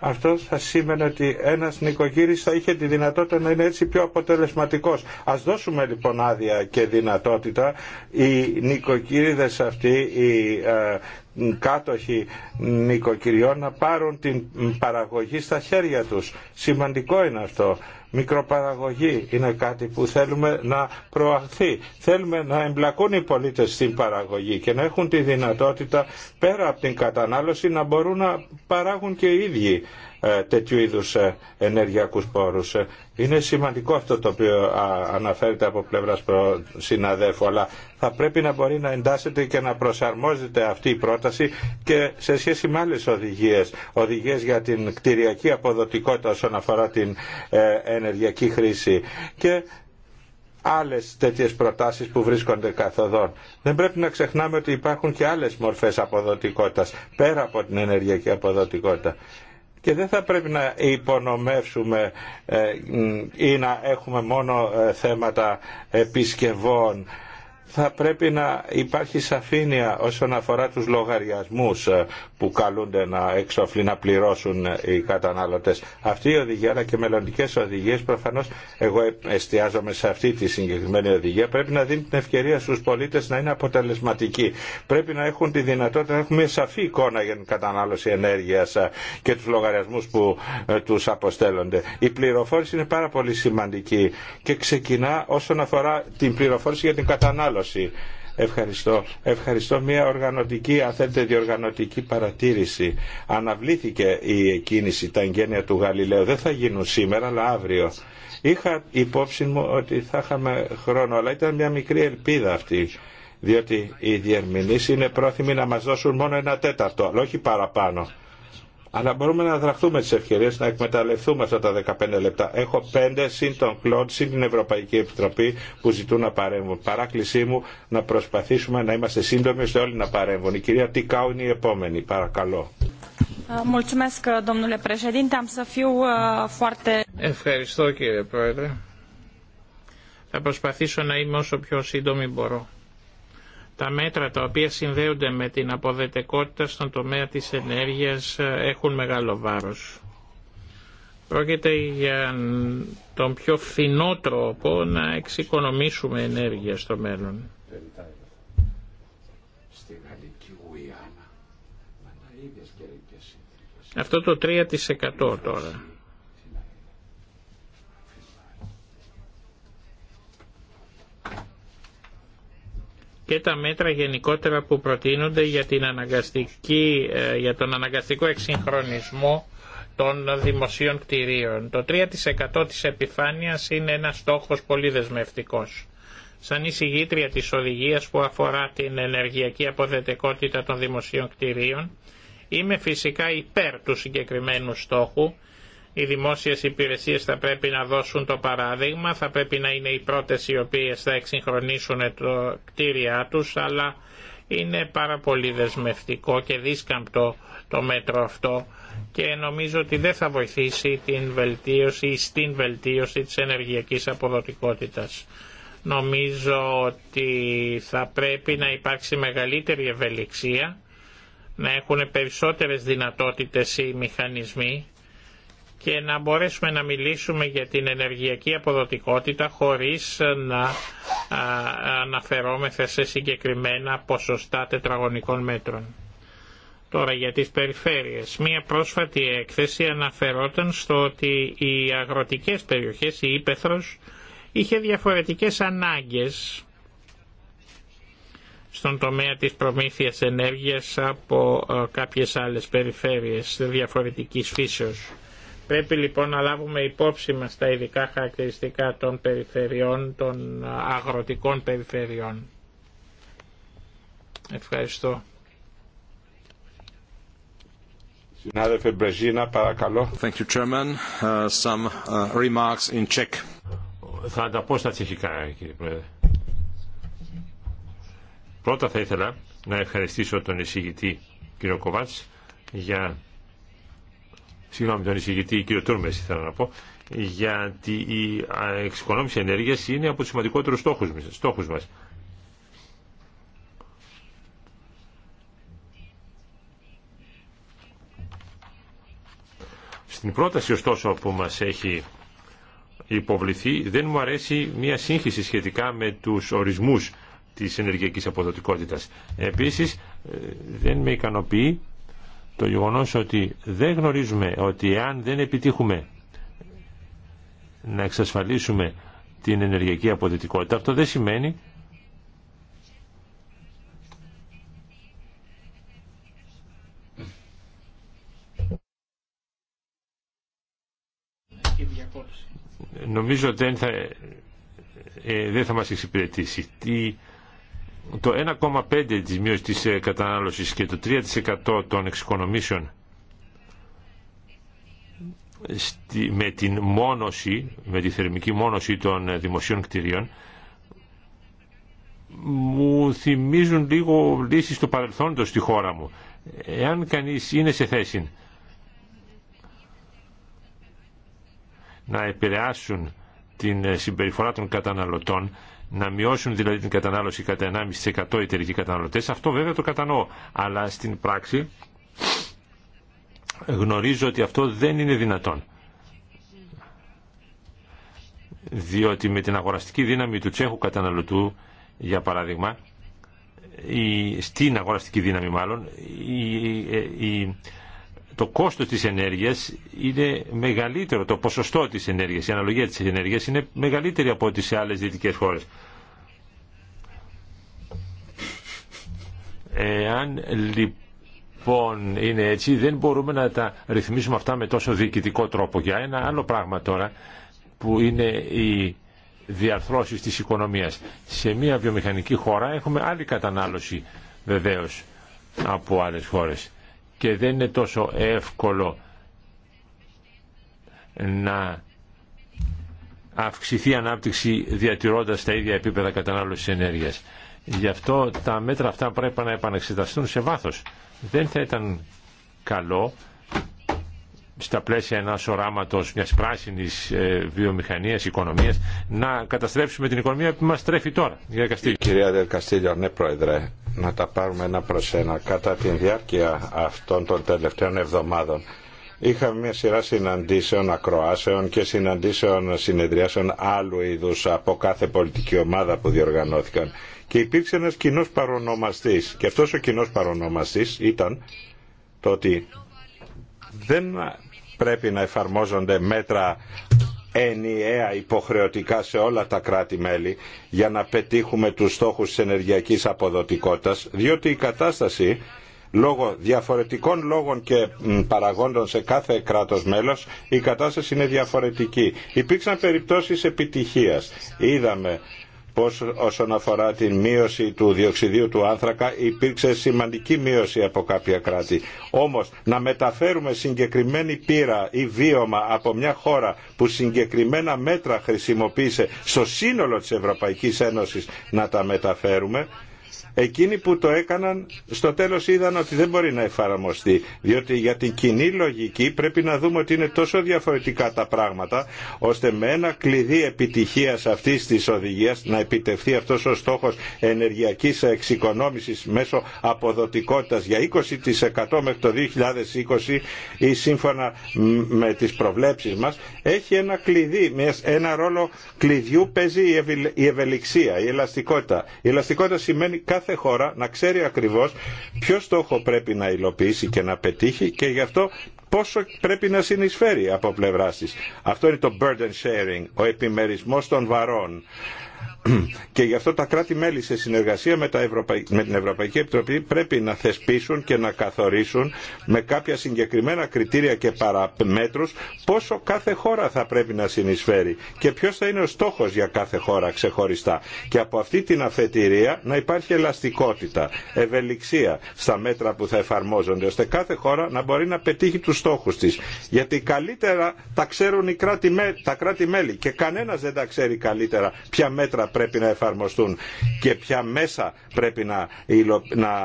Αυτό θα σήμαινε ότι ένας νοικοκύρης θα είχε τη δυνατότητα να είναι έτσι πιο αποτελεσματικός. Ας δώσουμε λοιπόν άδεια και δυνατότητα οι νοικοκύριδες αυτοί, οι ε, κάτοχοι νοικοκυριών να πάρουν την παραγωγή στα χέρια τους. Σημαντικό είναι αυτό. Μικροπαραγωγή είναι κάτι που θέλουμε να προαχθεί. Θέλουμε να εμπλακούν οι πολίτες στην παραγωγή και να έχουν τη δυνατότητα πέρα από την κατανάλωση να μπορούν να παράγουν και οι ίδιοι ε, τέτοιου είδους ε, ενεργειακούς πόρους. Ε, είναι σημαντικό αυτό το οποίο αναφέρεται από πλευράς συναδέφου, αλλά θα πρέπει να μπορεί να εντάσσεται και να προσαρμόζεται αυτή η πρόταση και σε σχέση με άλλες οδηγίες. Οδηγίες για την κτηριακή αποδοτικότητα όσον αφορά την ενεργειακή χρήση. Και άλλες τέτοιες προτάσεις που βρίσκονται καθοδόν. Δεν πρέπει να ξεχνάμε ότι υπάρχουν και άλλες μορφές αποδοτικότητας, πέρα από την ενεργειακή αποδοτικότητα και δεν θα πρέπει να υπονομεύσουμε ε, ή να έχουμε μόνο ε, θέματα επισκευών θα πρέπει να υπάρχει σαφήνεια όσον αφορά τους λογαριασμούς ε, που καλούνται να εξοφλεί να πληρώσουν ε, οι καταναλωτές. Αυτή η οδηγία αλλά και μελλοντικές οδηγίες προφανώς εγώ ε, εστιάζομαι σε αυτή τη συγκεκριμένη οδηγία πρέπει να δίνει την ευκαιρία στους πολίτες να είναι αποτελεσματικοί. Πρέπει να έχουν τη δυνατότητα να έχουν μια σαφή εικόνα για την κατανάλωση ενέργειας και τους λογαριασμούς που τους αποστέλλονται. Η πληροφόρηση είναι πάρα πολύ σημαντική και ξεκινά όσον αφορά την πληροφόρηση για την κατανάλωση Ευχαριστώ. Ευχαριστώ. Μια οργανωτική, αν θέλετε, διοργανωτική παρατήρηση. Αναβλήθηκε η κίνηση, τα εγγένεια του Γαλιλαίου. Δεν θα γίνουν σήμερα, αλλά αύριο. Είχα υπόψη μου ότι θα είχαμε χρόνο, αλλά ήταν μια μικρή ελπίδα αυτή. Διότι οι διερμηνείς είναι πρόθυμοι να μας δώσουν μόνο ένα τέταρτο, αλλά όχι παραπάνω. Αλλά μπορούμε να δραχθούμε τι ευκαιρίες να εκμεταλλευτούμε αυτά τα 15 λεπτά. Έχω 5 συν τον Κλοντ, συν την Ευρωπαϊκή Επιτροπή που ζητούν να παρέμβουν. Παράκλησή μου να προσπαθήσουμε να είμαστε σύντομοι ώστε όλοι να παρέμβουν. Η κυρία Τικάου είναι η επόμενη. Παρακαλώ. Ε, ε, Ευχαριστώ κύριε Πρόεδρε. Θα προσπαθήσω να είμαι όσο πιο σύντομη μπορώ. Τα μέτρα τα οποία συνδέονται με την αποδετικότητα στον τομέα της ενέργειας ε, έχουν μεγάλο βάρος. Πρόκειται για τον πιο φθηνό τρόπο να εξοικονομήσουμε ενέργεια στο μέλλον. Αυτό το 3% τώρα. και τα μέτρα γενικότερα που προτείνονται για, την αναγκαστική, ε, για τον αναγκαστικό εξυγχρονισμό των δημοσίων κτηρίων. Το 3% της επιφάνειας είναι ένα στόχος πολύ δεσμευτικός. Σαν εισηγήτρια της οδηγίας που αφορά την ενεργειακή αποδετικότητα των δημοσίων κτηρίων, είμαι φυσικά υπέρ του συγκεκριμένου στόχου οι δημόσιες υπηρεσίες θα πρέπει να δώσουν το παράδειγμα, θα πρέπει να είναι οι πρώτες οι οποίες θα εξυγχρονίσουν το κτίρια τους, αλλά είναι πάρα πολύ δεσμευτικό και δίσκαμπτο το μέτρο αυτό και νομίζω ότι δεν θα βοηθήσει την βελτίωση στην βελτίωση της ενεργειακής αποδοτικότητας. Νομίζω ότι θα πρέπει να υπάρξει μεγαλύτερη ευελιξία, να έχουν περισσότερες δυνατότητες οι μηχανισμοί και να μπορέσουμε να μιλήσουμε για την ενεργειακή αποδοτικότητα χωρίς να αναφερόμεθα σε συγκεκριμένα ποσοστά τετραγωνικών μέτρων. Τώρα για τις περιφέρειες. Μία πρόσφατη έκθεση αναφερόταν στο ότι οι αγροτικές περιοχές, η Ήπεθρος, είχε διαφορετικές ανάγκες στον τομέα της προμήθειας ενέργειας από κάποιες άλλες περιφέρειες διαφορετικής φύσεως. Πρέπει λοιπόν να λάβουμε υπόψη μας τα ειδικά χαρακτηριστικά των περιφερειών, των αγροτικών περιφερειών. Ευχαριστώ. Συνάδελφε Μπρεζίνα, παρακαλώ. Thank you, Chairman. Uh, some uh, remarks in Czech. Θα τα πω στα τσεχικά, κύριε Πρόεδρε. Πρώτα θα ήθελα να ευχαριστήσω τον εισηγητή κύριο Κοβάτς για συγγνώμη τον εισηγητή κύριο Τούρμες ήθελα να πω, γιατί η εξοικονόμηση ενέργειας είναι από τους σημαντικότερους στόχους, στόχους μας. Στην πρόταση ωστόσο που μας έχει υποβληθεί δεν μου αρέσει μια σύγχυση σχετικά με τους ορισμούς της ενεργειακής αποδοτικότητας. Επίσης ε, δεν με ικανοποιεί το γεγονός ότι δεν γνωρίζουμε ότι αν δεν επιτύχουμε να εξασφαλίσουμε την ενεργειακή αποδυτικότητα, αυτό δεν σημαίνει Νομίζω ότι δεν θα, ε, δεν θα μας εξυπηρετήσει. Τι το 1,5% της μείωσης της ε, κατανάλωσης και το 3% των εξοικονομήσεων με την μόνωση, με τη θερμική μόνωση των ε, δημοσίων κτηρίων μου θυμίζουν λίγο λύσεις του παρελθόντος στη χώρα μου. Εάν κανείς είναι σε θέση να επηρεάσουν την ε, συμπεριφορά των καταναλωτών να μειώσουν δηλαδή την κατανάλωση κατά 1,5% εταιρικοί καταναλωτές. Αυτό βέβαια το κατανοώ. Αλλά στην πράξη γνωρίζω ότι αυτό δεν είναι δυνατόν. Διότι με την αγοραστική δύναμη του Τσέχου καταναλωτού, για παράδειγμα, η, στην αγοραστική δύναμη μάλλον, η, η το κόστος της ενέργειας είναι μεγαλύτερο, το ποσοστό της ενέργειας, η αναλογία της ενέργειας είναι μεγαλύτερη από ό,τι σε άλλες δυτικές χώρες. Εάν λοιπόν είναι έτσι, δεν μπορούμε να τα ρυθμίσουμε αυτά με τόσο διοικητικό τρόπο. Για ένα άλλο πράγμα τώρα, που είναι οι διαρθρώσεις της οικονομίας. Σε μια βιομηχανική χώρα έχουμε άλλη κατανάλωση βεβαίως από άλλες χώρες και δεν είναι τόσο εύκολο να αυξηθεί η ανάπτυξη διατηρώντας τα ίδια επίπεδα κατανάλωσης ενέργειας. Γι' αυτό τα μέτρα αυτά πρέπει να επαναξεταστούν σε βάθος. Δεν θα ήταν καλό στα πλαίσια ενός οράματος μιας πράσινης ε, βιομηχανίας, οικονομίας, να καταστρέψουμε την οικονομία που μας τρέφει τώρα. Κυρία ναι πρόεδρε, να τα πάρουμε ένα προς ένα. Κατά τη διάρκεια αυτών των τελευταίων εβδομάδων είχαμε μια σειρά συναντήσεων, ακροάσεων και συναντήσεων συνεδριάσεων άλλου είδους από κάθε πολιτική ομάδα που διοργανώθηκαν. Και υπήρξε ένας κοινό παρονομαστής και αυτός ο κοινό παρονομαστής ήταν το ότι δεν πρέπει να εφαρμόζονται μέτρα ενιαία υποχρεωτικά σε όλα τα κράτη-μέλη για να πετύχουμε τους στόχους της ενεργειακής αποδοτικότητας, διότι η κατάσταση λόγω διαφορετικών λόγων και παραγόντων σε κάθε κράτος μέλος η κατάσταση είναι διαφορετική. Υπήρξαν περιπτώσεις επιτυχίας. Είδαμε πως όσον αφορά την μείωση του διοξιδίου του άνθρακα υπήρξε σημαντική μείωση από κάποια κράτη. Όμως να μεταφέρουμε συγκεκριμένη πύρα ή βίωμα από μια χώρα που συγκεκριμένα μέτρα χρησιμοποίησε στο σύνολο της Ευρωπαϊκής Ένωσης να τα μεταφέρουμε Εκείνοι που το έκαναν στο τέλος είδαν ότι δεν μπορεί να εφαρμοστεί, διότι για την κοινή λογική πρέπει να δούμε ότι είναι τόσο διαφορετικά τα πράγματα, ώστε με ένα κλειδί επιτυχίας αυτής της οδηγίας να επιτευχθεί αυτός ο στόχος ενεργειακής εξοικονόμησης μέσω αποδοτικότητας για 20% μέχρι το 2020 ή σύμφωνα με τις προβλέψεις μας, έχει ένα κλειδί, ένα ρόλο κλειδιού παίζει η ευελιξία, η ελαστικότητα. Η ελαστικότητα σημαίνει κάθε χώρα να ξέρει ακριβώς ποιο στόχο πρέπει να υλοποιήσει και να πετύχει και γι' αυτό πόσο πρέπει να συνεισφέρει από πλευρά της. Αυτό είναι το burden sharing, ο επιμερισμός των βαρών και γι' αυτό τα κράτη-μέλη σε συνεργασία με, την Ευρωπαϊκή Επιτροπή πρέπει να θεσπίσουν και να καθορίσουν με κάποια συγκεκριμένα κριτήρια και παραμέτρους πόσο κάθε χώρα θα πρέπει να συνεισφέρει και ποιος θα είναι ο στόχος για κάθε χώρα ξεχωριστά. Και από αυτή την αφετηρία να υπάρχει ελαστικότητα, ευελιξία στα μέτρα που θα εφαρμόζονται ώστε κάθε χώρα να μπορεί να πετύχει τους στόχους της. Γιατί καλύτερα τα ξέρουν οι κράτη... τα κράτη-μέλη και κανένας δεν τα ξέρει καλύτερα ποια μέτρα πρέπει να εφαρμοστούν και ποια μέσα πρέπει να, να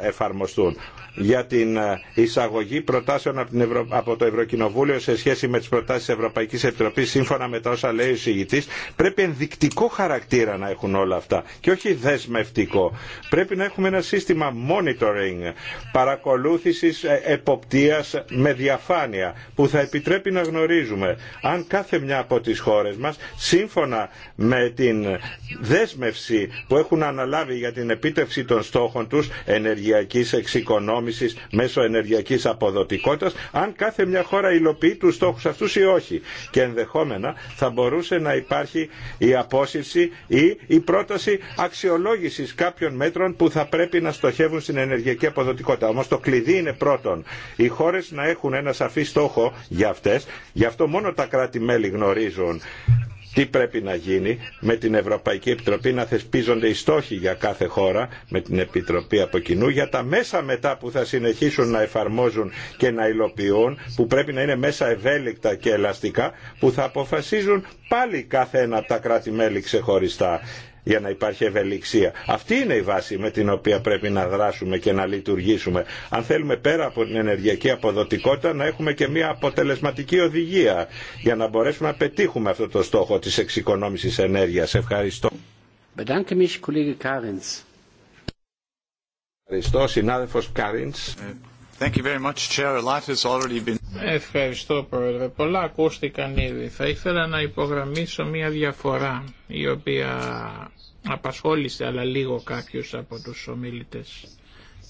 ε, εφαρμοστούν για την ε, εισαγωγή προτάσεων από, το Ευρωκοινοβούλιο σε σχέση με τις προτάσεις της Ευρωπαϊκής Επιτροπής σύμφωνα με τα όσα λέει ο συγητής πρέπει ενδεικτικό χαρακτήρα να έχουν όλα αυτά και όχι δεσμευτικό. Πρέπει να έχουμε ένα σύστημα monitoring, παρακολούθησης ε, εποπτείας με διαφάνεια που θα επιτρέπει να γνωρίζουμε αν κάθε μια από τις χώρες μας σύμφωνα με την δέσμευση που έχουν αναλάβει για την επίτευξη των στόχων τους ενεργειακής εξοικονόμησης μέσω ενεργειακής αποδοτικότητας αν κάθε μια χώρα υλοποιεί τους στόχους αυτούς ή όχι και ενδεχόμενα θα μπορούσε να υπάρχει η απόσυρση ή η πρόταση αξιολόγησης κάποιων μέτρων που θα πρέπει να στοχεύουν στην ενεργειακή αποδοτικότητα. Όμως το κλειδί είναι πρώτον οι χώρες να έχουν ένα σαφή στόχο για αυτές, γι' αυτό μόνο τα κράτη-μέλη γνωρίζουν τι πρέπει να γίνει με την Ευρωπαϊκή Επιτροπή να θεσπίζονται οι στόχοι για κάθε χώρα με την Επιτροπή από κοινού για τα μέσα μετά που θα συνεχίσουν να εφαρμόζουν και να υλοποιούν που πρέπει να είναι μέσα ευέλικτα και ελαστικά που θα αποφασίζουν πάλι κάθε ένα από τα κράτη-μέλη ξεχωριστά για να υπάρχει ευελιξία. Αυτή είναι η βάση με την οποία πρέπει να δράσουμε και να λειτουργήσουμε. Αν θέλουμε πέρα από την ενεργειακή αποδοτικότητα να έχουμε και μια αποτελεσματική οδηγία για να μπορέσουμε να πετύχουμε αυτό το στόχο της εξοικονόμησης ενέργειας. Ευχαριστώ. Ευχαριστώ, συνάδελφος Κάριντς. Ευχαριστώ Πρόεδρε. Πολλά ακούστηκαν ήδη. Θα ήθελα να υπογραμμίσω μία διαφορά η οποία απασχόλησε αλλά λίγο κάποιους από τους ομίλητες.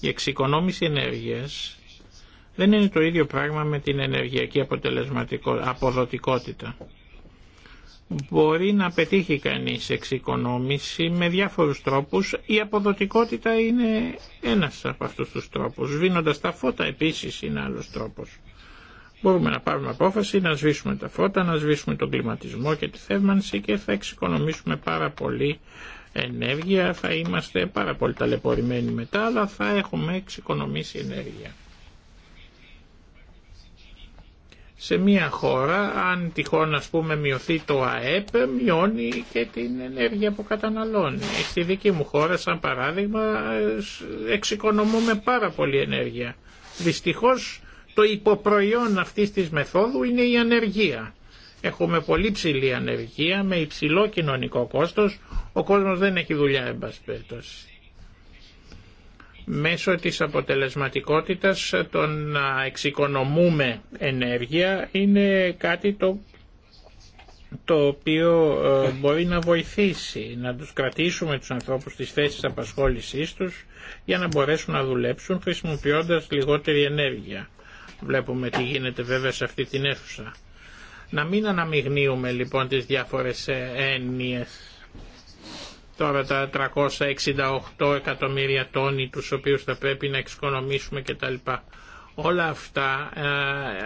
Η εξοικονόμηση ενέργειας δεν είναι το ίδιο πράγμα με την ενεργειακή αποτελεσματικό, αποδοτικότητα μπορεί να πετύχει κανείς εξοικονόμηση με διάφορους τρόπους. Η αποδοτικότητα είναι ένας από αυτούς τους τρόπους. Σβήνοντας τα φώτα επίσης είναι άλλος τρόπος. Μπορούμε να πάρουμε απόφαση, να σβήσουμε τα φώτα, να σβήσουμε τον κλιματισμό και τη θεύμανση και θα εξοικονομήσουμε πάρα πολύ ενέργεια, θα είμαστε πάρα πολύ ταλαιπωρημένοι μετά, αλλά θα έχουμε εξοικονομήσει ενέργεια. σε μια χώρα, αν τυχόν ας πούμε μειωθεί το ΑΕΠ, μειώνει και την ενέργεια που καταναλώνει. Στη δική μου χώρα, σαν παράδειγμα, εξοικονομούμε πάρα πολύ ενέργεια. Δυστυχώς το υποπροϊόν αυτής της μεθόδου είναι η ανεργία. Έχουμε πολύ ψηλή ανεργία, με υψηλό κοινωνικό κόστος, ο κόσμος δεν έχει δουλειά, εν μέσω της αποτελεσματικότητας το να εξοικονομούμε ενέργεια είναι κάτι το, το οποίο ε, μπορεί να βοηθήσει να τους κρατήσουμε τους ανθρώπους στις θέσεις απασχόλησής τους για να μπορέσουν να δουλέψουν χρησιμοποιώντας λιγότερη ενέργεια. Βλέπουμε τι γίνεται βέβαια σε αυτή την αίθουσα. Να μην αναμειγνύουμε λοιπόν τις διάφορες ε, έννοιες Τώρα τα 368 εκατομμύρια τόνοι τους οποίους θα πρέπει να εξοικονομήσουμε κτλ. Όλα αυτά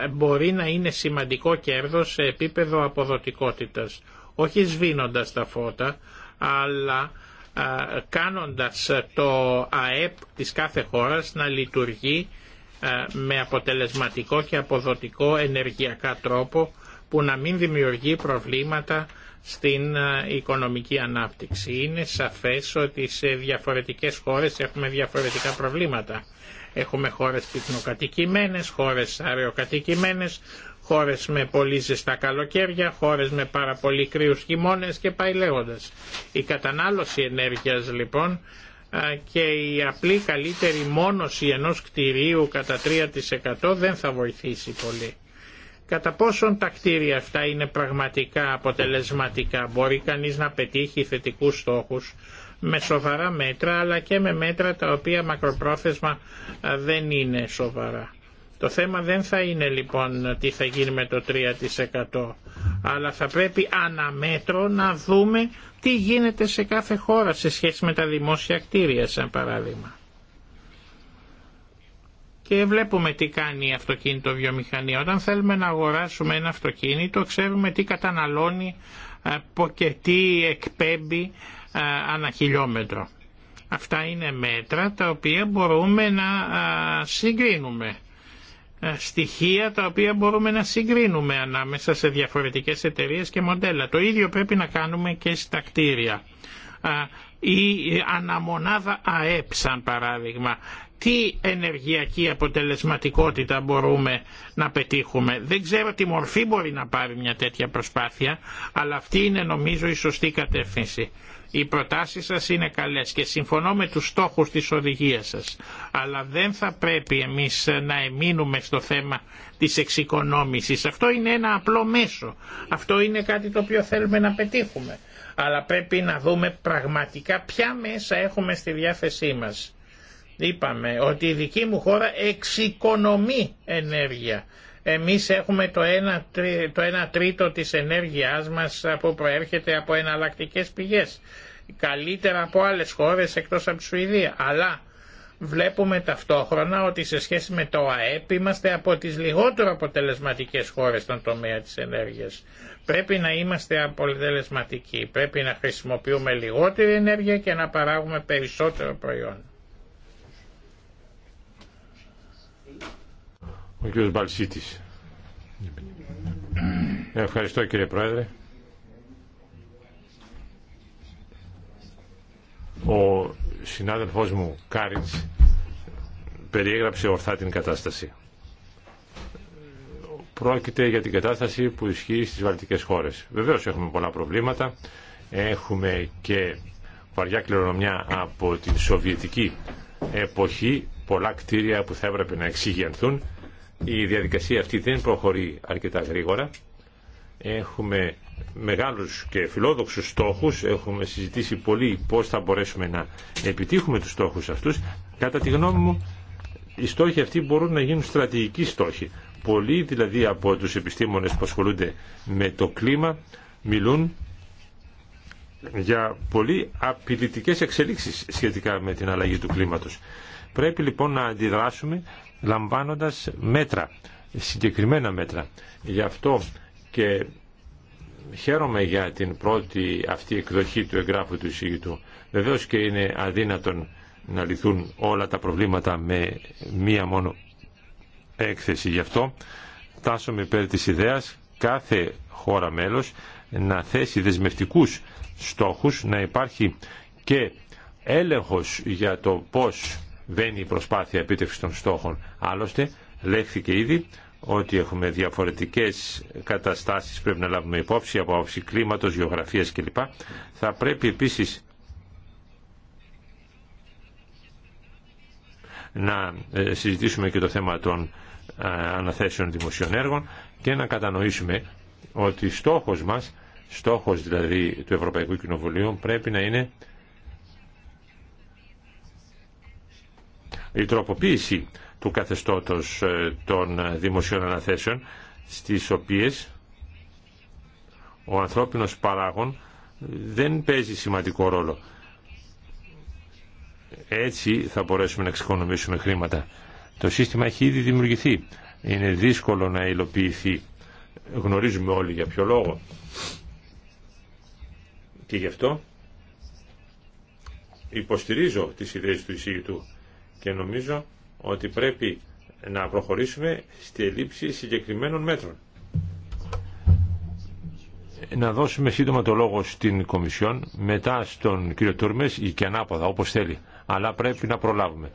ε, μπορεί να είναι σημαντικό κέρδος σε επίπεδο αποδοτικότητας. Όχι σβήνοντας τα φώτα, αλλά ε, κάνοντας το ΑΕΠ της κάθε χώρας να λειτουργεί ε, με αποτελεσματικό και αποδοτικό ενεργειακά τρόπο που να μην δημιουργεί προβλήματα στην ε, οικονομική ανάπτυξη. Είναι σαφές ότι σε διαφορετικές χώρες έχουμε διαφορετικά προβλήματα. Έχουμε χώρες πυκνοκατοικημένες, χώρες αραιοκατοικημένες, χώρες με πολύ ζεστά καλοκαίρια, χώρες με πάρα πολύ κρύους χειμώνες και πάει λέγοντας. Η κατανάλωση ενέργειας λοιπόν ε, και η απλή καλύτερη μόνωση ενός κτηρίου κατά 3% δεν θα βοηθήσει πολύ. Κατά πόσον τα κτίρια αυτά είναι πραγματικά αποτελεσματικά, μπορεί κανείς να πετύχει θετικούς στόχους με σοβαρά μέτρα, αλλά και με μέτρα τα οποία μακροπρόθεσμα δεν είναι σοβαρά. Το θέμα δεν θα είναι λοιπόν τι θα γίνει με το 3% αλλά θα πρέπει αναμέτρο να δούμε τι γίνεται σε κάθε χώρα σε σχέση με τα δημόσια κτίρια σαν παράδειγμα και βλέπουμε τι κάνει η αυτοκίνητο βιομηχανία. Όταν θέλουμε να αγοράσουμε ένα αυτοκίνητο ξέρουμε τι καταναλώνει ε, και τι εκπέμπει ε, ανά χιλιόμετρο. Αυτά είναι μέτρα τα οποία μπορούμε να ε, συγκρίνουμε. Στοιχεία τα οποία μπορούμε να συγκρίνουμε ανάμεσα σε διαφορετικές εταιρείες και μοντέλα. Το ίδιο πρέπει να κάνουμε και στα κτίρια. Η αναμονάδα ΑΕΠ σαν παράδειγμα τι ενεργειακή αποτελεσματικότητα μπορούμε να πετύχουμε. Δεν ξέρω τι μορφή μπορεί να πάρει μια τέτοια προσπάθεια, αλλά αυτή είναι νομίζω η σωστή κατεύθυνση. Οι προτάσεις σας είναι καλές και συμφωνώ με τους στόχους της οδηγίας σας, αλλά δεν θα πρέπει εμείς να εμείνουμε στο θέμα της εξοικονόμησης. Αυτό είναι ένα απλό μέσο. Αυτό είναι κάτι το οποίο θέλουμε να πετύχουμε. Αλλά πρέπει να δούμε πραγματικά ποια μέσα έχουμε στη διάθεσή μας Είπαμε ότι η δική μου χώρα εξοικονομεί ενέργεια. Εμείς έχουμε το 1, 1 τρίτο της ενέργειάς μας που προέρχεται από εναλλακτικέ πηγές. Καλύτερα από άλλες χώρες εκτός από τη Σουηδία. Αλλά βλέπουμε ταυτόχρονα ότι σε σχέση με το ΑΕΠ είμαστε από τις λιγότερο αποτελεσματικές χώρες στον τομέα της ενέργειας. Πρέπει να είμαστε αποτελεσματικοί, πρέπει να χρησιμοποιούμε λιγότερη ενέργεια και να παράγουμε περισσότερο προϊόν. Ο κύριος Μπαλσίτης. Ευχαριστώ κύριε Πρόεδρε. Ο συνάδελφός μου Κάριντς περιέγραψε ορθά την κατάσταση. Πρόκειται για την κατάσταση που ισχύει στις βαλτικές χώρες. Βεβαίως έχουμε πολλά προβλήματα. Έχουμε και βαριά κληρονομιά από την σοβιετική εποχή, πολλά κτίρια που θα έπρεπε να εξηγενθούν η διαδικασία αυτή δεν προχωρεί αρκετά γρήγορα. Έχουμε μεγάλους και φιλόδοξους στόχους, έχουμε συζητήσει πολύ πώς θα μπορέσουμε να επιτύχουμε τους στόχους αυτούς. Κατά τη γνώμη μου, οι στόχοι αυτοί μπορούν να γίνουν στρατηγικοί στόχοι. Πολλοί δηλαδή από τους επιστήμονες που ασχολούνται με το κλίμα μιλούν για πολύ απειλητικές εξελίξεις σχετικά με την αλλαγή του κλίματος. Πρέπει λοιπόν να αντιδράσουμε λαμβάνοντας μέτρα, συγκεκριμένα μέτρα. Γι' αυτό και χαίρομαι για την πρώτη αυτή εκδοχή του εγγράφου του εισηγητού. Βεβαίως και είναι αδύνατον να λυθούν όλα τα προβλήματα με μία μόνο έκθεση. Γι' αυτό τάσομαι υπέρ της ιδέας κάθε χώρα μέλος να θέσει δεσμευτικούς στόχους, να υπάρχει και έλεγχος για το πώς βαίνει η προσπάθεια επίτευξη των στόχων. Άλλωστε, λέχθηκε ήδη ότι έχουμε διαφορετικές καταστάσεις πρέπει να λάβουμε υπόψη από άποψη κλίματο, γεωγραφίας κλπ. Θα πρέπει επίσης να ε, συζητήσουμε και το θέμα των ε, αναθέσεων δημοσίων έργων και να κατανοήσουμε ότι στόχος μας, στόχος δηλαδή του Ευρωπαϊκού Κοινοβουλίου πρέπει να είναι η τροποποίηση του καθεστώτος ε, των δημοσίων αναθέσεων στις οποίες ο ανθρώπινος παράγων δεν παίζει σημαντικό ρόλο. Έτσι θα μπορέσουμε να εξοικονομήσουμε χρήματα. Το σύστημα έχει ήδη δημιουργηθεί. Είναι δύσκολο να υλοποιηθεί. Γνωρίζουμε όλοι για ποιο λόγο. Και γι' αυτό υποστηρίζω τις ιδέες του εισηγητού και νομίζω ότι πρέπει να προχωρήσουμε στη λήψη συγκεκριμένων μέτρων. Να δώσουμε σύντομα το λόγο στην Κομισιόν, μετά στον κύριο Τούρμες ή και ανάποδα, όπως θέλει. Αλλά πρέπει να προλάβουμε.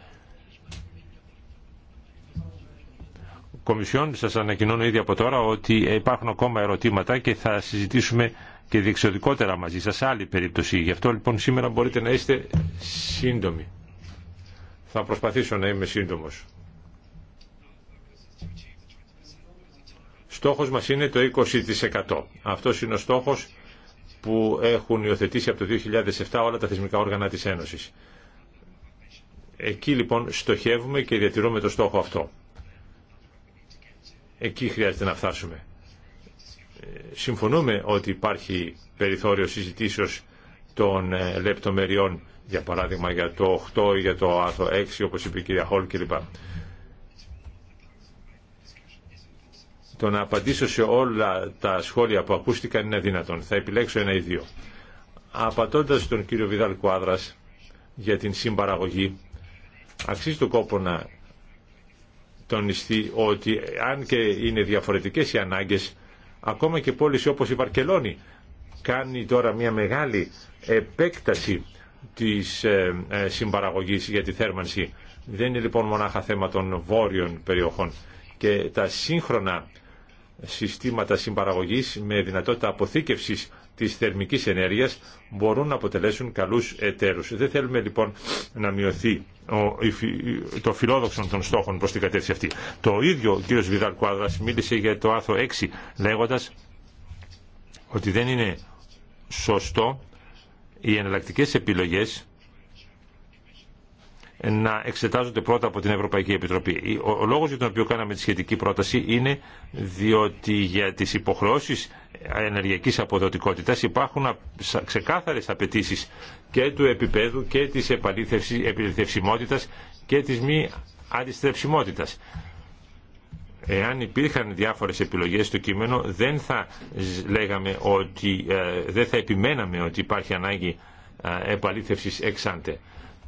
Κομισιόν, σας ανακοινώνω ήδη από τώρα ότι υπάρχουν ακόμα ερωτήματα και θα συζητήσουμε και διεξοδικότερα μαζί σας άλλη περίπτωση. Γι' αυτό λοιπόν σήμερα μπορείτε να είστε σύντομοι. Θα προσπαθήσω να είμαι σύντομος. Στόχος μας είναι το 20%. Αυτός είναι ο στόχος που έχουν υιοθετήσει από το 2007 όλα τα θεσμικά όργανα της Ένωσης. Εκεί λοιπόν στοχεύουμε και διατηρούμε το στόχο αυτό. Εκεί χρειάζεται να φτάσουμε. Συμφωνούμε ότι υπάρχει περιθώριο συζητήσεως των ε, λεπτομεριών για παράδειγμα για το 8 ή για το άρθρο 6 όπως είπε η κυρία Χόλ κλπ. Το να απαντήσω σε όλα τα σχόλια που ακούστηκαν είναι δυνατόν. Θα επιλέξω ένα ή δύο. Απατώντας τον κύριο Βιδάλ Κουάδρας για την συμπαραγωγή, αξίζει το κόπο να τονιστεί ότι αν και είναι διαφορετικές οι ανάγκες, ακόμα και πόλεις όπως η Βαρκελόνη κάνει τώρα μια μεγάλη επέκταση της ε, ε, συμπαραγωγής για τη θέρμανση. Δεν είναι λοιπόν μονάχα θέμα των βόρειων περιοχών και τα σύγχρονα συστήματα συμπαραγωγής με δυνατότητα αποθήκευσης της θερμικής ενέργειας μπορούν να αποτελέσουν καλούς εταίρους. Δεν θέλουμε λοιπόν να μειωθεί το φιλόδοξο των στόχων προς την κατεύθυνση αυτή. Το ίδιο ο κ. Βιδάλ μίλησε για το άρθρο 6 λέγοντας ότι δεν είναι σωστό οι εναλλακτικέ επιλογές να εξετάζονται πρώτα από την Ευρωπαϊκή Επιτροπή. Ο λόγος για τον οποίο κάναμε τη σχετική πρόταση είναι διότι για τις υποχρεώσεις ενεργειακής αποδοτικότητας υπάρχουν ξεκάθαρες απαιτήσει και του επίπεδου και της επαλήθευση, και της μη αντιστρεψιμότητας. Εάν υπήρχαν διάφορες επιλογές στο κείμενο δεν θα λέγαμε ότι ε, δεν θα επιμέναμε ότι υπάρχει ανάγκη ε, επαλήθευσης εξάντε.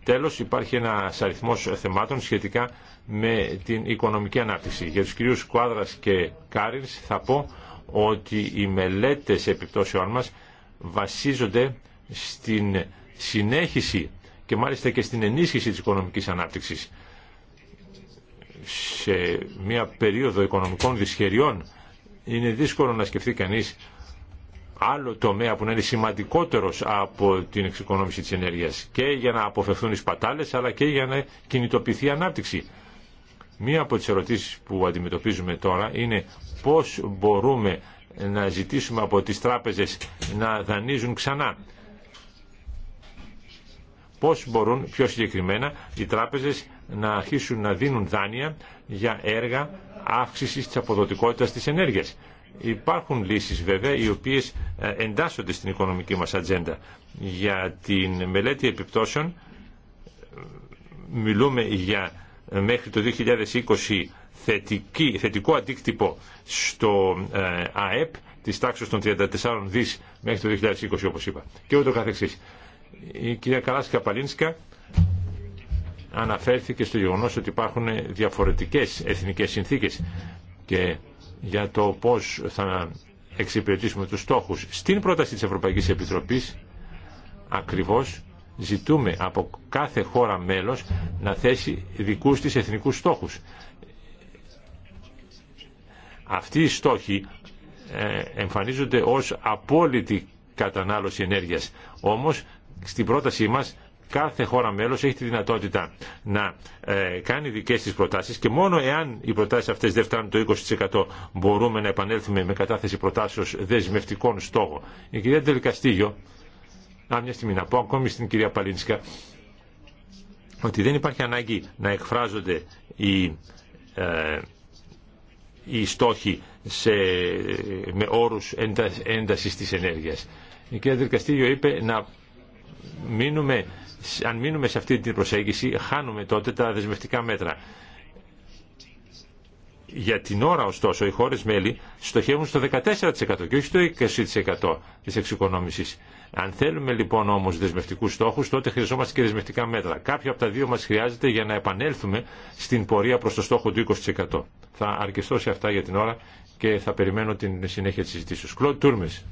Τέλος υπάρχει ένας αριθμός θεμάτων σχετικά με την οικονομική ανάπτυξη. Για τους κυρίους Κουάδρας και Κάρινς θα πω ότι οι μελέτες επιπτώσεων μας βασίζονται στην συνέχιση και μάλιστα και στην ενίσχυση της οικονομικής ανάπτυξης σε μια περίοδο οικονομικών δυσχεριών είναι δύσκολο να σκεφτεί κανείς άλλο τομέα που να είναι σημαντικότερος από την εξοικονόμηση της ενέργειας και για να αποφευθούν οι σπατάλες αλλά και για να κινητοποιηθεί η ανάπτυξη. Μία από τις ερωτήσεις που αντιμετωπίζουμε τώρα είναι πώς μπορούμε να ζητήσουμε από τις τράπεζες να δανείζουν ξανά. Πώς μπορούν πιο συγκεκριμένα οι τράπεζες να αρχίσουν να δίνουν δάνεια για έργα αύξησης της αποδοτικότητας τη ενέργεια. Υπάρχουν λύσεις βέβαια οι οποίες ε, εντάσσονται στην οικονομική μας ατζέντα. Για την μελέτη επιπτώσεων μιλούμε για ε, μέχρι το 2020 θετική, θετικό αντίκτυπο στο ε, ΑΕΠ της τάξης των 34 δις μέχρι το 2020 όπως είπα και ούτω καθεξής. Η κυρία Καλάσκα Παλίνσκα αναφέρθηκε στο γεγονός ότι υπάρχουν διαφορετικές εθνικές συνθήκες και για το πώς θα εξυπηρετήσουμε τους στόχους. Στην πρόταση της Ευρωπαϊκής Επιτροπής ακριβώς ζητούμε από κάθε χώρα μέλος να θέσει δικούς της εθνικούς στόχους. Αυτοί οι στόχοι ε, εμφανίζονται ως απόλυτη κατανάλωση ενέργειας. Όμως στην πρότασή μας κάθε χώρα μέλος έχει τη δυνατότητα να ε, κάνει δικές της προτάσεις και μόνο εάν οι προτάσεις αυτές δεν φτάνουν το 20% μπορούμε να επανέλθουμε με κατάθεση προτάσεως δεσμευτικών στόχων. Η κυρία Τελικαστήγιο, να μια στιγμή να πω ακόμη στην κυρία Παλίνσκα, ότι δεν υπάρχει ανάγκη να εκφράζονται οι, ε, οι στόχοι σε, με όρους έντασης της ενέργειας. Η κυρία Δερκαστήριο είπε να μείνουμε, αν μείνουμε σε αυτή την προσέγγιση χάνουμε τότε τα δεσμευτικά μέτρα. Για την ώρα ωστόσο οι χώρες μέλη στοχεύουν στο 14% και όχι στο 20% της εξοικονόμησης. Αν θέλουμε λοιπόν όμως δεσμευτικούς στόχους τότε χρειαζόμαστε και δεσμευτικά μέτρα. Κάποιο από τα δύο μας χρειάζεται για να επανέλθουμε στην πορεία προς το στόχο του 20%. Θα αρκεστώ σε αυτά για την ώρα και θα περιμένω την συνέχεια της συζητήσεως. Κλοντ Τούρμες.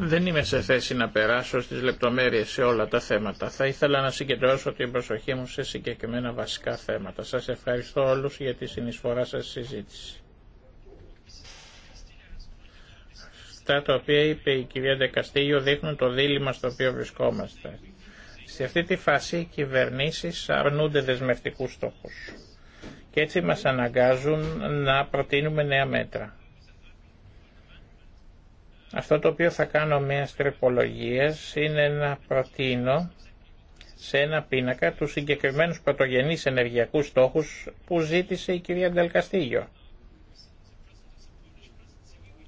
Δεν είμαι σε θέση να περάσω στις λεπτομέρειες σε όλα τα θέματα. Θα ήθελα να συγκεντρώσω την προσοχή μου σε συγκεκριμένα βασικά θέματα. Σας ευχαριστώ όλους για τη συνεισφορά σας στη συζήτηση. Αυτά τα οποία είπε η κυρία Δεκαστήγιο δείχνουν το δίλημα στο οποίο βρισκόμαστε. Σε αυτή τη φάση οι κυβερνήσεις αρνούνται δεσμευτικούς στόχους και έτσι μας αναγκάζουν να προτείνουμε νέα μέτρα. Αυτό το οποίο θα κάνω με τρεπολογίες είναι να προτείνω σε ένα πίνακα τους συγκεκριμένους πρωτογενείς ενεργειακούς στόχους που ζήτησε η κυρία Ντελκαστήγιο.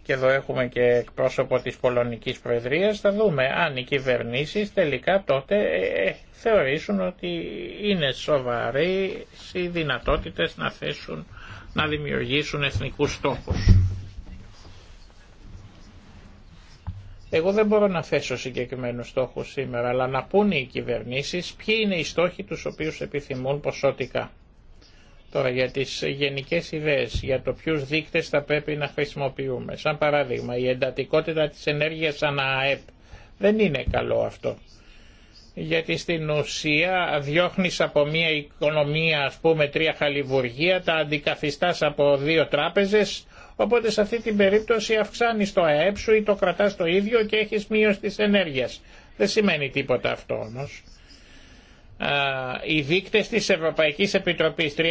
Και εδώ έχουμε και εκπρόσωπο της Πολωνικής Προεδρίας, θα δούμε αν οι κυβερνήσεις τελικά τότε ε, ε, θεωρήσουν ότι είναι σοβαροί οι δυνατότητες να θέσουν, να δημιουργήσουν εθνικούς στόχους. Εγώ δεν μπορώ να θέσω συγκεκριμένους στόχους σήμερα, αλλά να πούνε οι κυβερνήσεις ποιοι είναι οι στόχοι τους οποίους επιθυμούν ποσοτικά. Τώρα για τις γενικές ιδέες, για το ποιους δείκτες θα πρέπει να χρησιμοποιούμε. Σαν παράδειγμα, η εντατικότητα της ενέργειας ανά ΑΕΠ. Δεν είναι καλό αυτό. Γιατί στην ουσία διώχνεις από μια οικονομία ας πούμε τρία χαλιβουργία, τα αντικαθιστάς από δύο τράπεζες, Οπότε σε αυτή την περίπτωση αυξάνει το ΑΕΠ σου ή το κρατά το ίδιο και έχει μείωση τη ενέργεια. Δεν σημαίνει τίποτα αυτό όμω. Οι δείκτε τη Ευρωπαϊκή Επιτροπή 368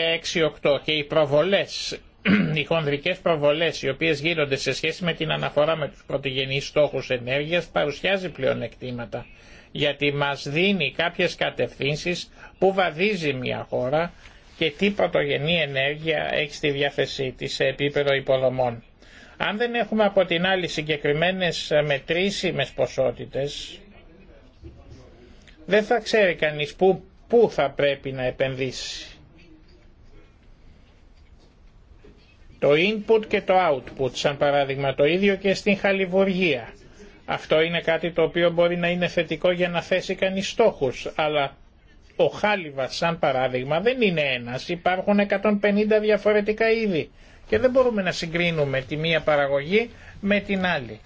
και οι προβολές, *clears throat* οι χονδρικέ προβολές οι οποίες γίνονται σε σχέση με την αναφορά με τους πρωτογενείς στόχους ενέργειας παρουσιάζει πλέον γιατί μας δίνει κάποιες κατευθύνσεις που βαδίζει μια χώρα και τι πρωτογενή ενέργεια έχει στη διάθεσή της σε επίπεδο υποδομών. Αν δεν έχουμε από την άλλη συγκεκριμένες μετρήσιμες ποσότητες, δεν θα ξέρει κανείς πού, πού θα πρέπει να επενδύσει. Το input και το output, σαν παράδειγμα το ίδιο και στην χαλιβουργία. Αυτό είναι κάτι το οποίο μπορεί να είναι θετικό για να θέσει κανείς στόχους, αλλά ο χάλιβας σαν παράδειγμα δεν είναι ένας, υπάρχουν 150 διαφορετικά είδη και δεν μπορούμε να συγκρίνουμε τη μία παραγωγή με την άλλη.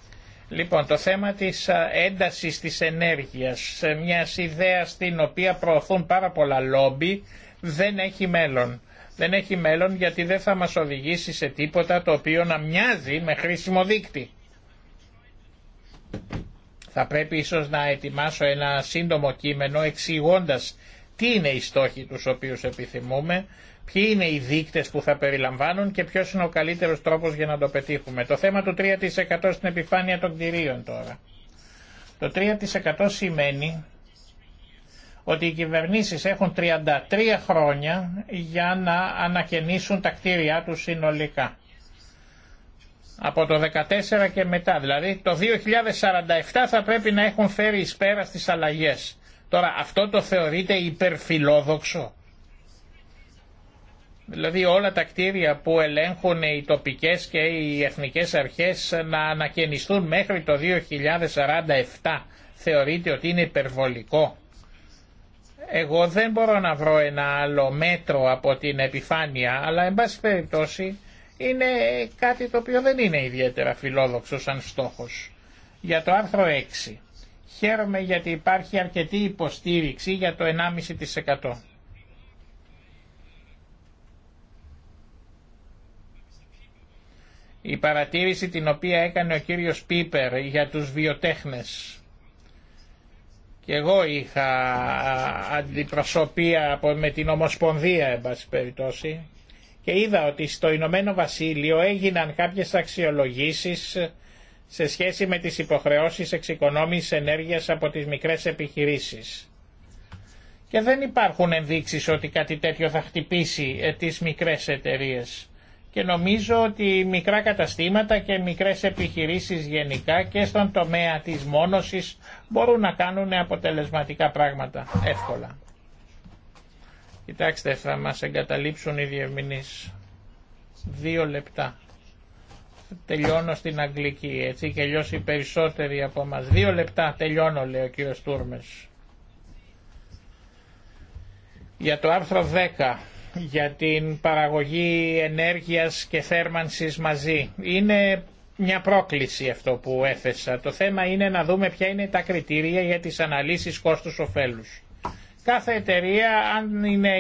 Λοιπόν, το θέμα της έντασης της ενέργειας, μια ιδέα στην οποία προωθούν πάρα πολλά λόμπι, δεν έχει μέλλον. Δεν έχει μέλλον γιατί δεν θα μας οδηγήσει σε τίποτα το οποίο να μοιάζει με χρήσιμο δίκτυ. Θα πρέπει ίσως να ετοιμάσω ένα σύντομο κείμενο εξηγώντα τι είναι οι στόχοι τους οποίους επιθυμούμε, ποιοι είναι οι δείκτες που θα περιλαμβάνουν και ποιος είναι ο καλύτερος τρόπος για να το πετύχουμε. Το θέμα του 3% στην επιφάνεια των κτηρίων τώρα. Το 3% σημαίνει ότι οι κυβερνήσεις έχουν 33 χρόνια για να ανακαινήσουν τα κτίρια τους συνολικά. Από το 2014 και μετά, δηλαδή το 2047 θα πρέπει να έχουν φέρει εις πέρα στις αλλαγές. Τώρα αυτό το θεωρείται υπερφιλόδοξο. Δηλαδή όλα τα κτίρια που ελέγχουν οι τοπικές και οι εθνικές αρχές να ανακαινιστούν μέχρι το 2047 θεωρείται ότι είναι υπερβολικό. Εγώ δεν μπορώ να βρω ένα άλλο μέτρο από την επιφάνεια, αλλά εν πάση περιπτώσει είναι κάτι το οποίο δεν είναι ιδιαίτερα φιλόδοξο σαν στόχος. Για το άρθρο 6. Χαίρομαι γιατί υπάρχει αρκετή υποστήριξη για το 1,5%. Η παρατήρηση την οποία έκανε ο κύριος Πίπερ για τους βιοτέχνες. Και εγώ είχα αντιπροσωπεία με την Ομοσπονδία, εν περιπτώσει, και είδα ότι στο Ηνωμένο Βασίλειο έγιναν κάποιες αξιολογήσεις σε σχέση με τις υποχρεώσεις εξοικονόμησης ενέργειας από τις μικρές επιχειρήσεις. Και δεν υπάρχουν ενδείξεις ότι κάτι τέτοιο θα χτυπήσει ε, τις μικρές εταιρείες. Και νομίζω ότι μικρά καταστήματα και μικρές επιχειρήσεις γενικά και στον τομέα της μόνωσης μπορούν να κάνουν αποτελεσματικά πράγματα εύκολα. Κοιτάξτε, θα μας εγκαταλείψουν οι διευμηνείς. Δύο λεπτά τελειώνω στην αγγλική, έτσι και αλλιώς οι περισσότεροι από μας. Δύο λεπτά τελειώνω, λέει ο κύριος Τούρμες. Για το άρθρο 10, για την παραγωγή ενέργειας και θέρμανσης μαζί. Είναι μια πρόκληση αυτό που έθεσα. Το θέμα είναι να δούμε ποια είναι τα κριτήρια για τις αναλύσεις κόστους-οφέλους. Κάθε εταιρεία αν είναι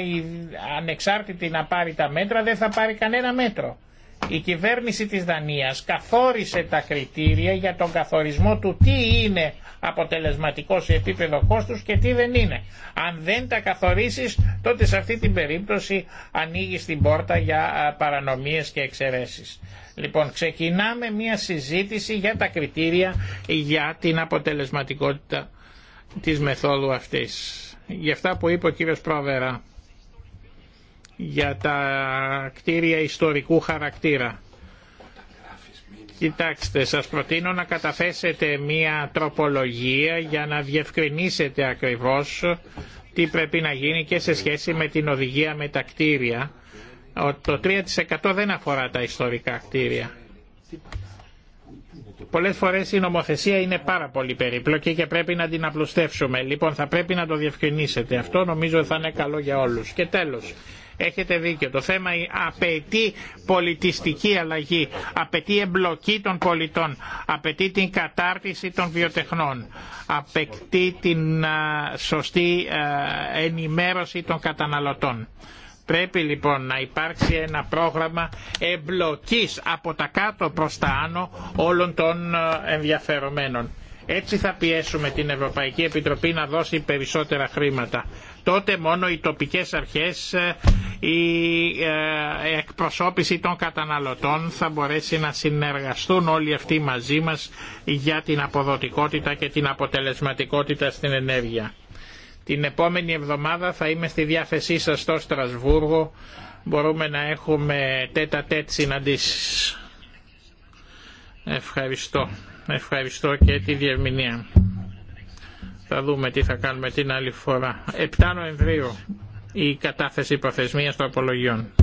ανεξάρτητη να πάρει τα μέτρα δεν θα πάρει κανένα μέτρο. Η κυβέρνηση της Δανίας καθόρισε τα κριτήρια για τον καθορισμό του τι είναι αποτελεσματικό σε επίπεδο κόστους και τι δεν είναι. Αν δεν τα καθορίσεις τότε σε αυτή την περίπτωση ανοίγεις την πόρτα για παρανομίες και εξαιρέσεις. Λοιπόν, ξεκινάμε μια συζήτηση για τα κριτήρια για την αποτελεσματικότητα της μεθόδου αυτής. Γι' αυτά που είπε ο κύριος Πρόβερα για τα κτίρια ιστορικού χαρακτήρα. Κοιτάξτε, σας προτείνω να καταθέσετε μία τροπολογία για να διευκρινίσετε ακριβώς τι πρέπει να γίνει και σε σχέση με την οδηγία με τα κτίρια. Το 3% δεν αφορά τα ιστορικά κτίρια. Πολλές φορές η νομοθεσία είναι πάρα πολύ περίπλοκη και πρέπει να την απλουστεύσουμε. Λοιπόν, θα πρέπει να το διευκρινίσετε. Αυτό νομίζω θα είναι καλό για όλους. Και τέλος, Έχετε δίκιο. Το θέμα απαιτεί πολιτιστική αλλαγή, απαιτεί εμπλοκή των πολιτών, απαιτεί την κατάρτιση των βιοτεχνών, απαιτεί την σωστή ενημέρωση των καταναλωτών. Πρέπει λοιπόν να υπάρξει ένα πρόγραμμα εμπλοκής από τα κάτω προς τα άνω όλων των ενδιαφερομένων. Έτσι θα πιέσουμε την Ευρωπαϊκή Επιτροπή να δώσει περισσότερα χρήματα. Τότε μόνο οι τοπικές αρχές, ε, ε, η εκπροσώπηση των καταναλωτών θα μπορέσει να συνεργαστούν όλοι αυτοί μαζί μας για την αποδοτικότητα και την αποτελεσματικότητα στην ενέργεια. Την επόμενη εβδομάδα θα είμαι στη διάθεσή σας στο Στρασβούργο. Μπορούμε να έχουμε τέτα τέτ συναντήσεις. Ευχαριστώ. Ευχαριστώ και τη διερμηνία. Θα δούμε τι θα κάνουμε την άλλη φορά. 7 Νοεμβρίου η κατάθεση προθεσμίας των απολογιών.